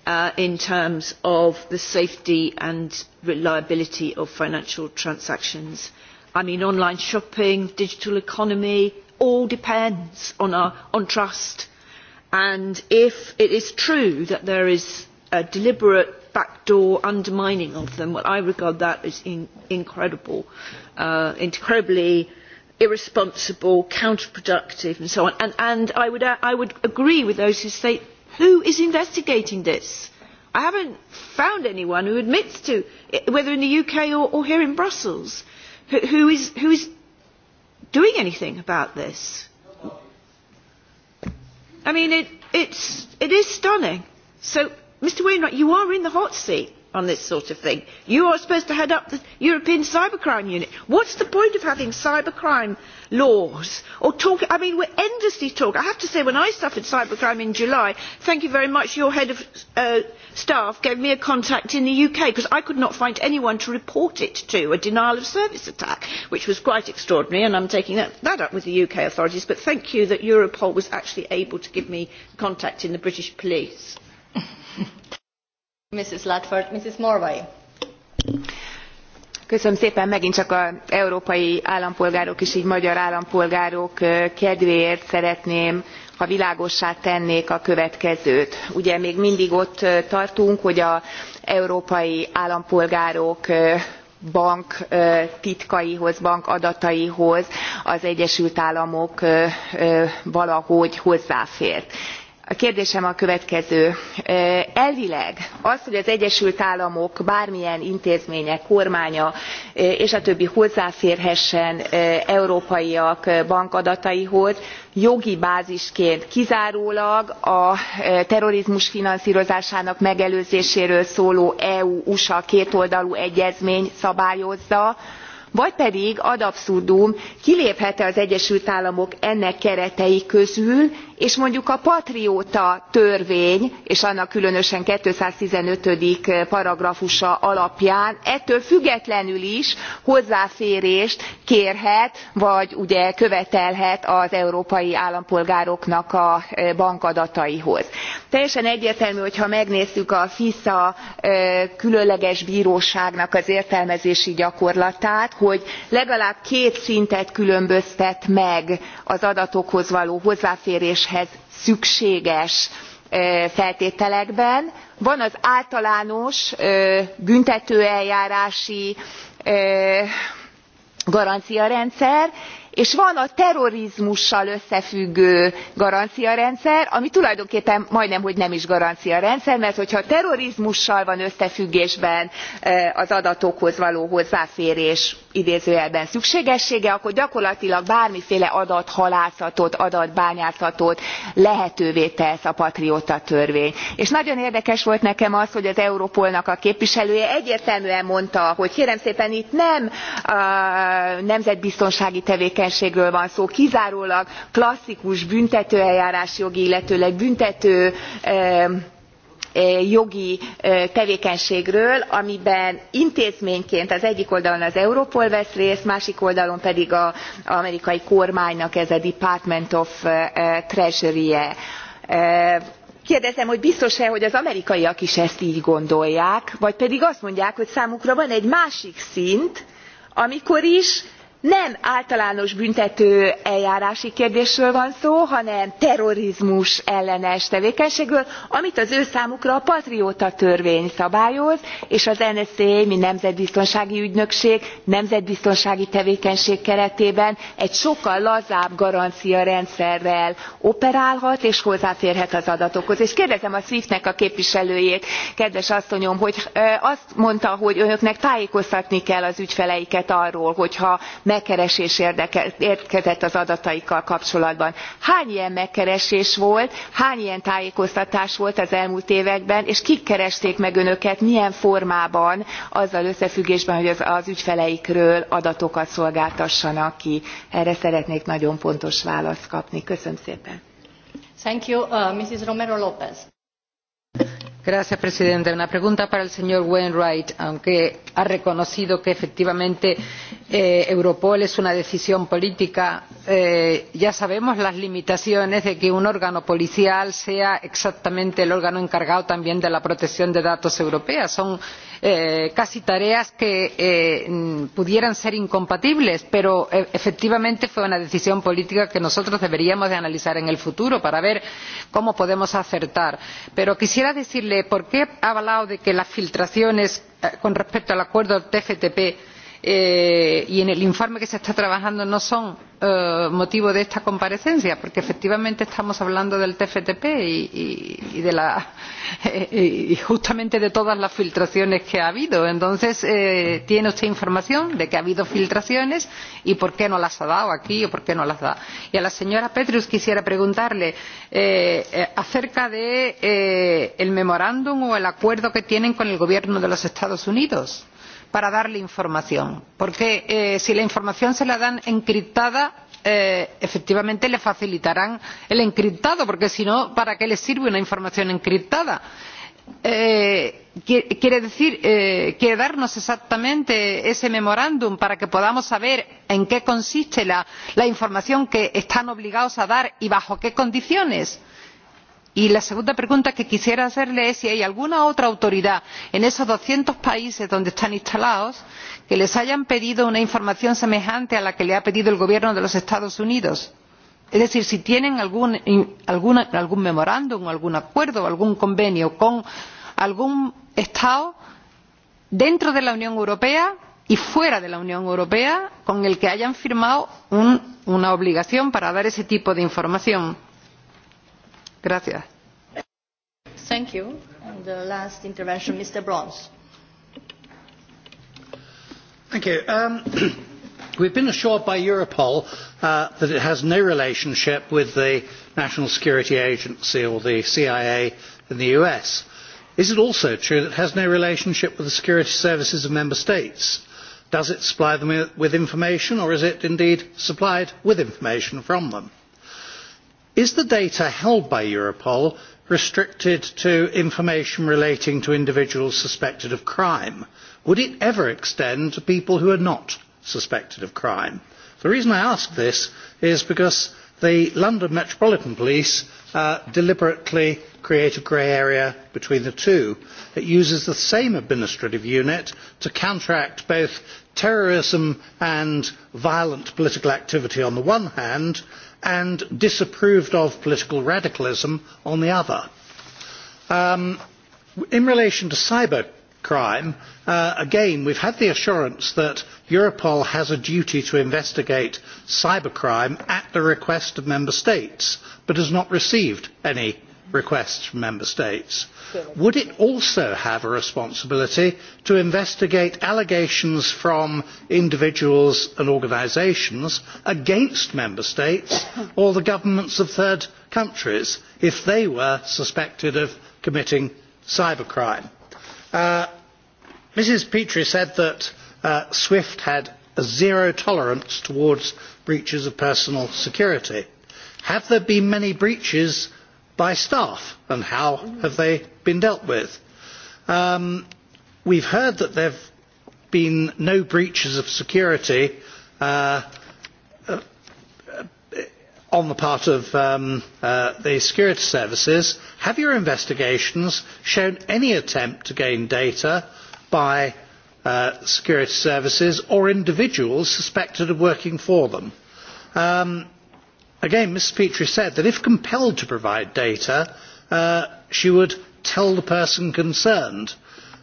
uh, in terms of the safety and reliability of financial transactions i mean, online shopping, digital economy, all depends on, our, on trust. And if it is true that there is a deliberate backdoor undermining of them, well, I regard that as incredible, uh, incredibly irresponsible, counterproductive, and so on. And, I, would, uh, I would agree with those who say, who is investigating this? I haven't found anyone who admits to, whether in the UK or, or here in Brussels Who, who, is, who is doing anything about this? I mean, it, it's, it is stunning. So, Mr. Wainwright, you are in the hot seat on this sort of thing. You are supposed to head up the European Cybercrime Unit. What is the point of having cybercrime laws? Or talk, I mean, we are endlessly talking. I have to say, when I suffered cybercrime in July, thank you very much, your head of uh, staff gave me a contact in the UK because I could not find anyone to report it to, a denial of service attack, which was quite extraordinary, and I am taking that, that up with the UK authorities. But thank you that Europol was actually able to give me contact in the British police. [laughs] szépen, megint csak az európai állampolgárok és így magyar állampolgárok kedvéért szeretném ha világossá tennék a következőt ugye még mindig ott tartunk hogy az európai állampolgárok banktitkaihoz bankadataihoz az egyesült államok valahogy hozzáfért a kérdésem a következő elvileg az hogy az egyesült államok bármilyen intézménye kormánya és a többi hozzáférhessen európaiak bankadataihoz jogi bázisként kizárólag a terrorizmus finanszrozásának megelőzéséről szóló eu usa kétoldalú egyezmény szabályozza vagy pedig ad absurdum kiléphet e az egyesült államok ennek keretei közül és mondjuk a patrióta törvény és annak különösen two hundred and fifteen paragrafusa alapján ettől függetlenül is hozzáférést kérhet vagy ugye követelhet az európai állampolgároknak a bankadataihoz. teljesen egyértelmű hogy ha megnézzük a fisza különleges bróságnak az értelmezési gyakorlatát hogy legalább két szintet különböztet meg az adatokhoz való hozzáférés működéshez szükséges feltételekben van az általános büntetőeljárási garanciarendszer és van a terrorizmussal összefüggő garanciarendszer ami tulajdonképpen majdnem hogy nem is garanciarendszer mert hogyha a terrorizmussal van összefüggésben e, az adatokhoz való hozzáférés idézőjelben szükségessége akkor gyakorlatilag bármiféle adathalászatot adatbányászatot lehetővé tesz a patrióta törvény. és nagyon érdekes volt nekem az hogy az europolnak a képviselője egyértelműen mondta hogy kérem szépen itt nem nemzetbiztonsági tevékenységről tevékenységről van szó kizárólag klasszikus büntetőeljárás jogi illetőleg büntető jogi tevékenységről amiben intézményként az egyik oldalon az europol vesz részt másik oldalon pedig az amerikai kormánynak ez a department of treasury je kérdezem hogy biztos e hogy az amerikaiak is ezt gy gondolják vagy pedig azt mondják hogy számukra van egy másik szint amikor is nem általános büntető eljárási kérdésről van szó hanem terrorizmus ellenes tevékenységről amit az ő számukra a patrióta törvény szabályoz és az nsa mint nemzetbiztonsági ügynökség nemzetbiztonsági tevékenység keretében egy sokkal lazább garanciarendszerrel operálhat és hozzáférhet az adatokhoz. és kérdezem a swift nek a képviselőjét kedves asszonyom hogy azt mondta hogy önöknek tájékoztatni kell az ügyfeleiket arról hogyha megkeresés érkezett az adataikkal kapcsolatban. hány ilyen megkeresés volt hány ilyen tájékoztatás volt az elmúlt években és kik keresték meg önöket milyen formában azzal összefüggésben hogy az, ügyfeleikről adatokat szolgáltassanak ki? erre szeretnék nagyon pontos választ kapni. köszönöm szépen. Uh, Señor Presidente, una pregunta para el señor wainwright aunque ha reconocido que efectivamente eh, europol es una decisión política eh, ya sabemos las limitaciones de que un órgano policial sea exactamente el órgano encargado también de la protección de datos europeos. son eh, casi tareas que pudieran ser incompatibles pero efectivamente fue una decisión política que nosotros deberíamos analizar en el futuro para ver cómo podemos acertar. pero quisiera decirle Eh, ¿Por qué ha avalado de que las filtraciones eh, con respecto al acuerdo tctp Eh, y en el informe que se está trabajando no son eh, motivo de esta comparecencia porque efectivamente estamos hablando del tftp y, y, y de la, [laughs] y justamente de todas las filtraciones que ha habido. entonces eh, tiene usted información de que ha habido filtraciones y por qué no las ha dado aquí o por qué no las da. y a la señora Petrus quisiera preguntarle acerca del el memorándum o el acuerdo que tienen con el gobierno de los estados unidos para darle información porque eh, si la información se la dan encriptada eh, efectivamente le facilitarán el encriptado porque si no para qué les sirve una información encriptada? Eh, quiere decir quiere darnos exactamente ese memorándum para que podamos saber en qué consiste la información que están obligados a dar y bajo qué condiciones? y la segunda pregunta que quisiera hacerle es si hay alguna otra autoridad en esos doscientos países donde están instalados que les haya pedido una información semejante a la que le ha pedido el gobierno de los estados unidos es decir si tienen algún, memorándum o algún acuerdo o algún convenio con algún estado dentro de la unión europea y fuera de la unión europea con el que hayan firmado una obligación para dar ese tipo de información. Gracias. Thank you. the last intervention, Mr. Um, [clears throat] we've been assured by Europol uh, that it has no relationship with the National Security Agency or the CIA in the US. Is it also true that it has no relationship with the security services of member states? Does it supply them with information or is it indeed supplied with information from them? is the data held by europol restricted to information relating to individuals suspected of crime? would it ever extend to people who are not suspected of crime? the reason i ask this is because the london metropolitan police uh, deliberately create a grey area between the two. it uses the same administrative unit to counteract both terrorism and violent political activity on the one hand and disapproved of political radicalism on the other. Um, in relation to cyber crime uh, again we have had the assurance that europol has a duty to investigate cybercrime at the request of member states but has not received any requests from member states would it also have a responsibility to investigate allegations from individuals and organisations against member states [coughs] or the governments of third countries if they were suspected of committing cybercrime? Uh, mrs petrie said that uh, swift had a zero tolerance towards breaches of personal security. have there been many breaches by staff and how have they been dealt with? Um, we've heard that there have been no breaches of security uh, uh, on the part of um, uh, the security services. Have your investigations shown any attempt to gain data by security services or individuals suspected of working for them? Um, Again, Ms Petrie said that if compelled to provide data, uh, she would tell the person concerned.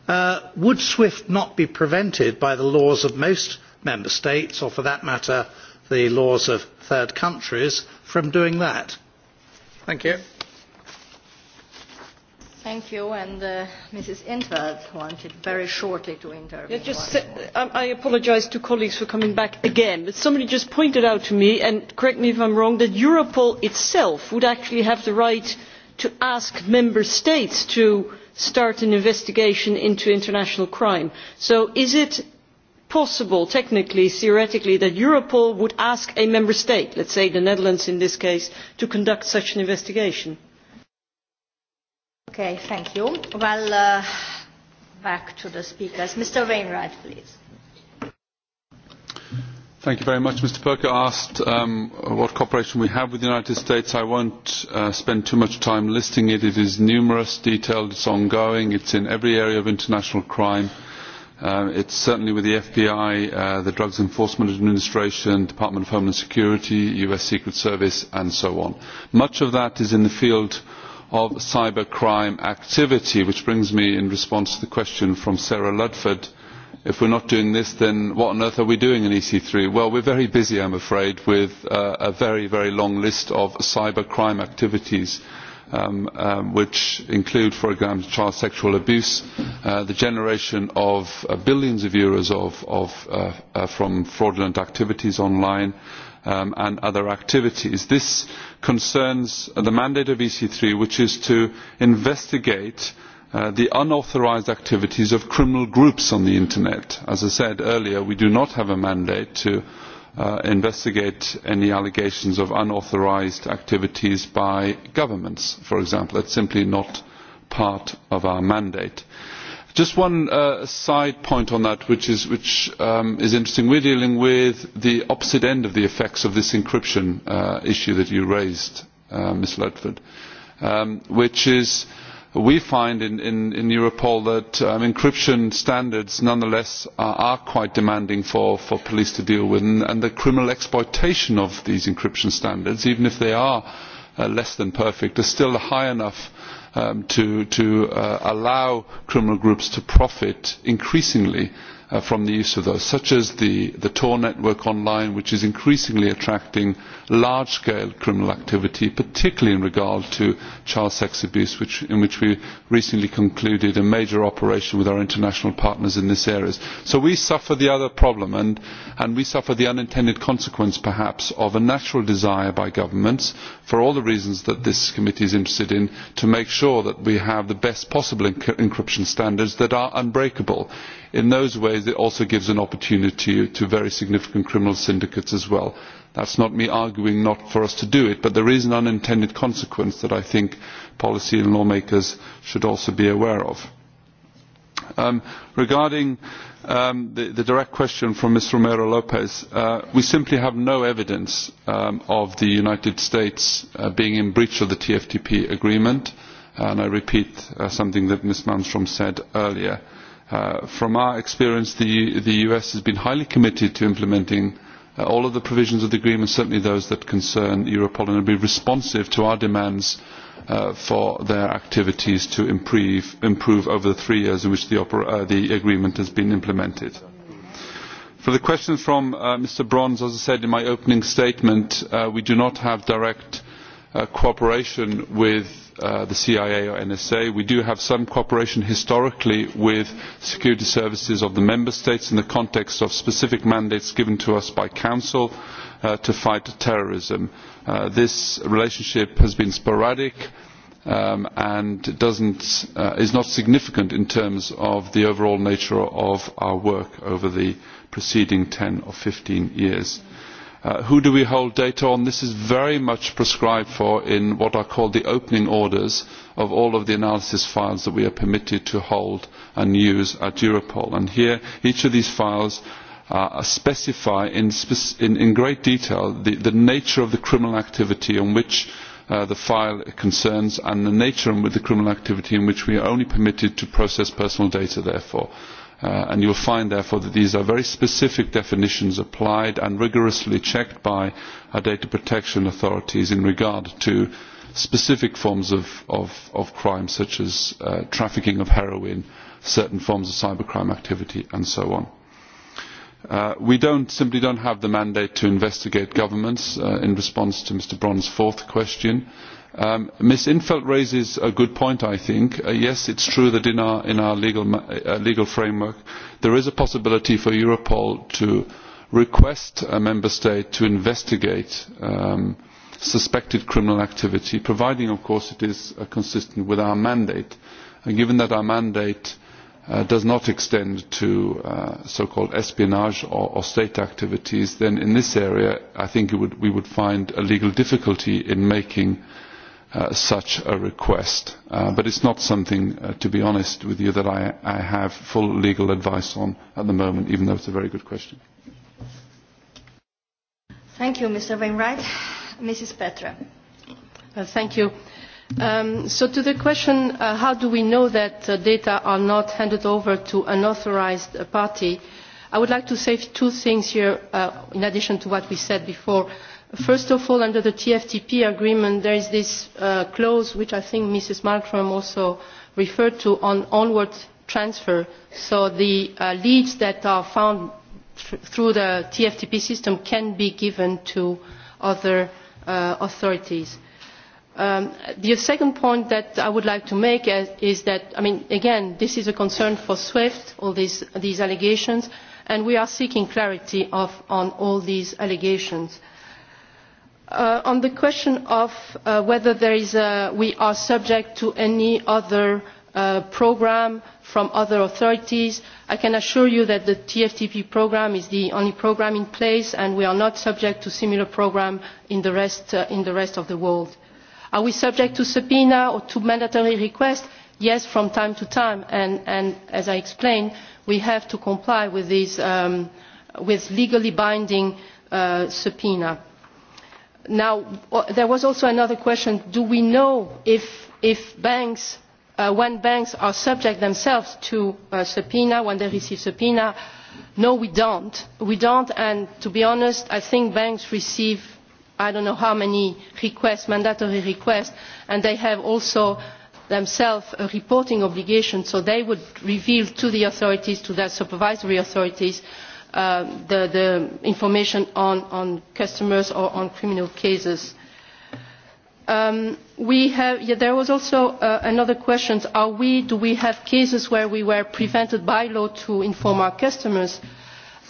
Uh, would SWIFT not be prevented by the laws of most Member States or, for that matter, the laws of third countries from doing that? Thank you. Thank you. And uh, Mrs. wanted very shortly to intervene. just um, I apologize to colleagues for coming back again, but somebody just pointed out to me, and correct me if I'm wrong, that Europol itself would actually have the right to ask member states to start an investigation into international crime. So is it possible, technically, theoretically, that Europol would ask a member state, let's say the Netherlands in this case, to conduct such an investigation? Okay, thank you. Well, uh, back to the speakers. Mr. Wainwright, please. Thank you very much. Mr. Perker asked um, what cooperation we have with the United States. I won't uh, spend too much time listing it. It is numerous, detailed, it's ongoing, it's in every area of international crime. Uh, it's certainly with the FBI, uh, the Drugs Enforcement Administration, Department of Homeland Security, US Secret Service, and so on. Much of that is in the field of cybercrime activity which brings me in response to the question from sarah ludford if we are not doing this then what on earth are we doing in ec3? well we are very busy i am afraid with uh, a very very long list of cybercrime activities um, um, which include for example child sexual abuse uh, the generation of uh, billions of euros of, from fraudulent activities online Um, and other activities. This concerns the mandate of EC3, which is to investigate uh, the unauthorised activities of criminal groups on the internet. as i said earlier we do not have a mandate to uh, investigate any allegations of unauthorised activities by governments for example. that is simply not part of our mandate. Just one uh, side point on that, which is which um, is interesting. We're dealing with the opposite end of the effects of this encryption uh, issue that you raised, uh, Ms. Ludford, um, which is we find in, in, Europol that um, encryption standards nonetheless are, quite demanding for, police to deal with, and, and the criminal exploitation of these encryption standards, even if they are uh, less than perfect, are still high enough Um, to, uh, allow criminal groups to profit increasingly Uh, from the use of those, such as the, Tor network online, which is increasingly attracting large-scale criminal activity, particularly in regard to child sex abuse, in which we recently concluded a major operation with our international partners in this area. So we suffer the other problem, and, we suffer the unintended consequence, perhaps, of a natural desire by governments, for all the reasons that this committee is interested in, to make sure that we have the best possible encryption standards that are unbreakable. In those it also gives an opportunity to very significant criminal syndicates as well. that is not me arguing not for us to do it but there is an unintended consequence that i think policy and lawmakers should also be aware of. Um, regarding um, the, direct question from ms romero lopez uh, we simply have no evidence um, of the united states uh, being in breach of the tftp agreement and i repeat uh, something that ms malmstrom said earlier. Uh, from our experience, the, US has been highly committed to implementing uh, all of the provisions of the agreement, certainly those that concern Europol, and will be responsive to our demands uh, for their activities to improve, over the three years in which the, the agreement has been implemented. For the question from Mr. Bronze, as I said in my opening statement, we do not have direct cooperation with Uh, the CIA or NSA. We do have some cooperation historically with security services of the member states in the context of specific mandates given to us by Council uh, to fight terrorism. Uh, this relationship has been sporadic um, and is not significant in terms of the overall nature of our work over the preceding 10 or 15 years. Uh, who do we hold data on? This is very much prescribed for in what are called the opening orders of all of the analysis files that we are permitted to hold and use at Europol. And here, each of these files uh, specify in, in, great detail the, nature of the criminal activity on which uh, the file concerns and the nature of the criminal activity in which we are only permitted to process personal data therefore. Uh, and you will find therefore that these are very specific definitions applied and rigorously checked by our data protection authorities in regard to specific forms of, of, crime such as uh, trafficking of heroin, certain forms of cybercrime activity and so on. Uh, we don't, simply don't have the mandate to investigate governments in response to Mr Brons' fourth question. Ms um, in 't veld raises a good point i think. Uh, yes it is true that in our, legal, uh, legal framework there is a possibility for europol to request a member state to investigate um, suspected criminal activity providing of course it is uh, consistent with our mandate and given that our mandate does not extend to so called espionage or, state activities then in this area i think would, we would find a legal difficulty in making Uh, such a request. But uh, but it's not something, uh, to be honest with you, that I, I have full legal advice on at the moment, even though it's a very good question. Thank you, Mr. Wainwright. Mrs. Petra. thank you. Um, so to the question, how do we know that data are not handed over to an authorized party, I would like to say two things here in addition to what we said before first of all under the tftp agreement there is this uh, clause which i think mrs malmstrm also referred to on onward transfer so the uh, leads that are found through the tftp system can be given to other uh, authorities. Um, the second point that i would like to make is that I mean, again this is a concern for swift all these, these allegations and we are seeking clarity on all these allegations. Uh, on the question of uh, whether there is we are subject to any other uh, programme from other authorities i can assure you that the tftp programme is the only programme in place and we are not subject to similar programmes in, in the rest of the world. are we subject to subpoena or to mandatory requests? yes from time to time and, as i explained we have to comply with these um, with legally binding subpoena now uh, there was also another question do we know if, banks uh, when banks are subject themselves to a uh, subpoena when they receive subpoena? no we do not we do not and to be honest i think banks receive i do not know how many requests mandatory requests and they have also themselves a reporting obligation so they would reveal to the authorities to their supervisory authorities Uh, the, the information on, on customers or on criminal cases. Um, we have, there was also uh, another question are we, do we have cases where we were prevented by law to inform our customers?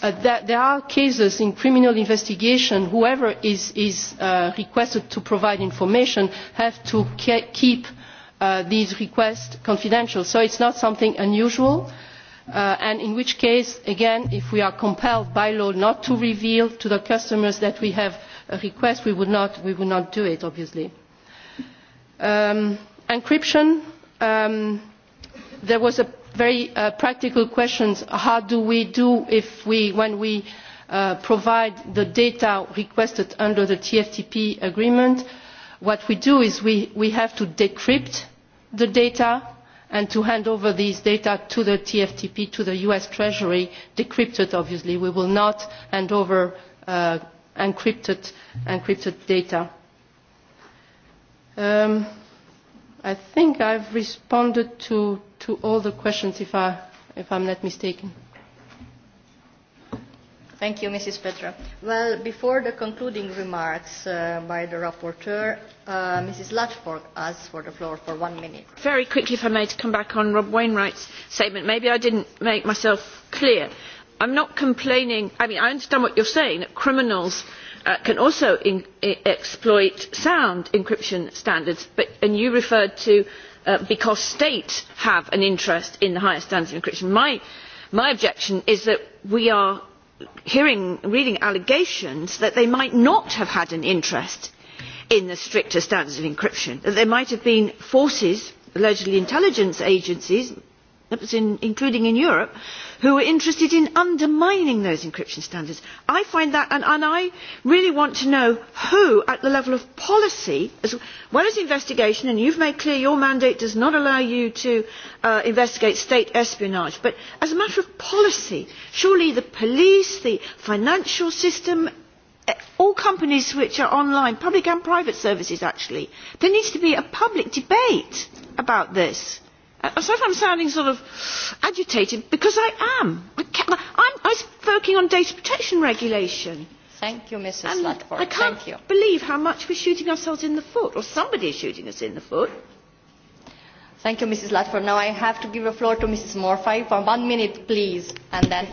Uh, that there are cases in criminal investigation whoever is, is requested to provide information has to keep these requests confidential so it is not something unusual. Uh, and in which case again if we are compelled by law not to reveal to the customers that we have a request we would not, we would not do it obviously. Um, encryption um, there was a very uh, practical question how do we do if we when we uh, provide the data requested under the tftp agreement what we do is we, we have to decrypt the data and to hand over these data to the tftp to the us treasury decrypted obviously we will not hand over uh, encrypted, data. Um, i think i have responded to all the questions if i am not mistaken. Thank you, Mrs. Petra. Well, before the concluding remarks uh, by the rapporteur, uh, Mrs. Latchford asks for the floor for one minute. Very quickly, if I may, to come back on Rob Wainwright's statement. Maybe I didn't make myself clear. I'm not complaining. I mean, I understand what you're saying, that criminals uh, can also e, exploit sound encryption standards, but, and you referred to because states have an interest in the highest standards of encryption. my objection is that we are hearing reading allegations that they might not have had an interest in the stricter standards of encryption that there might have been forces allegedly intelligence agencies in, including in Europe, who are interested in undermining those encryption standards. I find that, and, I really want to know who, at the level of policy, as well as investigation, and you've made clear your mandate does not allow you to uh, investigate state espionage, but as a matter of policy, surely the police, the financial system, eh, all companies which are online, public and private services actually, there needs to be a public debate about this I'm uh, sorry if I'm sounding sort of agitated, because I am. I can't, I'm, I'm working on data protection regulation. Thank you, Mrs. And I can't Thank you. believe how much we're shooting ourselves in the foot, or somebody is shooting us in the foot. Thank you, Mrs. Ludford. Now I have to give the floor to Mrs. Morphy for one minute, please, and then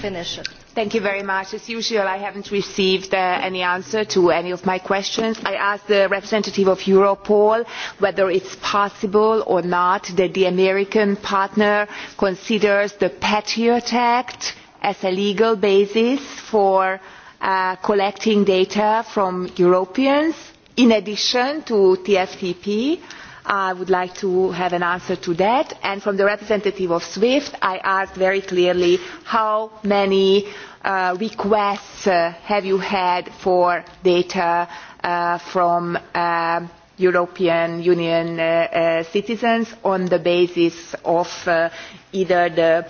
finish it. Thank you very much. As usual, I have not received uh, any answer to any of my questions. I asked the representative of Europol whether it is possible or not that the American partner considers the Patriot Act as a legal basis for uh, collecting data from Europeans in addition to TFTP i would like to have an answer to that and from the representative of swift i asked very clearly how many uh, requests uh, have you had for data uh, from um, european union uh, uh, citizens on the basis of uh, either the,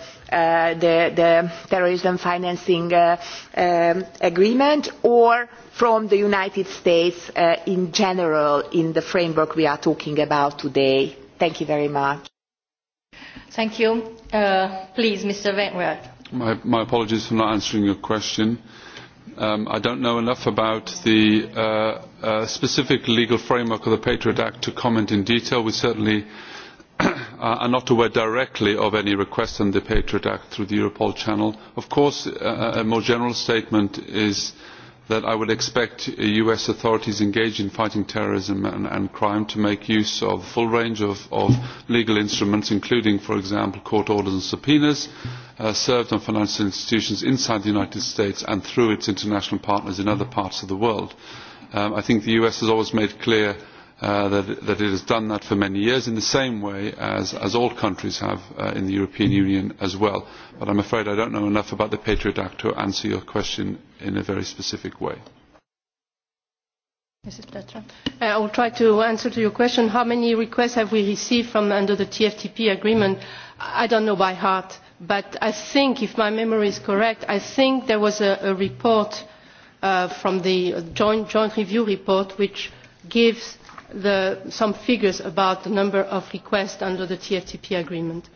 terrorism financing um, agreement or from the united states in general in the framework we are talking about today. thank you very much. my apologies for not answering your question. Um, I don't know enough about the uh, uh, specific legal framework of the Patriot Act to comment in detail. We certainly [clears throat] are not aware directly of any request on the Patriot Act through the Europol channel. Of course, a more general statement is that I would expect US authorities engaged in fighting terrorism and, crime to make use of a full range of, legal instruments, including, for example, court orders and subpoenas uh, served on financial institutions inside the United States and through its international partners in other parts of the world. Um, I think the US has always made clear Uh, that, that it has done that for many years in the same way as, as all countries have uh, in the European Union as well. But I'm afraid I don't know enough about the Patriot Act to answer your question in a very specific way. Mrs. Uh, I will try to answer to your question. How many requests have we received from under the TFTP agreement? I don't know by heart, but I think, if my memory is correct, I think there was a, a report uh, from the joint, joint review report which gives the, some figures about the number of requests under the TFTP agreement.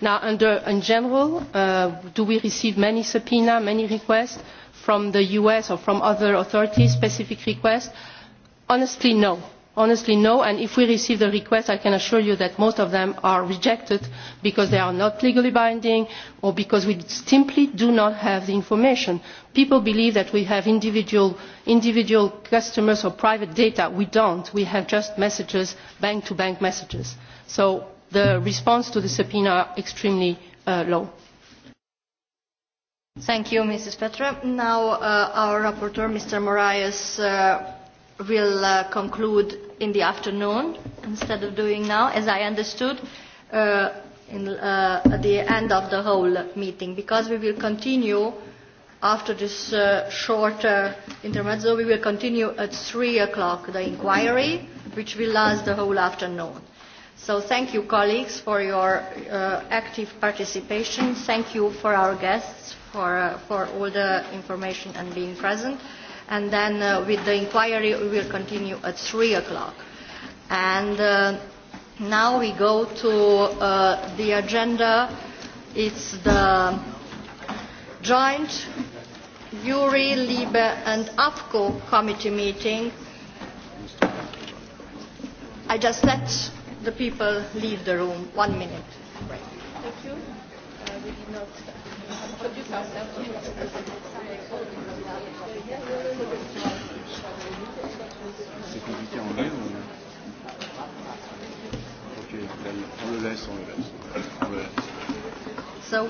Now, in general, uh, do we receive many subpoenas, many requests from the US or from other authorities, specific requests? Honestly, no honestly no and if we receive the requests i can assure you that most of them are rejected because they are not legally binding or because we simply do not have the information. people believe that we have individual, customers or private data we do not we have just messages bank to bank messages so the response to the subpoena is extremely uh, low. thank you mrs petre. now uh, our rapporteur mr moraes uh, will uh, conclude in the afternoon instead of doing now, as I understood, uh, in, uh, at the end of the whole meeting, because we will continue after this uh, short uh, intermezzo, we will continue at 3 o'clock the inquiry, which will last the whole afternoon. So thank you, colleagues, for your uh, active participation. Thank you for our guests for, uh, for all the information and being present and then uh, with the inquiry we will continue at 3 o'clock. And uh, now we go to uh, the agenda. It's the joint URI, LIBE and AFCO committee meeting. I just let the people leave the room. One minute. Thank you. Uh, we did not on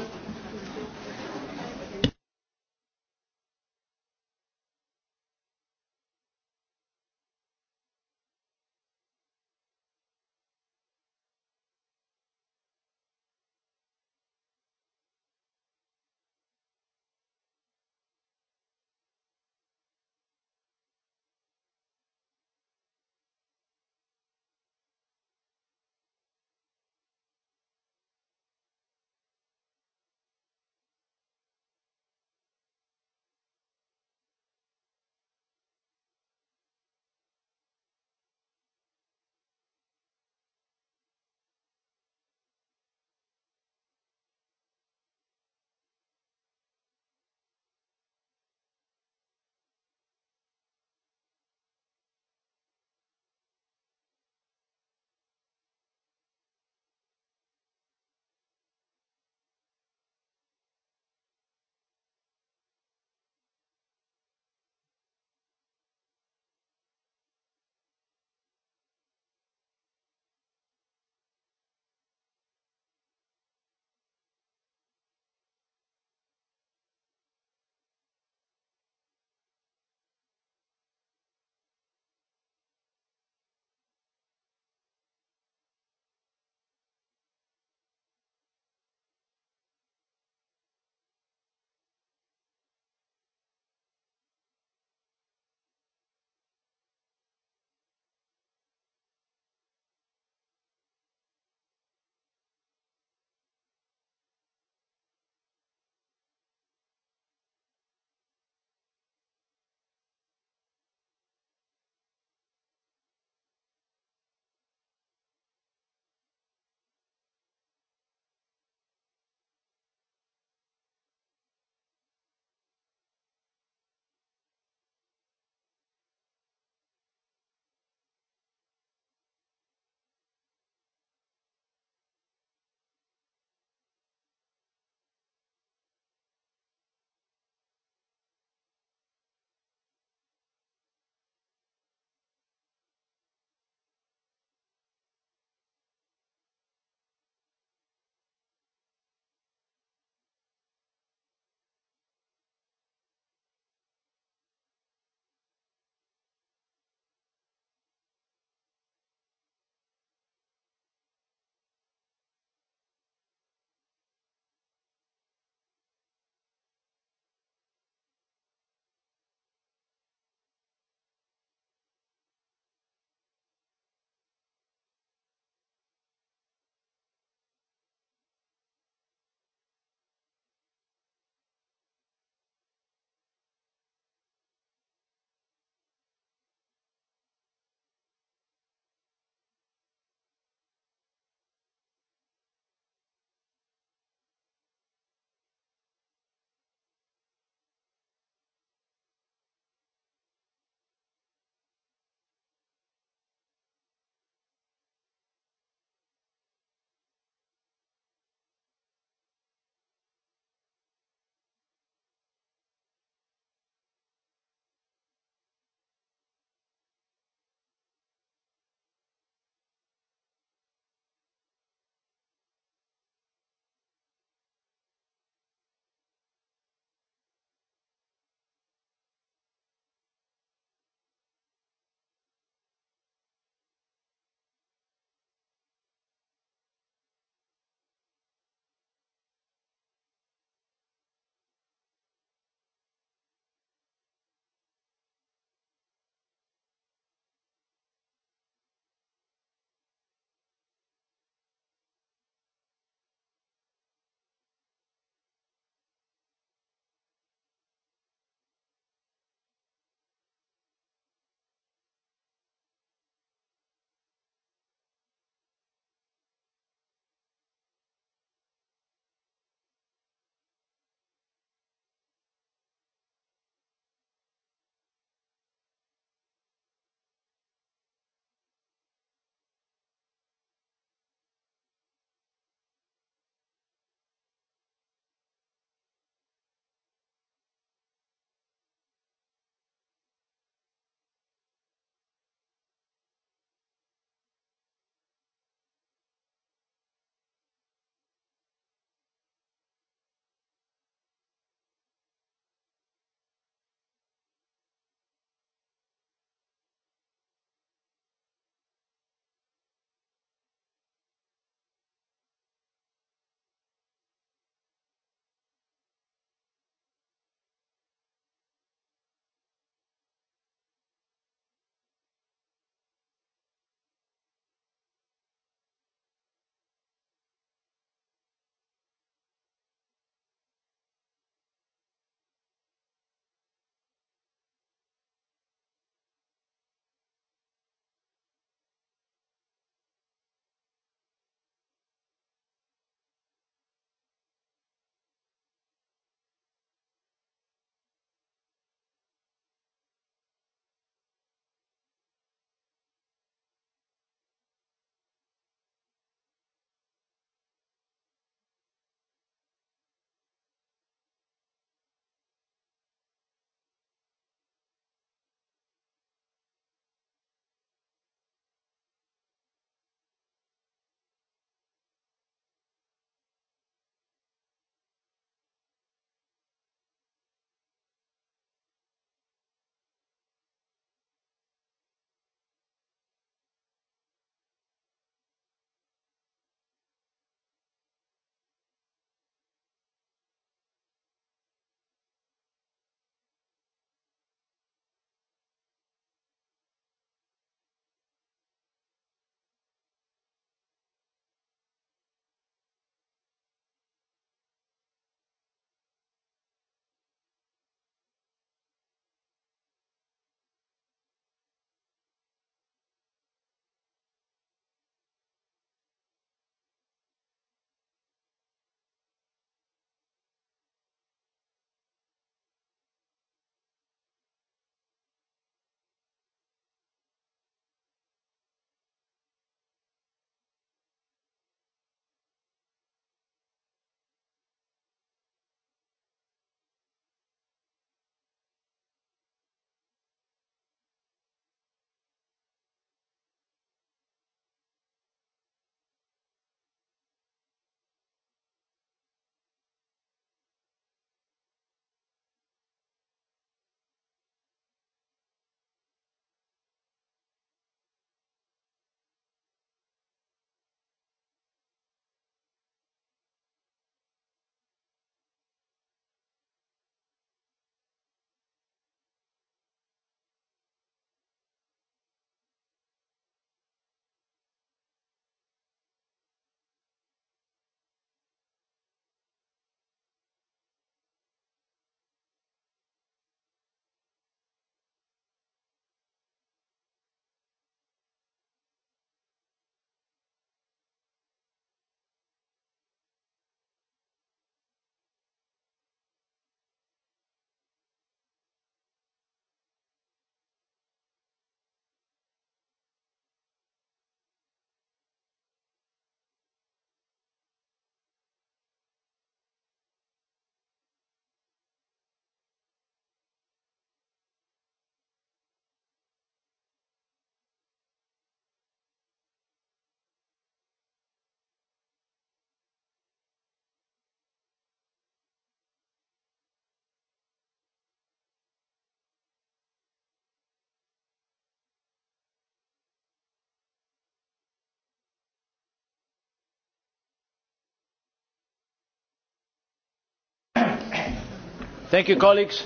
Thank you, colleagues.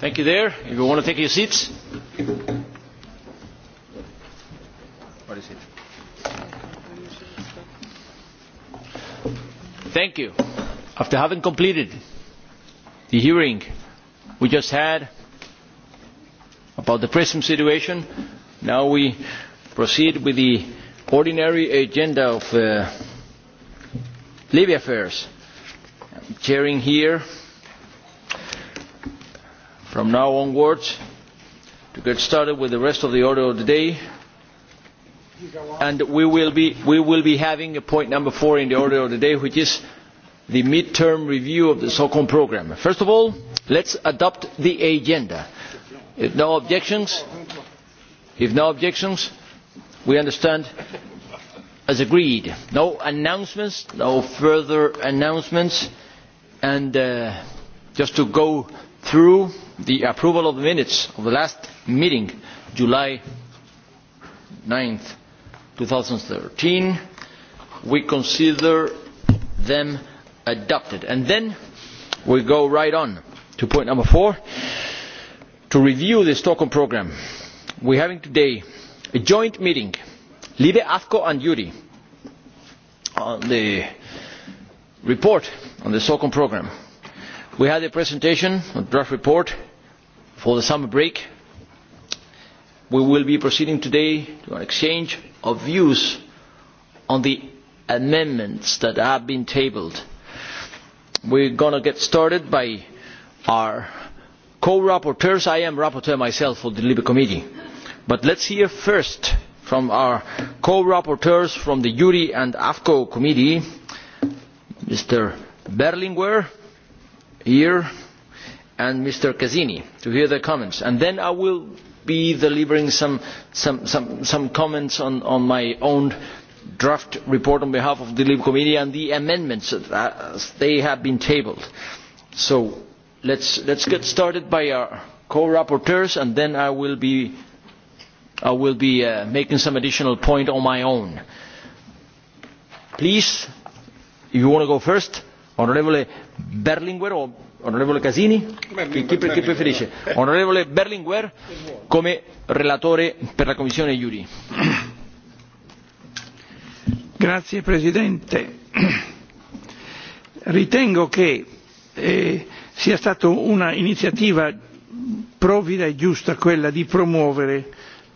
Thank you there. If you want to take your seats. What is Thank you. After having completed the hearing we just had about the prism situation, now we proceed with the ordinary agenda of uh, Libya affairs. I'm chairing here from now onwards to get started with the rest of the order of the day. And we will be, we will be having a point number four in the order of the day, which is the mid-term review of the SOCOM programme. First of all, let's adopt the agenda. If no objections, if no objections, we understand as agreed. No announcements, no further announcements. And uh, just to go through the approval of the minutes of the last meeting, July 9th, 2013, we consider them adopted. And then we go right on to point number four, to review the Stockholm programme. We are having today a joint meeting libe afco and juri on the report on the socom programme we had a presentation a draft report for the summer break we will be proceeding today to an exchange of views on the amendments that have been tabled. We're going to get started by our co-rapporteurs. I am rapporteur myself for the LIBE Committee. But let's hear first from our co rapporteurs from the juri and afco committee mr berlinguer here and mr casini to hear their comments and then i will be delivering some, some, some, some comments on, on my own draft report on behalf of the libe committee and the amendments as they have been tabled. so let us get started by our co rapporteurs and then i will be i will be uh, making some additional point on my own. Please, you want to go first? Onorevole Berlinguer or Onorevole Casini? chi, preferisce? Onorevole Berlinguer come relatore per la Commissione JURI, [clears throat] Grazie Presidente. [clears throat] Ritengo che eh, sia stata una iniziativa provvida e giusta quella di promuovere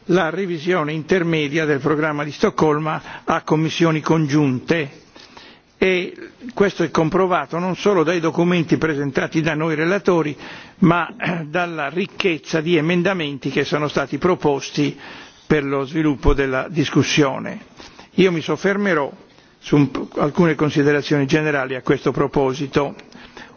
la revisione intermedia del programma di Stoccolma a commissioni congiunte e questo è comprovato non solo dai documenti presentati da noi relatori ma eh, dalla ricchezza di emendamenti che sono stati proposti per lo sviluppo della discussione. Io mi soffermerò su alcune considerazioni generali a questo proposito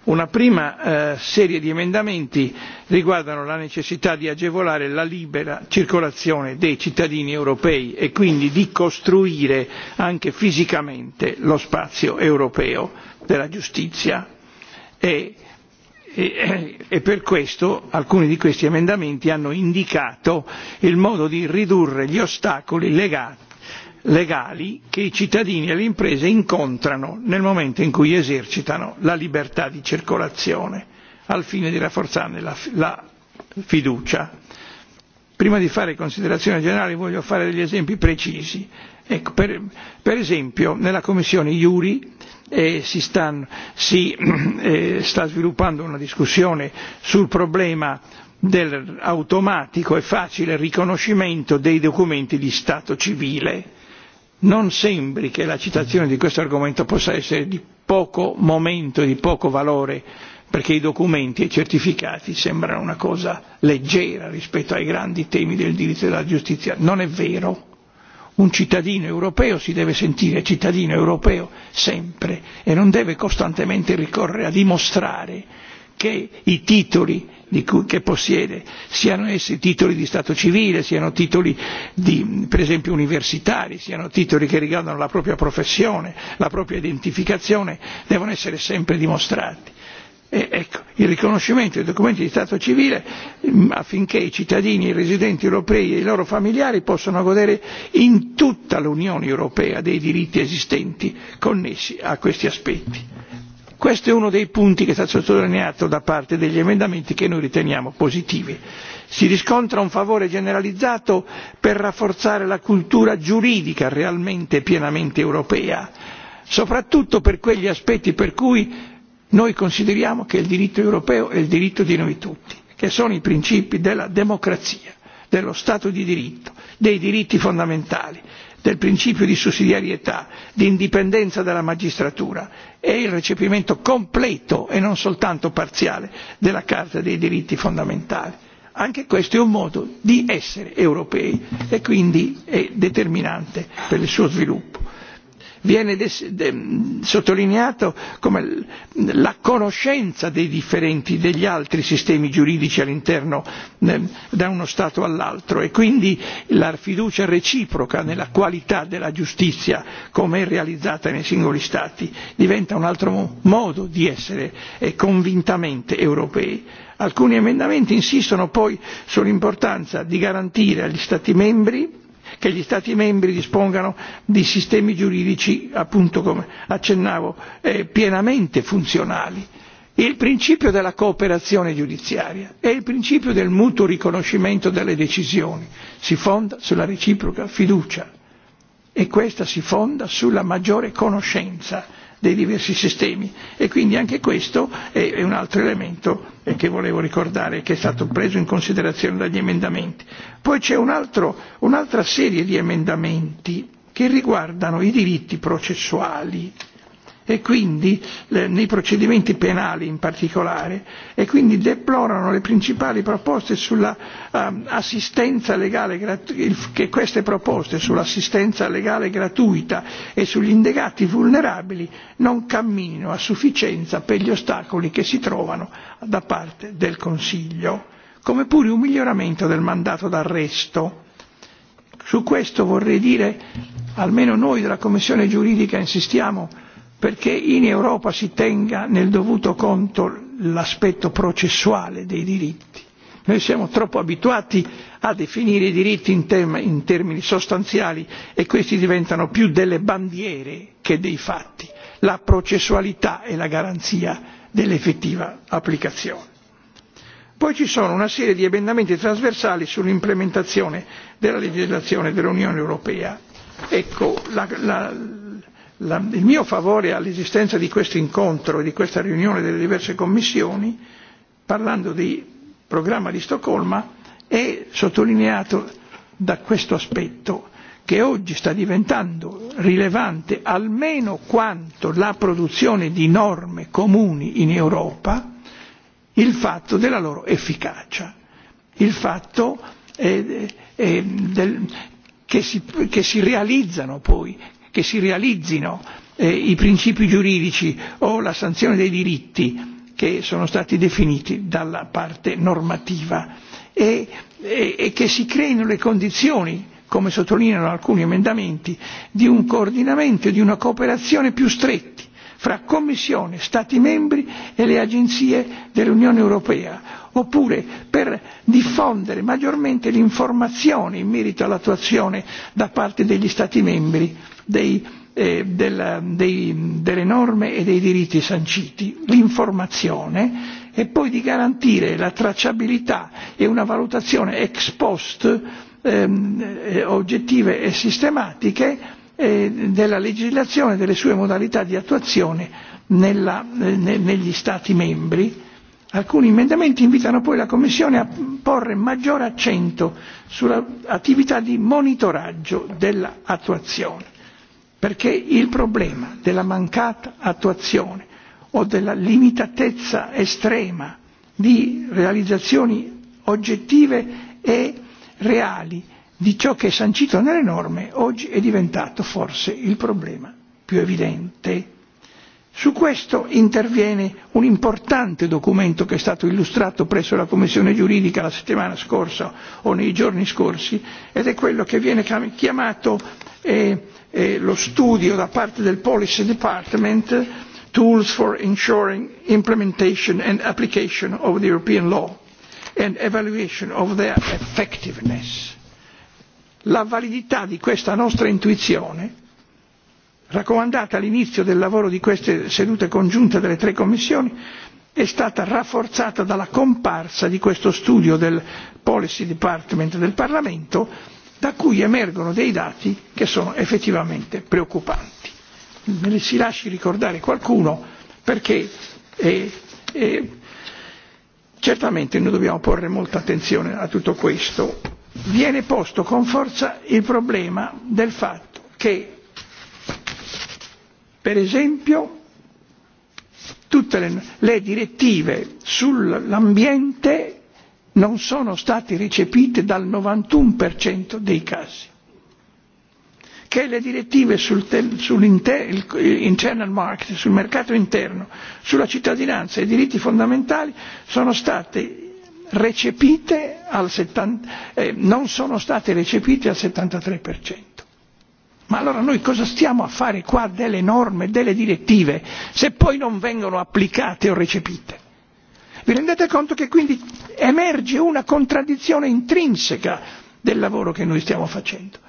una prima eh, serie di emendamenti riguardano la necessità di agevolare la libera circolazione dei cittadini europei e quindi di costruire anche fisicamente lo spazio europeo della giustizia e, e, e per questo alcuni di questi emendamenti hanno indicato il modo di ridurre gli ostacoli legati legali che i cittadini e le imprese incontrano nel momento in cui esercitano la libertà di circolazione al fine di rafforzarne la, fiducia. prima di fare considerazioni generali voglio fare degli esempi precisi. per, esempio nella commissione juri eh, si, si eh, sta sviluppando una discussione sul problema dell'automatico e facile riconoscimento dei documenti di stato civile non sembri che la citazione di questo argomento possa essere di poco momento di poco valore perché i documenti e i certificati sembrano una cosa leggera rispetto ai grandi temi del diritto e della giustizia non è vero un cittadino europeo si deve sentire cittadino europeo sempre e non deve costantemente ricorrere a dimostrare che i titoli di che possiede siano essi titoli di stato civile siano titoli di, per esempio universitari siano titoli che riguardano la propria professione la propria identificazione devono essere sempre dimostrati. E, ecco, il riconoscimento dei documenti di stato civile mm, affinché i cittadini i residenti europei e i loro familiari possano godere in tutta l'unione europea dei diritti esistenti connessi a questi aspetti questo è uno dei punti che è stato sottolineato da parte degli emendamenti che noi riteniamo positivi. si riscontra un favore generalizzato per rafforzare la cultura giuridica realmente pienamente europea soprattutto per quegli aspetti per cui noi consideriamo che il diritto europeo è il diritto di noi tutti che sono i principi della democrazia dello stato di diritto dei diritti fondamentali del principio di sussidiarietà di indipendenza della magistratura e il recepimento completo e non soltanto parziale della carta dei diritti fondamentali anche questo è un modo di essere europei e quindi è determinante per il suo sviluppo viene sottolineato come la conoscenza dei differenti degli altri sistemi giuridici all'interno da uno Stato all'altro e quindi la fiducia reciproca nella qualità della giustizia come è realizzata nei singoli Stati diventa un altro modo di essere eh, convintamente europei. Alcuni emendamenti insistono poi sull'importanza di garantire agli Stati membri che gli stati membri dispongano di sistemi giuridici appunto come accennavo eh, pienamente funzionali il principio della cooperazione giudiziaria e il principio del mutuo riconoscimento delle decisioni si fonda sulla reciproca fiducia e questa si fonda sulla maggiore conoscenza dei diversi sistemi e quindi anche questo è un altro elemento eh, che volevo ricordare che è stato preso in considerazione dagli emendamenti. Poi c'è un altro, un'altra serie di emendamenti che riguardano i diritti processuali e quindi nei procedimenti penali in particolare e quindi deplorano le principali proposte sull'assistenza ehm, legale che queste proposte sull'assistenza legale gratuita e sugli indagati vulnerabili non cammino a sufficienza per gli ostacoli che si trovano da parte del consiglio come pure un miglioramento del mandato d'arresto su questo vorrei dire almeno noi della commissione giuridica insistiamo perché in Europa si tenga nel dovuto conto l'aspetto processuale dei diritti. Noi siamo troppo abituati a definire i diritti in, termini sostanziali e questi diventano più delle bandiere che dei fatti. La processualità è la garanzia dell'effettiva applicazione. Poi ci sono una serie di emendamenti trasversali sull'implementazione della legislazione dell'Unione Europea. Ecco, la, il mio favore all'esistenza di questo incontro e di questa riunione delle diverse commissioni parlando di programma di Stoccolma è sottolineato da questo aspetto che oggi sta diventando rilevante almeno quanto la produzione di norme comuni in Europa il fatto della loro efficacia il fatto eh, eh, del, che si realizzano poi che si realizzino eh, i principi giuridici o la sanzione dei diritti che sono stati definiti dalla parte normativa e, e, e che si creino le condizioni come sottolineano alcuni emendamenti di un coordinamento e di una cooperazione più stretti fra commissione stati membri e le agenzie dell'unione europea oppure per diffondere maggiormente l'informazione in merito all'attuazione da parte degli stati membri Eh, dei, delle norme e dei diritti sanciti, l'informazione e poi di garantire la tracciabilità e una valutazione ex post ehm, eh, oggettive e sistematiche eh, della legislazione e delle sue modalità di attuazione nella, negli Stati membri. Alcuni emendamenti invitano poi la Commissione a porre maggiore accento sull'attività di monitoraggio dell'attuazione perché il problema della mancata attuazione o della limitatezza estrema di realizzazioni oggettive e reali di ciò che è sancito nelle norme oggi è diventato forse il problema più evidente su questo interviene un importante documento che è stato illustrato presso la Commissione giuridica la settimana scorsa o nei giorni scorsi ed è quello che viene chiamato eh, eh, lo studio da parte del Policy Department Tools for Ensuring Implementation and Application of the European Law and Evaluation of Their Effectiveness. La validità di questa nostra intuizione raccomandata all'inizio del lavoro di queste sedute congiunte delle tre commissioni è stata rafforzata dalla comparsa di questo studio del policy department del parlamento da cui emergono dei dati che sono effettivamente preoccupanti. me si lasci ricordare qualcuno perché certamente noi dobbiamo porre molta attenzione a tutto questo. viene posto con forza il problema del fatto che per esempio tutte le, direttive sull'ambiente non sono state recepite dal 91% dei casi che le direttive sul internal market sul mercato interno sulla cittadinanza e i diritti fondamentali sono state recepite al eh, non sono state recepite al 73% ma allora noi cosa stiamo a fare qua delle norme delle direttive se poi non vengono applicate o recepite? vi rendete conto che quindi emerge una contraddizione intrinseca del lavoro che noi stiamo facendo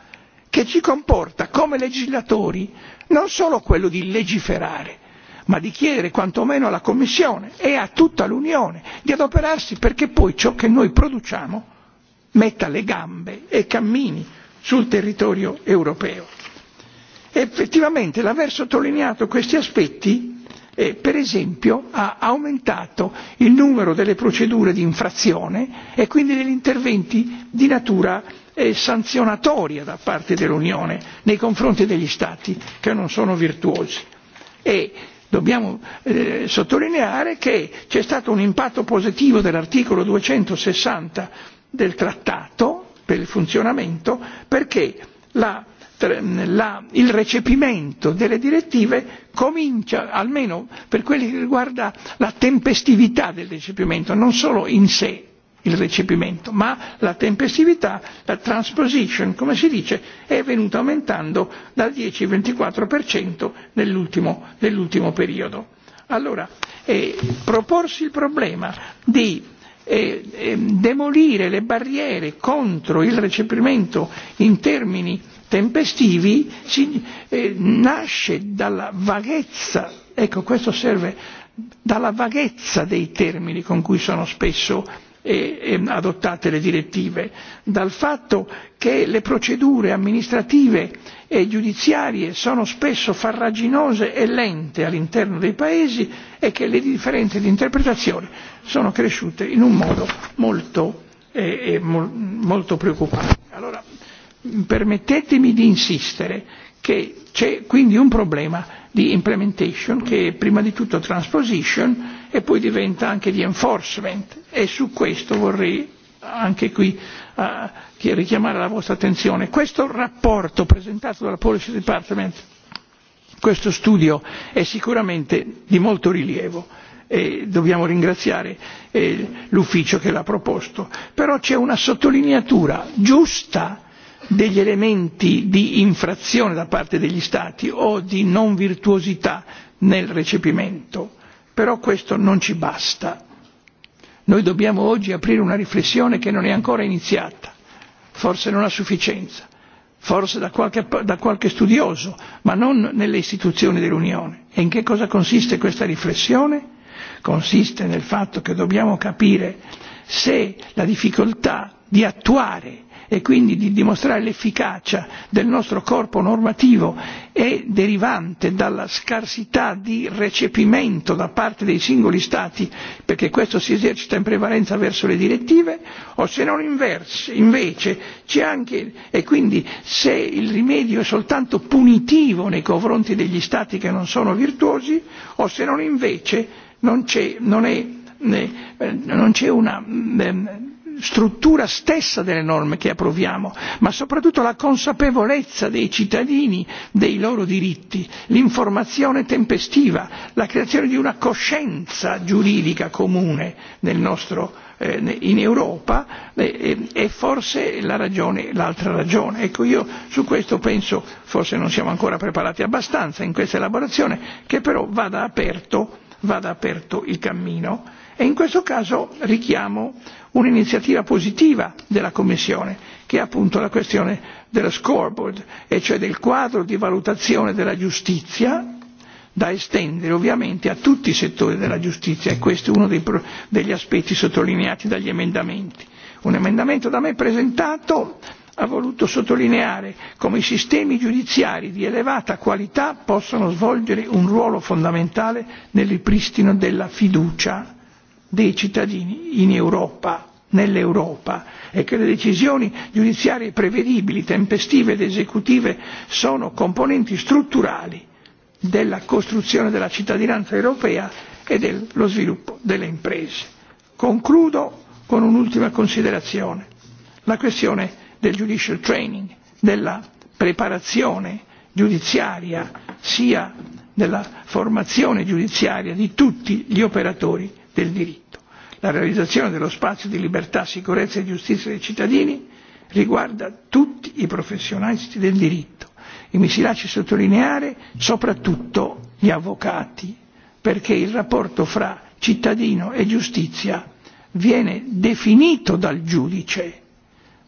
che ci comporta come legislatori non solo quello di legiferare ma di chiedere quantomeno alla commissione e a tutta l'unione di adoperarsi perché poi ciò che noi produciamo metta le gambe e cammini sul territorio europeo effettivamente l'aver sottolineato questi aspetti e, per esempio ha aumentato il numero delle procedure di infrazione e quindi degli interventi di natura eh, sanzionatoria da parte dell'unione nei confronti degli stati che non sono virtuosi e dobbiamo eh, sottolineare che c'è stato un impatto positivo dell'articolo 260 del trattato per il funzionamento perché la il recepimento delle direttive comincia almeno per quello che riguarda la tempestività del recepimento non solo in sé il recepimento ma la tempestività la transposition come si dice è venuta aumentando dal 10 24% nell'ultimo nell'ultimo periodo allora e proporsi il problema di e, e demolire le barriere contro il recepimento in termini tempestivi si, eh, nasce dalla vaghezza ecco questo serve dalla vaghezza dei termini con cui sono spesso eh, ehm, adottate le direttive dal fatto che le procedure amministrative e giudiziarie sono spesso farraginose e lente all'interno dei paesi e che le differenze di interpretazione sono cresciute in un modo molto, eh, molto preoccupante. Allora, permettetemi di insistere che c'è quindi un problema di implementation che è prima di tutto transposition e poi diventa anche di enforcement e su questo vorrei anche qui ah, richiamare la vostra attenzione. Questo rapporto presentato dalla Policy Department, questo studio è sicuramente di molto rilievo e dobbiamo ringraziare eh, l'ufficio che l'ha proposto, però c'è una sottolineatura giusta degli elementi di infrazione da parte degli stati o di non virtuosità nel recepimento però questo non ci basta noi dobbiamo oggi aprire una riflessione che non è ancora iniziata forse non a sufficienza forse da qualche, da qualche studioso ma non nelle istituzioni dell'unione e in che cosa consiste questa riflessione? consiste nel fatto che dobbiamo capire se la difficoltà di attuare e quindi di dimostrare l'efficacia del nostro corpo normativo è derivante dalla scarsità di recepimento da parte dei singoli stati perché questo si esercita in prevalenza verso le direttive o se non inverse, invece c'è anche e quindi se il rimedio è soltanto punitivo nei confronti degli stati che non sono virtuosi o se non invece non c'è non eh, non c'è una mm, ehm, struttura stessa delle norme che approviamo ma soprattutto la consapevolezza dei cittadini dei loro diritti l'informazione tempestiva la creazione di una coscienza giuridica comune nel nostro, eh, in europa eh, eh, è forse la ragione l'altra ragione. ecco io su questo penso forse non siamo ancora preparati abbastanza in questa elaborazione che però vada aperto, vada aperto il cammino e in questo caso richiamo un'iniziativa positiva della commissione che è appunto la questione dello scoreboard e cioè del quadro di valutazione della giustizia da estendere ovviamente a tutti i settori della giustizia e questo è uno degli aspetti sottolineati dagli emendamenti. un emendamento da me presentato ha voluto sottolineare come i sistemi giudiziari di elevata qualità possano svolgere un ruolo fondamentale nel ripristino della fiducia dei cittadini in Europa nell'Europa e che le decisioni giudiziarie prevedibili, tempestive ed esecutive sono componenti strutturali della costruzione della cittadinanza europea e dello sviluppo delle imprese. Concludo con un'ultima considerazione la questione del judicial training, della preparazione giudiziaria, sia della formazione giudiziaria di tutti gli operatori del diritto. La realizzazione dello spazio di libertà, sicurezza e giustizia dei cittadini riguarda tutti i professionisti del diritto e mi si lasci sottolineare soprattutto gli avvocati, perché il rapporto fra cittadino e giustizia viene definito dal giudice,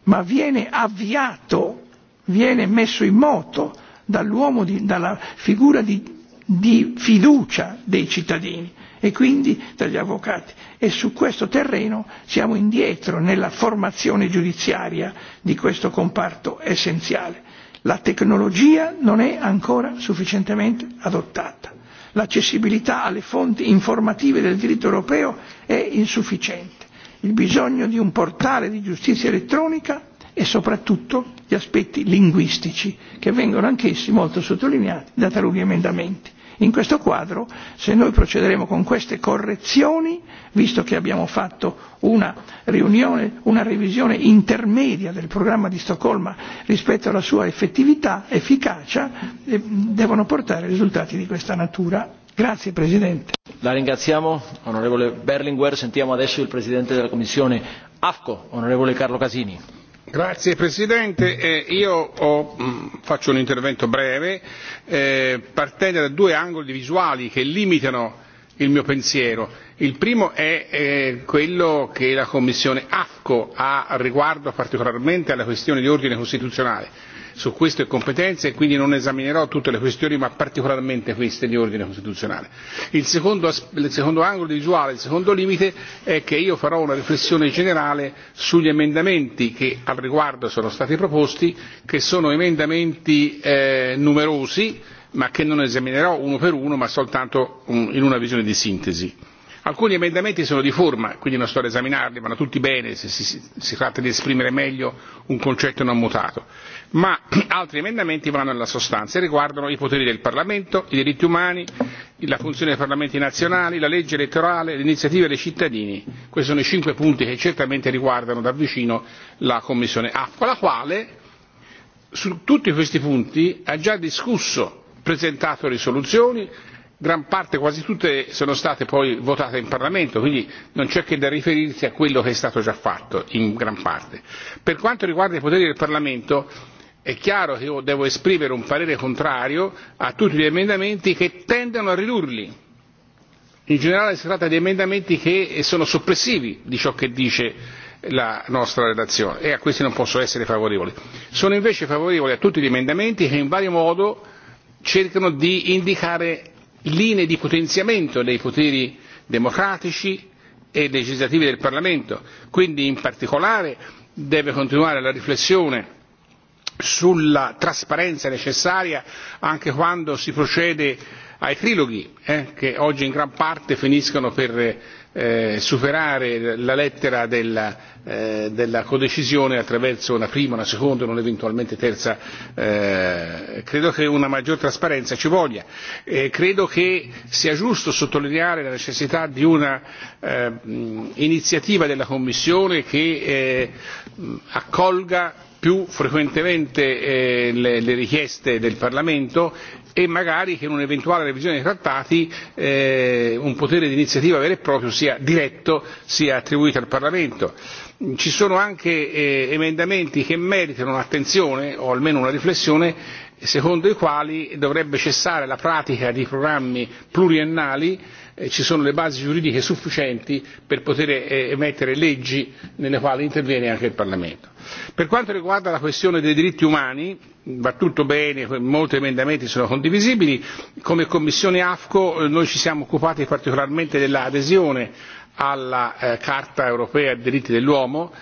ma viene avviato, viene messo in moto dall'uomo, dalla figura di, di fiducia dei cittadini e quindi dagli avvocati e su questo terreno siamo indietro nella formazione giudiziaria di questo comparto essenziale. La tecnologia non è ancora sufficientemente adottata, l'accessibilità alle fonti informative del diritto europeo è insufficiente, il bisogno di un portale di giustizia elettronica e soprattutto gli aspetti linguistici che vengono anch'essi molto sottolineati da taluni emendamenti in questo quadro se noi procederemo con queste correzioni visto che abbiamo fatto una riunione una revisione intermedia del programma di stoccolma rispetto alla sua effettività efficacia eh, devono portare risultati di questa natura. grazie presidente. la ringraziamo onorevole berlinguer sentiamo adesso il presidente della commissione afco onorevole carlo casini. Signor Presidente, colleghi, io ho, mm, faccio un intervento breve eh, partendo da due angoli visuali che limitano il mio pensiero. Il primo è eh, quello che la Commissione AFCO ha riguardo particolarmente alla questione di ordine costituzionale su queste competenze e quindi non esaminerò tutte le questioni ma particolarmente queste di ordine costituzionale. Il secondo, angolo di visuale, il secondo limite è che io farò una riflessione generale sugli emendamenti che al riguardo sono stati proposti, che sono emendamenti eh, numerosi ma che non esaminerò uno per uno ma soltanto mm, in una visione di sintesi. Alcuni emendamenti sono di forma, quindi non sto ad esaminarli, vanno tutti bene se si, si tratta di esprimere meglio un concetto non mutato ma [clears throat] altri emendamenti vanno alla sostanza e riguardano i poteri del parlamento i diritti umani la funzione dei parlamenti nazionali la legge elettorale le iniziative dei cittadini questi sono i cinque punti che certamente riguardano da vicino la commissione afco la quale su tutti questi punti ha già discusso presentato risoluzioni gran parte quasi tutte sono state poi votate in parlamento quindi non c'è che da riferirsi a quello che è stato già fatto in gran parte. per quanto riguarda i poteri del parlamento è chiaro che io devo esprimere un parere contrario a tutti gli emendamenti che tendono a ridurli. In generale si tratta di emendamenti che sono soppressivi di ciò che dice la nostra relazione e a questi non posso essere favorevole. Sono invece favorevole a tutti gli emendamenti che in vario modo cercano di indicare linee di potenziamento dei poteri democratici e legislativi del Parlamento. Quindi in particolare deve continuare la riflessione sulla trasparenza necessaria anche quando si procede ai triloghi eh, che oggi in gran parte finiscono per eh, superare la lettera eh, della, codecisione attraverso una prima, una seconda e eventualmente terza. Credo che una maggiore trasparenza ci voglia. e Credo che sia giusto sottolineare la necessità di una iniziativa della Commissione che accolga più frequentemente eh, le, richieste del Parlamento e magari che in un'eventuale revisione dei trattati eh, un potere di iniziativa vero e proprio sia diretto sia attribuito al Parlamento. Ci sono anche eh, emendamenti che meritano un'attenzione o almeno una riflessione secondo i quali dovrebbe cessare la pratica di programmi pluriennali Eh, ci sono le basi giuridiche sufficienti per poter eh, emettere leggi nelle quali interviene anche il Parlamento. Per quanto riguarda la questione dei diritti umani va tutto bene, molti emendamenti sono condivisibili, come Commissione AFCO eh, noi ci siamo occupati particolarmente dell'adesione alla Carta europea dei diritti dell'uomo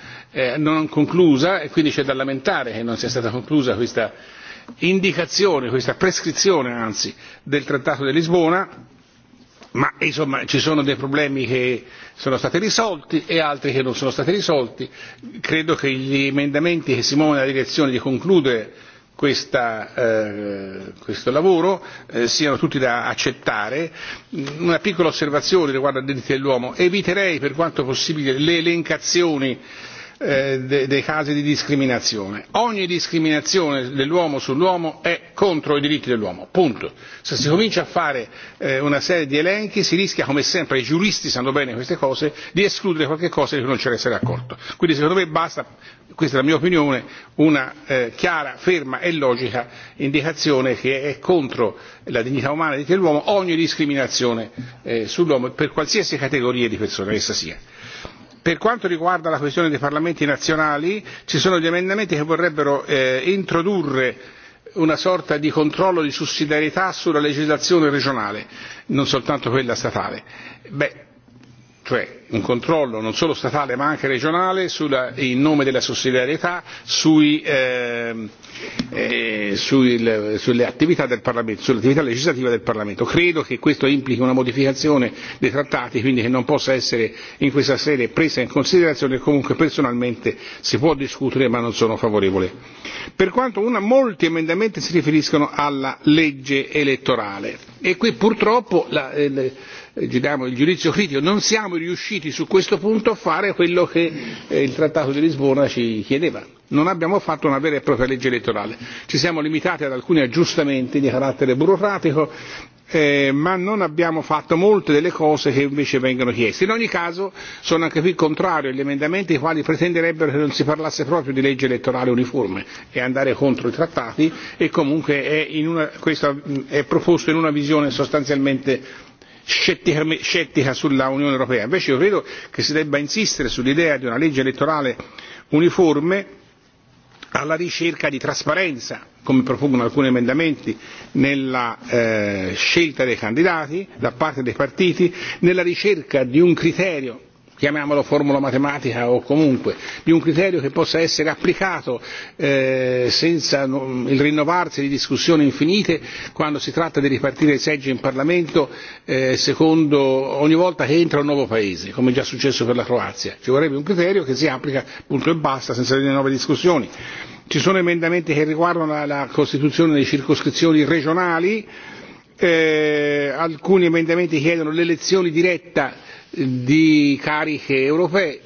non conclusa e quindi c'è da lamentare che non sia stata conclusa questa indicazione, questa prescrizione anzi del Trattato di Lisbona ma insomma ci sono dei problemi che sono stati risolti e altri che non sono stati risolti credo che gli emendamenti che si muovono nella direzione di concludere eh, questo lavoro eh, siano tutti da accettare mm, una piccola osservazione riguardo ai diritti dell'uomo eviterei per quanto possibile le elencazioni Eh, dei casi di discriminazione ogni discriminazione dell'uomo sull'uomo è contro i diritti dell'uomo punto se si comincia a fare eh, una serie di elenchi si rischia come sempre i giuristi sanno bene queste cose di escludere qualche cosa di cui non ci essere d'accordo. quindi secondo me basta questa è la mia opinione una eh, chiara ferma e logica indicazione che è contro la dignità umana e dell'uomo ogni discriminazione sull'uomo per qualsiasi categoria di persona essa sia per quanto riguarda la questione dei parlamenti nazionali ci sono gli emendamenti che vorrebbero eh, introdurre una sorta di controllo di sussidiarietà sulla legislazione regionale non soltanto quella statale cioè un controllo non solo statale ma anche regionale in nome della sussidiarietà ehm, eh, sulle attività del Parlamento, sull'attività legislativa del Parlamento. Credo che questo implichi una modificazione dei trattati, quindi che non possa essere in questa sede presa in considerazione e comunque personalmente si può discutere ma non sono favorevole. Per quanto una, molti emendamenti si riferiscono alla legge elettorale e qui purtroppo Eh, diamo il giudizio critico non siamo riusciti su questo punto a fare quello che eh, il trattato di lisbona ci chiedeva non abbiamo fatto una vera e propria legge elettorale ci siamo limitati ad alcuni aggiustamenti di carattere burocratico eh, ma non abbiamo fatto molte delle cose che invece vengono chieste. In ogni caso sono anche qui contrario agli emendamenti i quali pretenderebbero che non si parlasse proprio di legge elettorale uniforme e andare contro i trattati e comunque è questo è proposto in una visione sostanzialmente scettica sulla Unione Europea. Invece io credo che si debba insistere sull'idea di una legge elettorale uniforme alla ricerca di trasparenza, come propongono alcuni emendamenti, nella eh, scelta dei candidati da parte dei partiti, nella ricerca di un criterio chiamiamolo formula matematica o comunque di un criterio che possa essere applicato eh, senza il rinnovarsi di discussioni infinite quando si tratta di ripartire i seggi in parlamento eh, secondo ogni volta che entra un nuovo paese come è già successo per la croazia ci vorrebbe un criterio che si applica punto e basta senza delle nuove discussioni. ci sono emendamenti che riguardano la, costituzione delle circoscrizioni regionali eh, alcuni emendamenti chiedono l'elezione diretta di cariche europee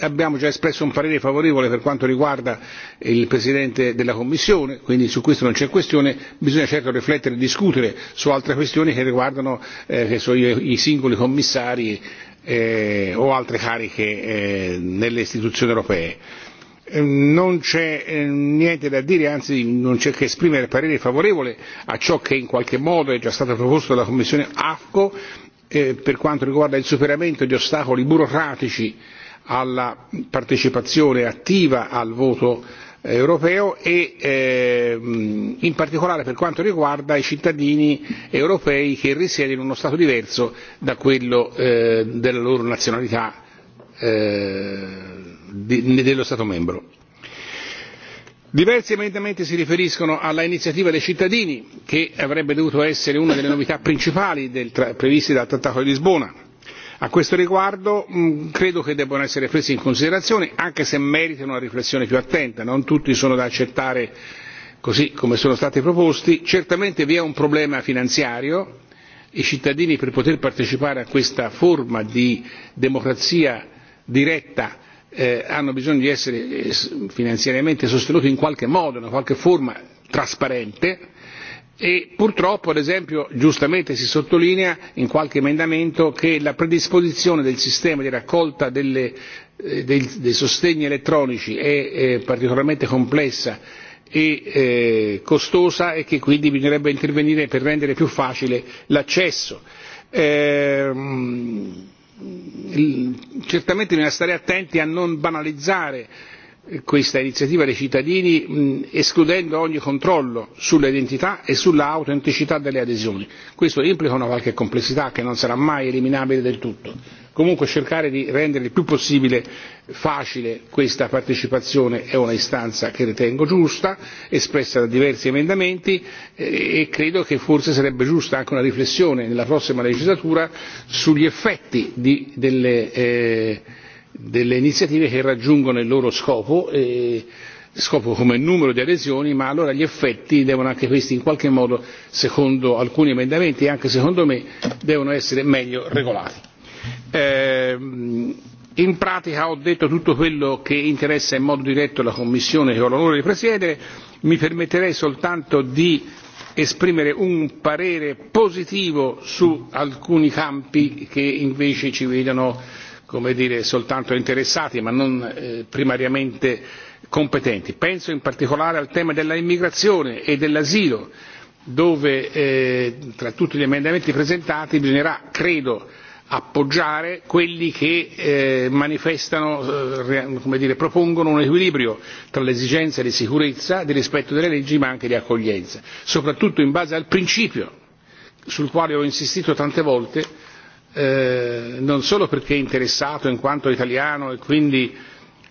abbiamo già espresso un parere favorevole per quanto riguarda il presidente della commissione quindi su questo non c'è questione bisogna certo riflettere e discutere su altre questioni che riguardano eh, i singoli commissari eh, o altre cariche eh, nelle istituzioni europee. Ehm, non c'è ehm, niente da dire anzi non c'è che esprimere parere favorevole a ciò che in qualche modo è già stato proposto dalla commissione afco E per quanto riguarda il superamento di ostacoli burocratici alla partecipazione attiva al voto europeo e ehm, in particolare per quanto riguarda i cittadini europei che risiedono in uno stato diverso da quello eh, della loro nazionalità eh, dello stato membro diversi emendamenti si riferiscono all'iniziativa dei cittadini che avrebbe dovuto essere una delle novità principali previste dal trattato di lisbona. a questo riguardo mm, credo che debbano essere presi in considerazione anche se meritano una riflessione più attenta non tutti sono da accettare così come sono stati proposti. certamente vi è un problema finanziario i cittadini per poter partecipare a questa forma di democrazia diretta Eh, hanno bisogno di essere eh, finanziariamente sostenuti in qualche modo, in qualche forma trasparente e purtroppo, ad esempio, giustamente si sottolinea in qualche emendamento che la predisposizione del sistema di raccolta eh, dei, sostegni elettronici è particolarmente complessa e costosa e che quindi bisognerebbe intervenire per rendere più facile l'accesso. Ehm, Mm, certamente bisogna stare attenti a non banalizzare questa iniziativa dei cittadini mm, escludendo ogni controllo sull'identità e sull'autenticità delle adesioni. questo implica una qualche complessità che non sarà mai eliminabile del tutto comunque cercare di rendere il più possibile facile questa partecipazione è una istanza che ritengo giusta espressa da diversi emendamenti eh, e credo che forse sarebbe giusta anche una riflessione nella prossima legislatura sugli effetti eh, delle, iniziative che raggiungono il loro scopo eh, scopo come numero di adesioni ma allora gli effetti devono anche questi in qualche modo secondo alcuni emendamenti e anche secondo me devono essere meglio regolati. Ehm, in pratica ho detto tutto quello che interessa in modo diretto la commissione che ho l'onore di presiedere mi permetterei soltanto di esprimere un parere positivo su alcuni campi che invece ci vedono come dire soltanto interessati ma non eh, primariamente competenti penso in particolare al tema dell'immigrazione e dell'asilo dove eh, tra tutti gli emendamenti presentati bisognerà credo appoggiare quelli che eh, manifestano eh, come dire propongono un equilibrio tra l'esigenza di sicurezza di rispetto delle leggi ma anche di accoglienza soprattutto in base al principio sul quale ho insistito tante volte eh, non solo perché interessato in quanto italiano e quindi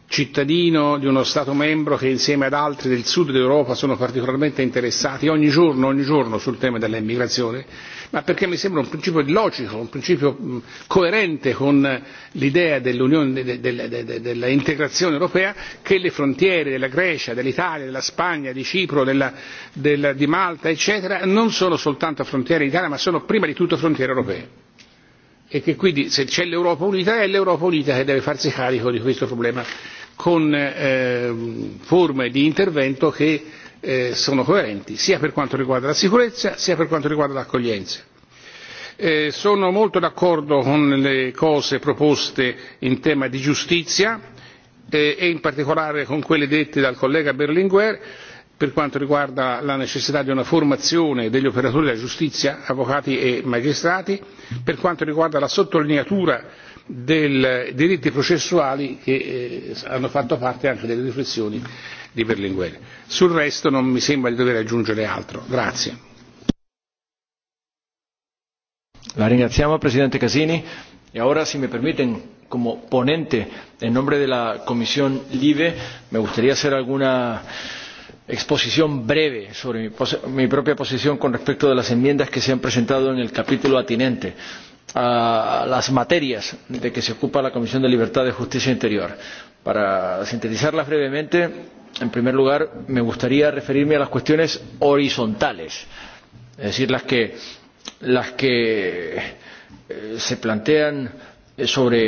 cittadino di uno stato membro che insieme ad altri del sud d'Europa sono particolarmente interessati ogni giorno ogni giorno sul tema dell'immigrazione ma perché mi sembra un principio logico un principio coerente con eh, l'idea dell'unione dell'integrazione europea che le frontiere della grecia dell'italia della spagna di cipro di malta eccetera non sono soltanto frontiere italiane ma sono prima di tutto frontiere europee e che quindi se c'è l'europa unita è l'europa unita che deve farsi carico di questo problema con eh, ehm, forme di intervento che Eh, sono coerenti sia per quanto riguarda la sicurezza sia per quanto riguarda l'accoglienza. Eh, sono molto d'accordo con le cose proposte in tema di giustizia eh, e in particolare con quelle dette dal collega berlinguer per quanto riguarda la necessità di una formazione degli operatori della giustizia avvocati e magistrati per quanto riguarda la sottolineatura dei diritti processuali che hanno fatto parte anche delle riflessioni di Berlinguer. Sul resto non mi sembra di dover aggiungere altro. Grazie. La ringraziamo, Presidente Casini. e ora se mi permiten, como ponente en nombre de la Comisión LIBE, me gustaría hacer alguna exposición breve sobre mi, mi propia posición con respecto de las enmiendas que se han presentado en el capítulo atinente a las materias de que se ocupa la Comisión de Libertad de Justicia e Interior. Para sintetizarlas brevemente, en primer lugar me gustaría referirme a las cuestiones horizontales es decir las que las que eh, se plantean sobre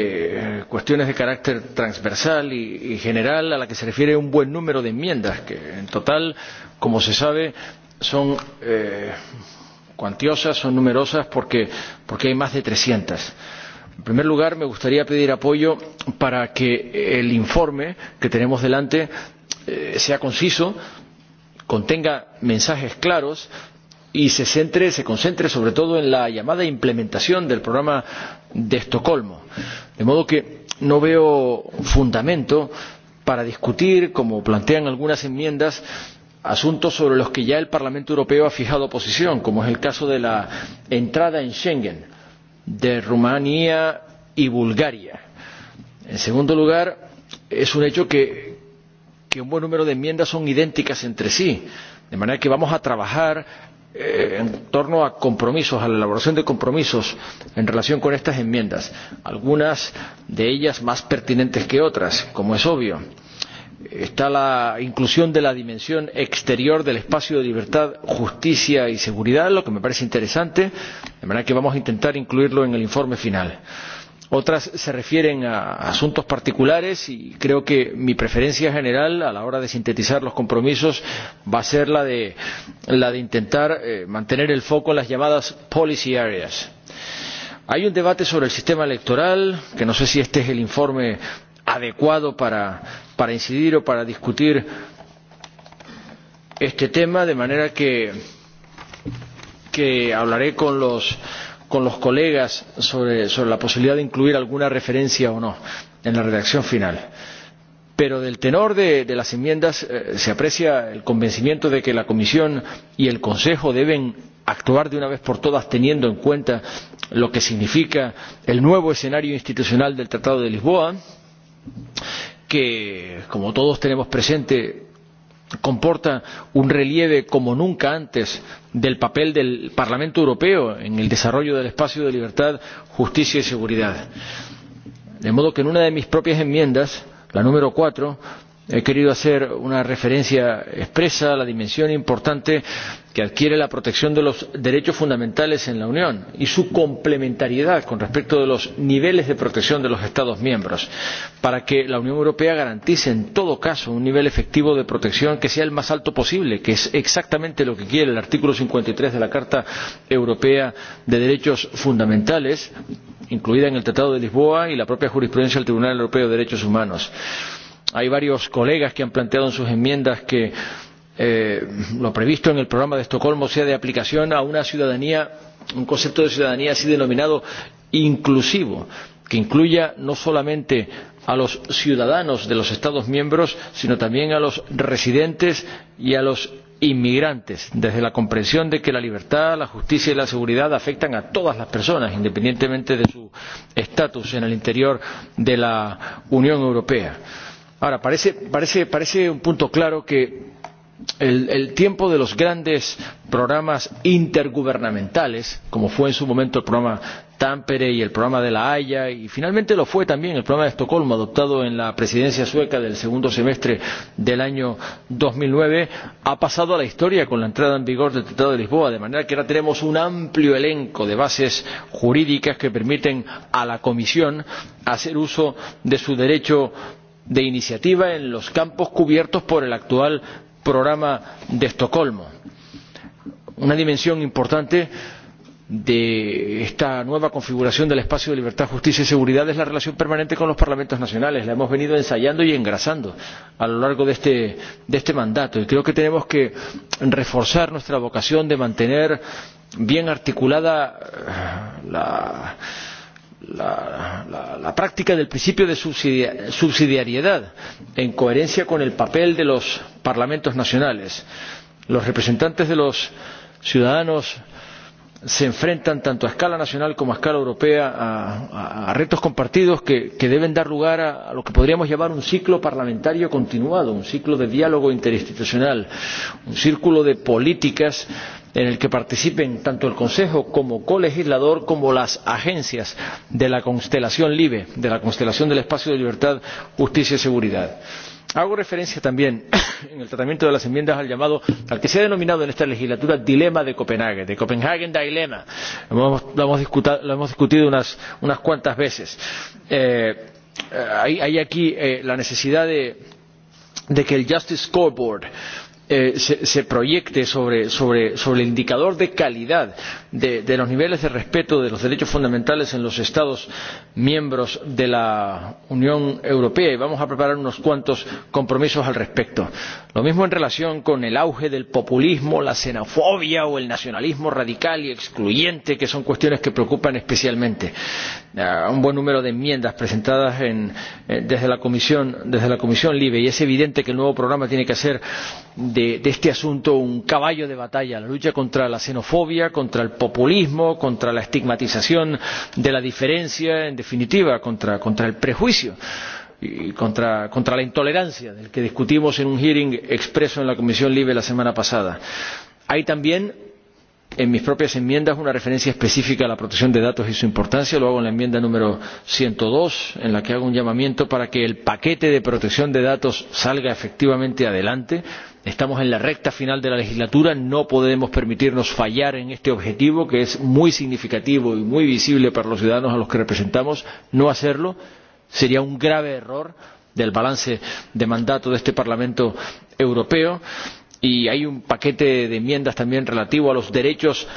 eh, cuestiones de carácter transversal y, general a las que se refiere un buen número de enmiendas que en total como se sabe son eh, cuantiosas son numerosas porque hay más de trescientas. en primer lugar me gustaría pedir apoyo para que el informe que tenemos delante Eh, sea conciso contenga mensajes claros y se centre se concentre sobre todo en la llamada implementación del programa de estocolmo de modo que no veo fundamento para discutir como plantean algunas enmiendas asuntos sobre los que ya el parlamento europeo ha fijado posición como es el caso de la entrada en schengen de rumanía y bulgaria. en segundo lugar es un hecho que que un buen número de enmiendas son idénticas entre sí de manera que vamos a trabajar eh, en torno a compromisos a la elaboración de compromisos en relación con estas enmiendas algunas de ellas más pertinentes que otras como es obvio está la inclusión de la dimensión exterior del espacio de libertad justicia y seguridad lo que me parece interesante de manera que vamos a intentar incluirlo en el informe final otras se refieren a asuntos particulares y creo que mi preferencia general a la hora de sintetizar los compromisos va a ser la de, intentar eh, mantener el foco en las llamadas policy areas. hay un debate sobre el sistema electoral que no sé si este es el informe adecuado para, incidir o para discutir este tema de manera que hablaré con los con los colegas sobre, la posibilidad de incluir alguna referencia o no en la redacción final pero del tenor de, las enmiendas eh, se aprecia el convencimiento de que la comisión y el consejo deben actuar de una vez por todas teniendo en cuenta lo que significa el nuevo escenario institucional del tratado de lisboa que como todos tenemos presente comporta un relieve como nunca antes del papel del Parlamento Europeo en el desarrollo del espacio de libertad, justicia y seguridad. De modo que en una de mis propias enmiendas, la número cuatro, he querido hacer una referencia expresa a la dimensión importante que adquiere la protección de los derechos fundamentales en la unión y su complementariedad con respecto de los niveles de protección de los estados miembros para que la unión europea garantice en todo caso un nivel efectivo de protección que sea el más alto posible que es exactamente lo que quiere el artículo cincuenta y tres de la carta europea de derechos fundamentales incluida en el tratado de lisboa y la propia jurisprudencia del tribunal europeo de derechos humanos hay varios colegas que han planteado en sus enmiendas que eh, lo previsto en el programa de estocolmo sea de aplicación a una ciudadanía un concepto de ciudadanía así denominado inclusivo que incluya no solamente a los ciudadanos de los estados miembros sino también a los residentes y a los inmigrantes desde la comprensión de que la libertad la justicia y la seguridad afectan a todas las personas independientemente de su estatus en el interior de la unión europea ahora parece, un punto claro que el, el tiempo de los grandes programas intergubernamentales como fue en su momento el programa tampere y el programa de la haya y finalmente lo fue también el programa de estocolmo adoptado en la presidencia sueca del segundo semestre del año dos mil nueve ha pasado a la historia con la entrada en vigor del tratado de lisboa de manera que ahora tenemos un amplio elenco de bases jurídicas que permiten a la comisión hacer uso de su derecho de iniciativa en los campos cubiertos por el actual programa de estocolmo una dimensión importante de esta nueva configuración del espacio de libertad justicia y seguridad es la relación permanente con los parlamentos nacionales la hemos venido ensayando y engrasando a lo largo de este, de este mandato y creo que tenemos que reforzar nuestra vocación de mantener bien articulada eh, la la, práctica del principio de subsidiariedad en coherencia con el papel de los parlamentos nacionales. los representantes de los ciudadanos se enfrentan tanto a escala nacional como a escala europea a, retos compartidos que, deben dar lugar a, lo que podríamos llamar un ciclo parlamentario continuado un ciclo de diálogo interinstitucional un círculo de políticas en el que participen tanto el consejo como colegislador como las agencias de la constelación libe de la constelación del espacio de libertad justicia y seguridad hago referencia también [coughs] en el tratamiento de las enmiendas al llamado al que se ha denominado en esta legislatura dilema de copenhague de copenhagen dilemma lo hemos, discutido unas, cuantas veces. Eh, eh, hay, aquí eh, la necesidad de que el justice scoreboard Eh, se, proyecte sobre, el indicador de calidad de los niveles de respeto de los derechos fundamentales en los estados miembros de la unión europea y vamos a preparar unos cuantos compromisos al respecto. lo mismo en relación con el auge del populismo la xenofobia o el nacionalismo radical y excluyente que son cuestiones que preocupan especialmente un buen número de enmiendas presentadas en, eh, desde, la comisión, desde la libe y es evidente que el nuevo programa tiene que hacer de, este asunto un caballo de batalla la lucha contra la xenofobia contra el populismo contra la estigmatización de la diferencia en definitiva contra, el prejuicio y contra, contra la intolerancia del que discutimos en un hearing expreso en la comisión libe la semana pasada. hay también en mis propias enmiendas una referencia específica a la protección de datos y su importancia lo hago en la enmienda número ciento dos en la que hago un llamamiento para que el paquete de protección de datos salga efectivamente adelante estamos en la recta final de la legislatura no podemos permitirnos fallar en este objetivo que es muy significativo y muy visible para los ciudadanos a los que representamos no hacerlo sería un grave error del balance de mandato de este parlamento europeo y hay un paquete de enmiendas también relativo a los derechos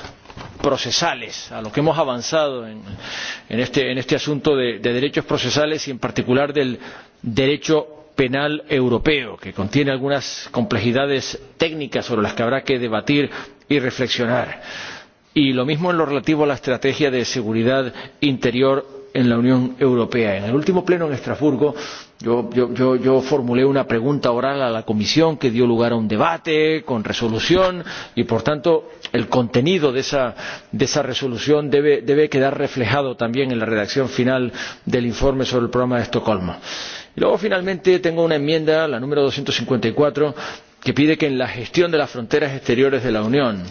procesales a lo que hemos avanzado en, este, asunto de, de derechos procesales y en particular del derecho penal europeo que contiene algunas complejidades técnicas sobre las que habrá que debatir y reflexionar y lo mismo en lo relativo a la estrategia de seguridad interior en la Unión Europea. En el último pleno en Estrasburgo yo, formulé una pregunta oral a la Comisión que dio lugar a un debate con resolución y, por tanto, el contenido de esa, resolución debe, debe quedar reflejado también en la redacción final del informe sobre el programa de Estocolmo. Y luego, finalmente, tengo una enmienda, la número doscientos cincuenta y cuatro, que pide que en la gestión de las fronteras exteriores de la Unión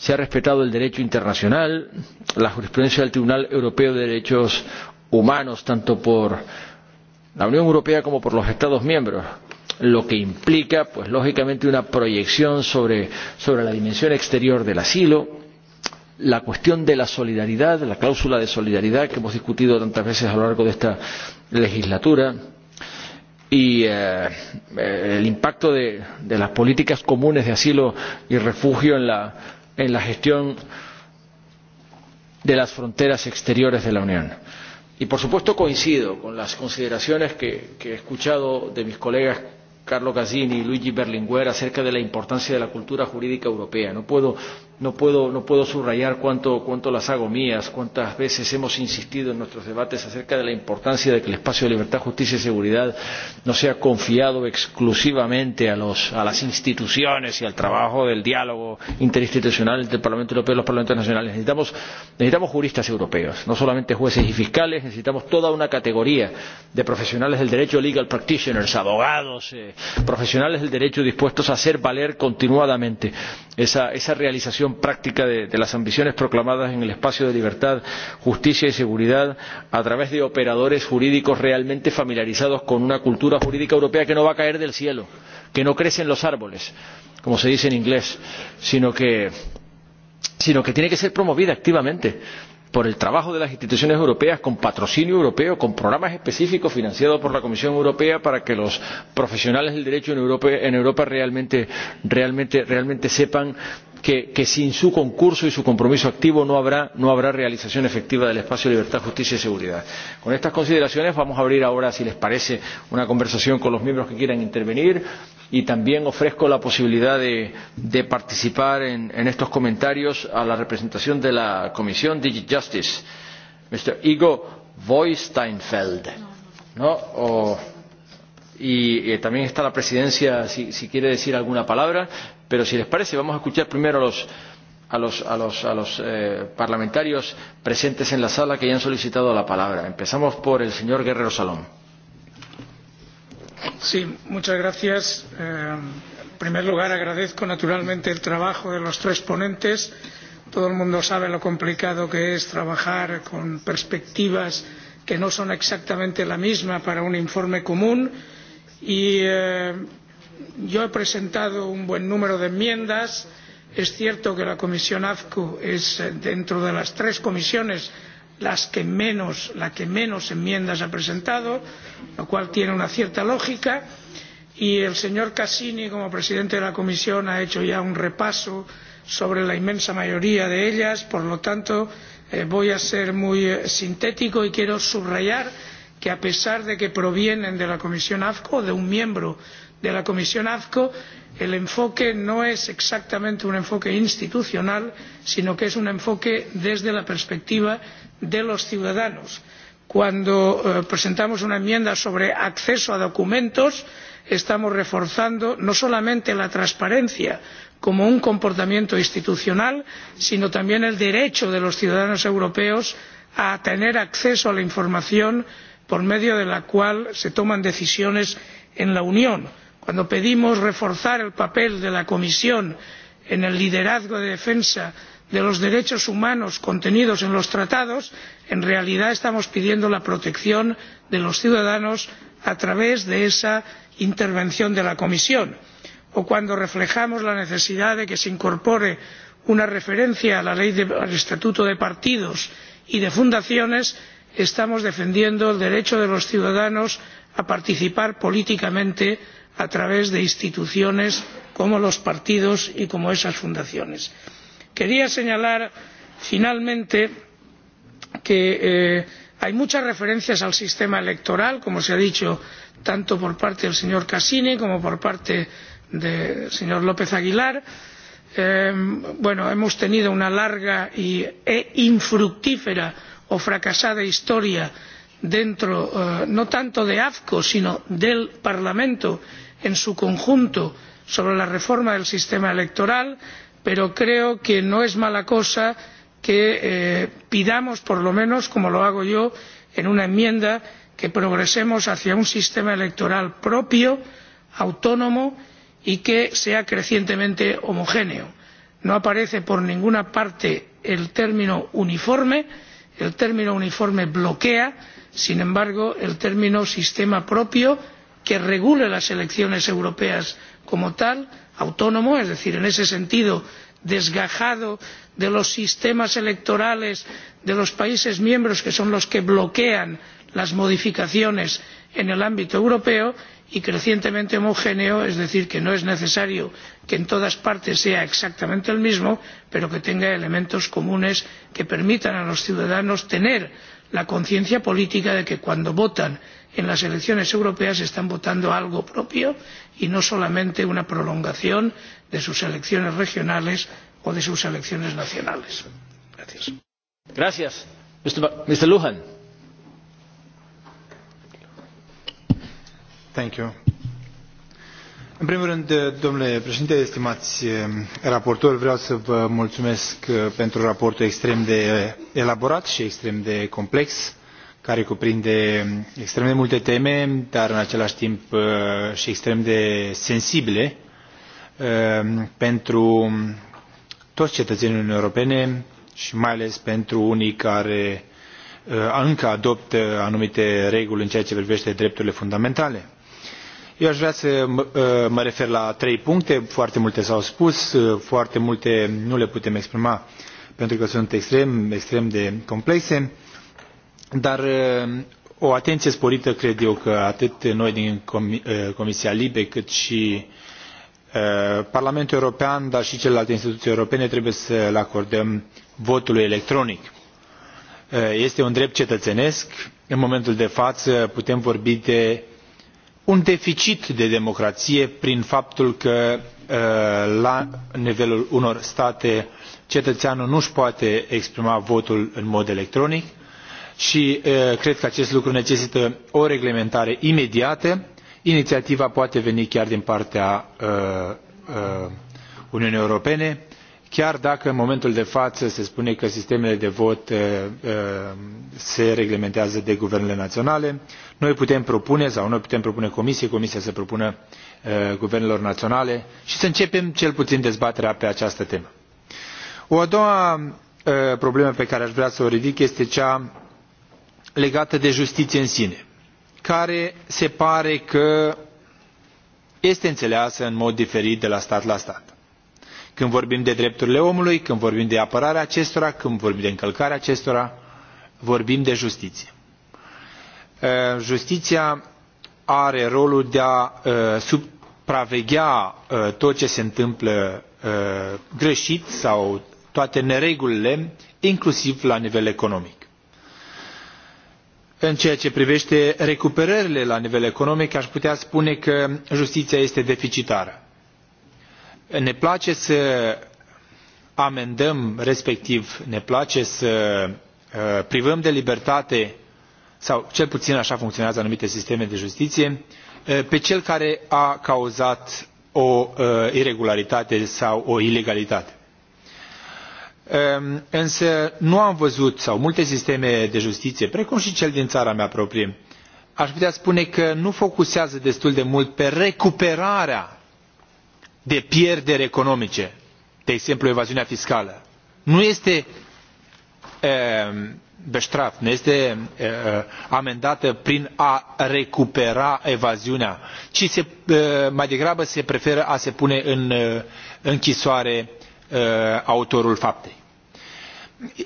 se ha respetado el derecho internacional la jurisprudencia del tribunal europeo de derechos humanos tanto por la unión europea como por los estados miembros lo que implica pues lógicamente una proyección sobre, la dimensión exterior del asilo la cuestión de la solidaridad la cláusula de solidaridad que hemos discutido tantas veces a lo largo de esta legislatura y eh, el impacto de las políticas comunes de asilo y refugio en la en la gestión de las fronteras exteriores de la unión. y por supuesto coincido con las consideraciones que, he escuchado de mis colegas carlo casini y luigi berlinguer acerca de la importancia de la cultura jurídica europea. no puedo no puedo, subrayar cuánto, las hago mías, cuántas veces hemos insistido en nuestros debates acerca de la importancia de que el espacio de libertad, justicia y seguridad no sea confiado exclusivamente a, las instituciones y al trabajo del diálogo interinstitucional entre el Parlamento Europeo y los Parlamentos Nacionales. Necesitamos, juristas europeos, no solamente jueces y fiscales, necesitamos toda una categoría de profesionales del derecho legal practitioners, abogados, eh, profesionales del derecho dispuestos a hacer valer continuadamente esa realización aplicación práctica de, las ambiciones proclamadas en el espacio de libertad justicia y seguridad a través de operadores jurídicos realmente familiarizados con una cultura jurídica europea que no va a caer del cielo que no crece en los árboles como se dice en inglés sino que, tiene que ser promovida activamente por el trabajo de las instituciones europeas con patrocinio europeo con programas específicos financiados por la comisión europea para que los profesionales del derecho en europa, en europa realmente, realmente, realmente sepan que, sin su concurso y su compromiso activo no habrá, no habrá realización efectiva del espacio de libertad justicia y seguridad. con estas consideraciones vamos a abrir ahora si les parece una conversación con los miembros que quieran intervenir y también ofrezco la posibilidad de, participar en, estos comentarios a la representación de la comisión Digital justice mr igo Voisteinfeld y, eh, también está la presidencia si quiere decir alguna palabra pero si les parece vamos a escuchar primero a los, eh, parlamentarios presentes en la sala que han solicitado la palabra. Empezamos por el señor Guerrero Salón. Sí, muchas gracias. Eh, en primer lugar, agradezco naturalmente el trabajo de los tres ponentes. Todo el mundo sabe lo complicado que es trabajar con perspectivas que no son exactamente la misma para un informe común y eh, yo he presentado un buen número de enmiendas es cierto que la comisión afco es eh, dentro de las tres comisiones la que menos enmiendas ha presentado lo cual tiene una cierta lógica y el señor Cassini como presidente de la comisión ha hecho ya un repaso sobre la inmensa mayoría de ellas por lo tanto eh, voy a ser muy eh, sintético y quiero subrayar que a pesar de que provienen de la comisión afco de un miembro de la comisión afco el enfoque no es exactamente un enfoque institucional sino que es un enfoque desde la perspectiva de los ciudadanos. cuando eh, presentamos una enmienda sobre acceso a documentos estamos reforzando no solamente la transparencia como un comportamiento institucional sino también el derecho de los ciudadanos europeos a tener acceso a la información por medio de la cual se toman decisiones en la unión cuando pedimos reforzar el papel de la comisión en el liderazgo de defensa de los derechos humanos contenidos en los tratados en realidad estamos pidiendo la protección de los ciudadanos a través de esa intervención de la comisión o cuando reflejamos la necesidad de que se incorpore una referencia a la ley de, al estatuto de partidos y de fundaciones estamos defendiendo el derecho de los ciudadanos a participar políticamente a través de instituciones como los partidos y como esas fundaciones. quería señalar finalmente que eh, hay muchas referencias al sistema electoral como se ha dicho tanto por parte del señor casini como por parte del señor lópez aguilar. Eh, hemos tenido una larga e infructífera o fracasada historia dentro eh, no tanto de afco sino del parlamento en su conjunto sobre la reforma del sistema electoral pero creo que no es mala cosa que eh, pidamos por lo menos como lo hago yo en una enmienda que progresemos hacia un sistema electoral propio autónomo y que sea crecientemente homogéneo. no aparece por ninguna parte el término uniforme el término uniforme bloquea sin embargo el término sistema propio que regule las elecciones europeas como tal autónomo es decir en ese sentido desgajado de los sistemas electorales de los países miembros que son los que bloquean las modificaciones en el ámbito europeo y crecientemente homogéneo es decir que no es necesario que en todas partes sea exactamente el mismo pero que tenga elementos comunes que permitan a los ciudadanos tener la conciencia política de que cuando votan en las elecciones europeas están votando algo propio y no solamente una prolongación de sus elecciones regionales o de sus elecciones nacionales. Gracias în primul rând domnule președinte stimați eh, raportori vreau să vă mulțumesc eh, pentru raportul extrem de eh, elaborat și extrem de complex care cuprinde mm, extrem de multe teme dar în același timp și extrem de sensibile pentru toți cetățenii Uniunii Europene și mai ales pentru unii care încă adoptă anumite reguli în ceea ce privește drepturile fundamentale eu aș vrea să mă refer la trei puncte foarte multe s au spus foarte multe nu le putem exprima pentru că sunt extrem extrem de complexe dar o atenție sporită cred eu că atât noi din comisia libe cât și parlamentul european dar și celelalte instituții europene trebuie să le acordăm votului electronic. este un drept cetățenesc în momentul de față putem vorbi de un deficit de democrație prin faptul că uh, la nivelul unor state cetățeanul nu își poate exprima votul în mod electronic și uh, cred că acest lucru necesită o reglementare imediată inițiativa poate veni chiar din partea uh, uniunii europene chiar dacă în momentul de față se spune că sistemele de vot eh, eh, se reglementează de guvernele naționale noi putem propune sau noi putem propune comisiei comisia să propună eh, guvernelor naționale și să începem cel puțin dezbaterea pe această temă. o a doua problemă pe care aș vrea să o ridic este cea legată de justiție în sine care se pare că este înțeleasă în mod diferit de la stat la stat Când vorbim de drepturile omului, când vorbim de apărarea acestora, când vorbim de încălcarea acestora, vorbim de justiție. Uh, justiția are rolul de a uh, supraveghea uh, tot ce se întâmplă greșit sau toate neregulile, inclusiv la nivel economic. În ceea ce privește recuperările la nivel economic, aș putea spune că justiția este deficitară ne place să amendăm respectiv ne place să uh, privăm de libertate sau cel puțin așa funcționează anumite sisteme de justiție uh, pe cel care a cauzat o uh, irregularitate sau o ilegalitate. Um, însă nu am văzut sau multe sisteme de justiție, precum și cel din țara mea proprie, aș putea spune că nu focusează destul de mult pe recuperarea de pierderi economice de exemplu evaziunea fiscală nu este ehm, bestraft nu este eh, amendată prin a recupera evaziunea ci se, eh, mai degrabă se preferă a se pune în eh, închisoare autorul faptei.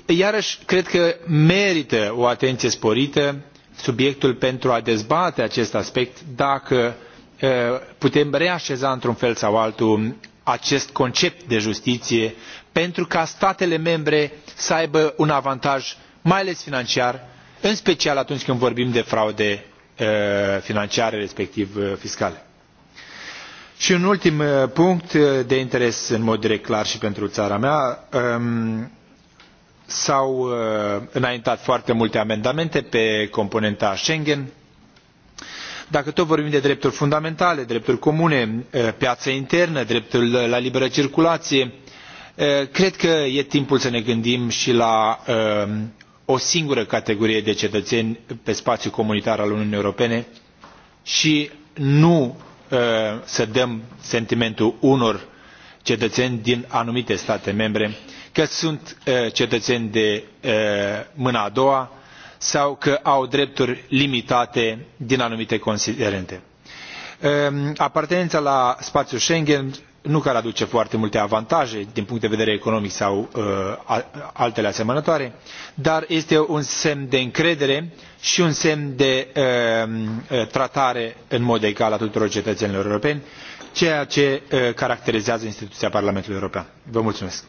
iarăși cred că merită o atenție sporită subiectul pentru a dezbate acest aspect dacă Eh, putem reașeza într un fel sau altul acest concept de justiție pentru ca statele membre să aibă un avantaj mai ales financiar în special atunci când vorbim de fraude eh, financiare respectiv eh, fiscale. Și un ultim punct de interes în mod direct clar și pentru țara mea ehm, s-au înaintat foarte multe amendamente pe componenta Schengen dacă tot vorbim de drepturi fundamentale drepturi comune eh, piață internă dreptul la liberă circulație eh, cred că e timpul să ne gândim și la eh, o singură categorie de cetățeni pe spațiul comunitar al uniunii europene și nu să dăm sentimentul unor cetățeni din anumite state membre că sunt cetățeni de mâna a doua sau că au drepturi limitate din anumite considerente. Ehm, apartenența la spațiul Schengen nu care aduce foarte multe avantaje din punct de vedere economic sau eh, altele asemănătoare, dar este un semn de încredere și un semn de ehm, eh, tratare în mod egal a tuturor cetățenilor europeni, ceea ce eh, caracterizează instituția Parlamentului European. Vă mulțumesc!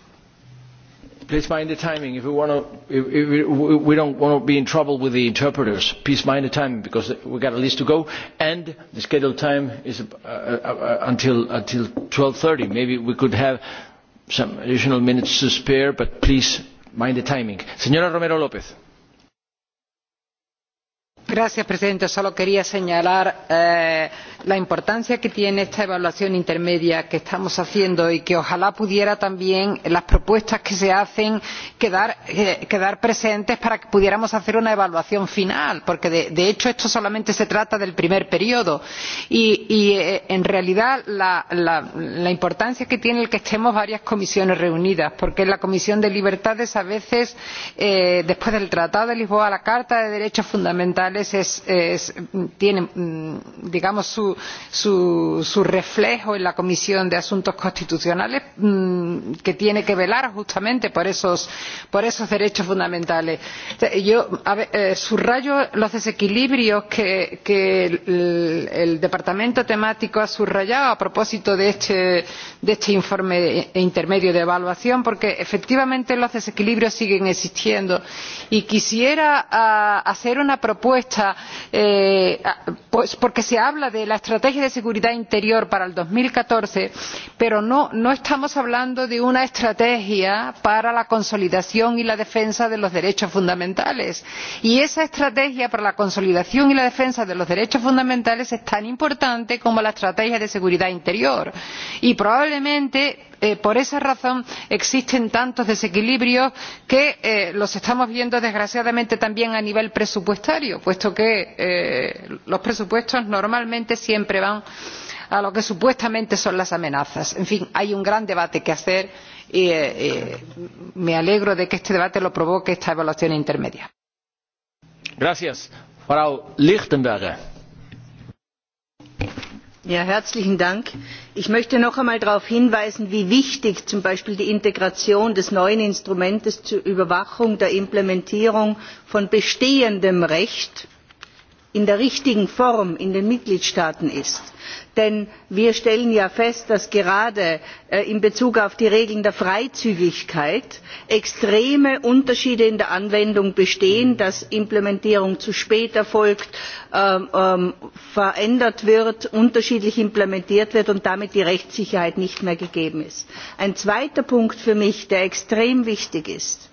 Please mind the timing. If we wanna if, we don't want to be in trouble with the interpreters. Please mind the timing because we got a list to go, and the scheduled time is uh, uh, uh until until 12:30. Maybe we could have some additional minutes to spare, but please mind the timing. Señora Romero López señor presidente solo quería señalar eh, la importancia que tiene esta evaluación intermedia que estamos haciendo y que ojalá pudieran también las propuestas que se hacen eh, quedar presentes para que pudiéramos hacer una evaluación final porque de hecho esto solamente se trata del primer periodo y eh, en realidad la importancia que tiene el que estemos varias comisiones reunidas porque en la comisión de libertades a veces después del tratado de lisboa la carta de los derechos fundamentales sociales es, es, tiene mm, digamos su, su, su reflejo en la comisión de asuntos constitucionales mm, que tiene que velar justamente por esos, por esos derechos fundamentales. yo ver, eh, subrayo los desequilibrios que, que el, el departamento temático ha subrayado a propósito de este, de este informe e intermedio de evaluación porque efectivamente los desequilibrios siguen existiendo y quisiera ah, hacer una propuesta Eh, porque se habla de la estrategia de seguridad interior para dos mil catorce pero no, no estamos hablando de una estrategia para la consolidación y la defensa de los derechos fundamentales y esa estrategia para la consolidación y la defensa de los derechos fundamentales es tan importante como la estrategia de seguridad interior y probablemente Eh, por esa razón existen tantos desequilibrios que eh, los estamos viendo desgraciadamente también a nivel presupuestario puesto que eh, los presupuestos normalmente siempre van a lo que supuestamente son las amenazas. en fin hay un gran debate que hacer y me alegro de que este debate lo provoque esta evaluación intermedia. Gracias, Frau Lichtenberger. Herr herzlichen dank! ich möchte noch einmal darauf hinweisen wie wichtig zum beispiel die integration des neuen instruments zur überwachung der implementierung von bestehendem recht in der richtigen form in den mitgliedstaaten ist denn wir stellen ja fest dass gerade äh, in bezug auf die regeln der freizügigkeit extreme unterschiede in der anwendung bestehen dass implementierung zu spät erfolgt ähm, ähm, verändert wird unterschiedlich implementiert wird und damit die rechtssicherheit nicht mehr gegeben ist. ein zweiter punkt für mich der extrem wichtig ist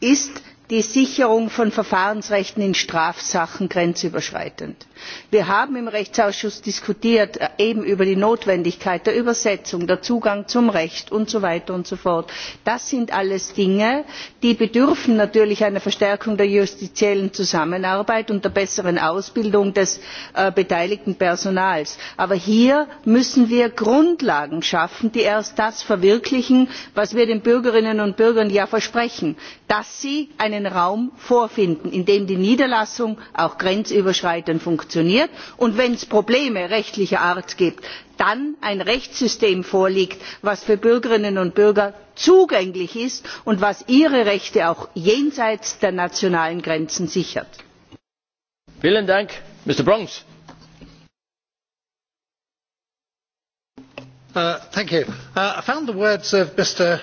ist die sicherung von verfahrensrechten in strafsachen grenzüberschreitend wir haben im rechtsausschuss diskutiert äh, eben über die notwendigkeit der übersetzung den zugang zum recht und so weiter und so fort. das sind alles dinge die bedürfen natürlich einer verstärkung der justiziellen zusammenarbeit und der besseren ausbildung des äh, beteiligten personals. aber hier müssen wir grundlagen schaffen die erst das verwirklichen was wir den bürgerinnen und bürgern ja versprechen dass sie einen raum vorfinden in dem die niederlassung auch grenzüberschreitend funktioniert und wenn es probleme rechtlicher art gibt dann ein rechtssystem vorliegt das für bürgerinnen und bürger zugänglich ist und das ihre rechte auch jenseits der nationalen grenzen sichert. Uh, uh, i found the words of mr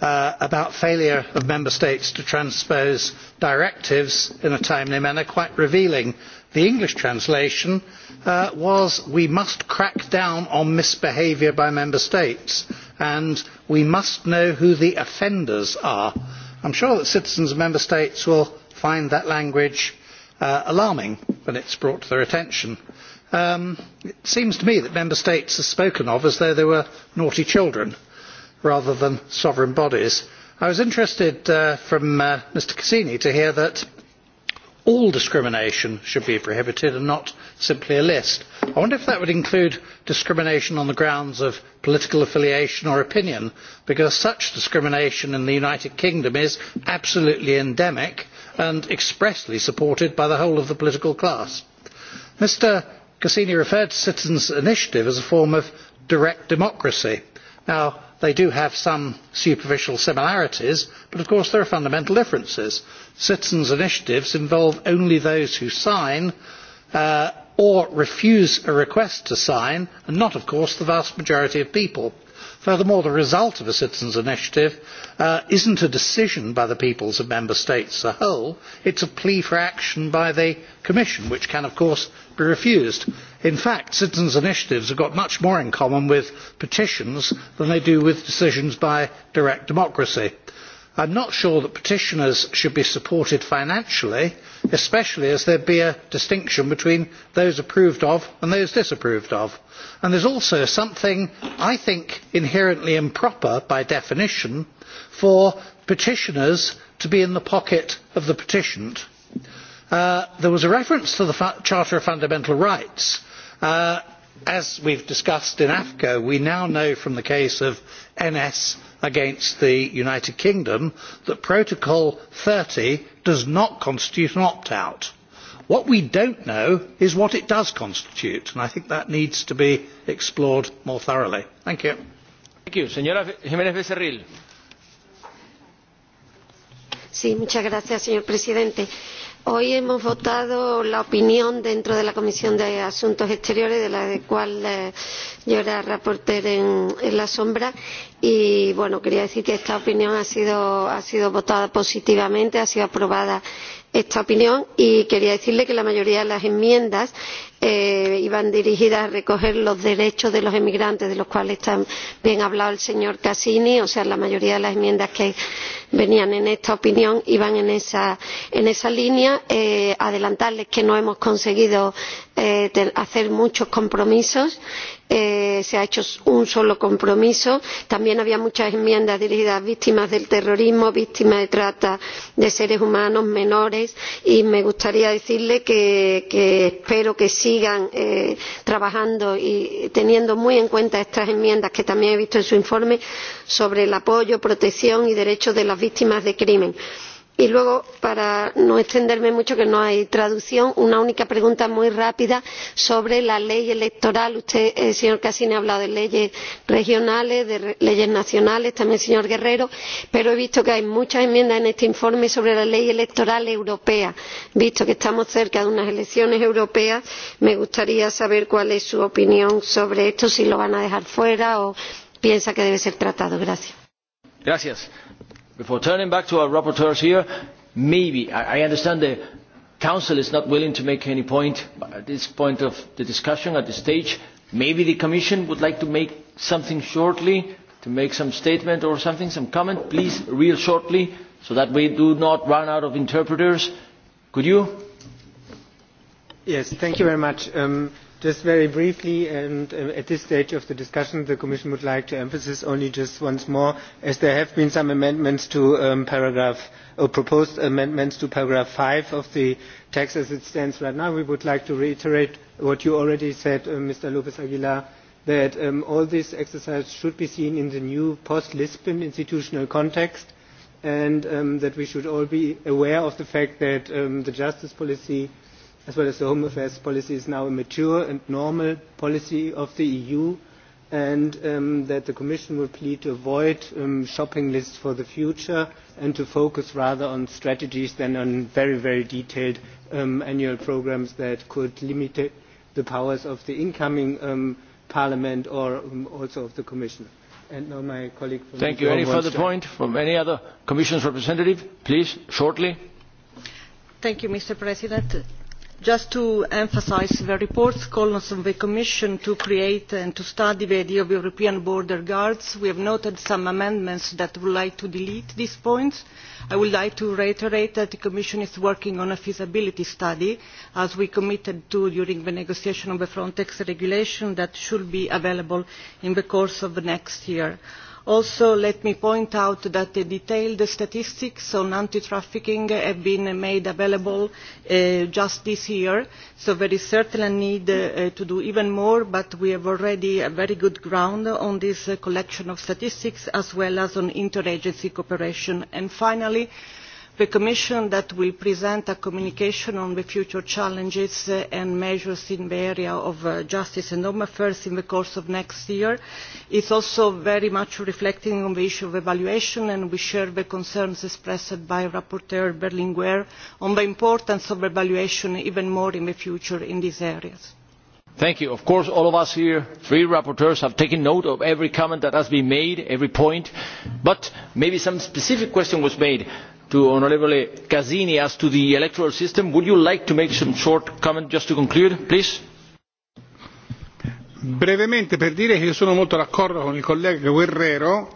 Uh, about failure of member states to transpose directives in a timely manner quite revealing. the english translation uh, was we must crack down on misbehaviour by member states and we must know who the offenders are'. i am sure that citizens of member states will find that language uh, alarming when it is brought to their attention. Um, it seems to me that member states are spoken of as though they were naughty children rather than sovereign bodies. i was interested uh, from uh, mr cassini to hear that all discrimination should be prohibited and not simply a list. i wonder if that would include discrimination on the grounds of political affiliation or opinion because such discrimination in the united kingdom is absolutely endemic and expressly supported by the whole of the political class. mr cassini referred to citizens' initiative as a form of direct democracy. now they do have some superficial similarities but of course there are fundamental differences. citizens' initiatives involve only those who sign uh, or refuse a request to sign and not of course the vast majority of people furthermore the result of a citizens' initiative uh, is not a decision by the peoples of member states as a whole it is a plea for action by the commission which can of course be refused. in fact citizens' initiatives have got much more in common with petitions than they do with decisions by direct democracy i am not sure that petitioners should be supported financially especially as there would be a distinction between those approved of and those disapproved of. there is also something i think inherently improper by definition for petitioners to be in the pocket of the petitioned. Uh, there was a reference to the charter of fundamental rights. Uh, as we have discussed in afco we now know from the case of ns against the united kingdom that protocol thirty does not constitute an opt out. what we do not know is what it does constitute and i think that needs to be explored more thoroughly hoy hemos votado la opinión dentro de la comisión de asuntos exteriores de la cual eh, yo era ponente en, la sombra y bueno quería decir que esta opinión ha sido, votada positivamente ha sido aprobada esta opinión y quería decirle que la mayoría de las enmiendas eh, iban dirigidas a recoger los derechos de los emigrantes de los cuales también ha hablado el señor Casini, o sea la mayoría de las enmiendas que venían en esta opinión iban en esa, línea eh, adelantarles que no hemos conseguido eh, hacer muchos compromisos Eh, se ha hecho un solo compromiso. También había muchas enmiendas dirigidas a víctimas del terrorismo, víctimas de trata de seres humanos, menores, y me gustaría decirle que, espero que sigan eh, trabajando y teniendo muy en cuenta estas enmiendas que también he visto en su informe sobre el apoyo, protección y derechos de las víctimas de crimen y luego para no extenderme mucho que no hay traducción una única pregunta muy rápida sobre la ley electoral usted eh, señor casini ha hablado de leyes regionales de leyes nacionales también señor guerrero pero he visto que hay muchas enmiendas en este informe sobre la ley electoral europea visto que estamos cerca de unas elecciones europeas me gustaría saber cuál es su opinión sobre esto si lo van a dejar fuera o piensa que debe ser tratado gracias before turning back to our rapporteurs here maybe i understand the council is not willing to make any point at this point of the discussion at this stage maybe the commission would like to make something shortly to make some statement or something some comment please real shortly so that we do not run out of interpreters could you yes thank you very much um, just very briefly and uh, at this stage of the discussion the commission would like to emphasize only just once more as there have been some amendments to um, paragraph or proposed amendments to paragraph five of the text as it stands right now we would like to reiterate what you already said uh, mr lpez aguilar that um, all this exercise should be seen in the new post lisbon institutional context and um, that we should all be aware of the fact that the justice policy as well as the home affairs policy is now a mature and normal policy of the eu and um, that the commission will plead to avoid um, shopping lists for the future and to focus rather on strategies than on very very detailed um, annual programmes that could limit the powers of the incoming parliament or also of the commission. And my colleague from Thank you. Any point from any other representative? Please, shortly. Thank you, Mr. President just to emphasise the report's call on the commission to create and to study the idea of european border guards we have noted some amendments that would like to delete these points. i would like to reiterate that the commission is working on a feasibility study as we committed to during the negotiation of the frontex regulation that should be available in the course of the next year also let me point out that detailed statistics on anti trafficking have been made available uh, just this year so there is certainly a need uh, to do even more but we have already a very good ground on this uh, collection of statistics as well as on interagency cooperation. and finally the commission that will present a communication on the future challenges uh, and measures in the area of uh, justice and home affairs in the course of next year is also very much reflecting on the issue of evaluation and we share the concerns expressed by rapporteur berlinguer on the importance of evaluation even more in the future in these areas. Thank you. Of course, all of us here, three rapporteurs, have taken note of every comment that has been made, every point, but maybe some specific question was made to honourable Casini as to the electoral system. Would you like to make some short comment just to conclude, please? Brevemente per dire che sono molto d'accordo con il collega Guerrero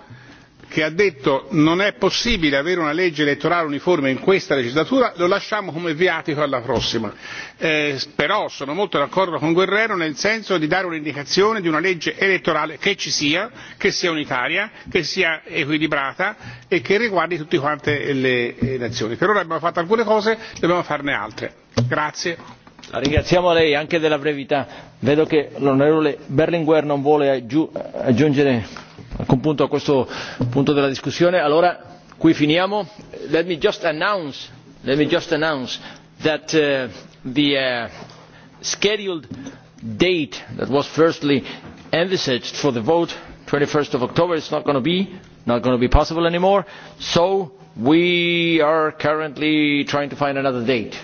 che ha detto non è possibile avere una legge elettorale uniforme in questa legislatura lo lasciamo come viatico alla prossima eh, però sono molto d'accordo con guerrero nel senso di dare un'indicazione di una legge elettorale che ci sia che sia unitaria che sia equilibrata e che riguardi tutte quante le nazioni. per ora abbiamo fatto alcune cose dobbiamo farne altre. grazie. ringraziamo lei anche della brevità. vedo che l'onorevole berlinguer non vuole aggiungere alcun punto a questo punto della discussione allora qui finiamo let me just announce let me just announce that uh, the uh, scheduled date that was firstly envisaged for the vote 21st of October is not going to be not going to be possible anymore so we are currently trying to find another date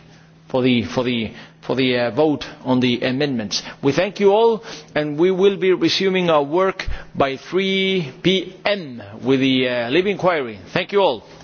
for the for the for the uh, vote on the amendments. we thank you all and we will be resuming our work by three pm with the uh, inquiry. thank you all.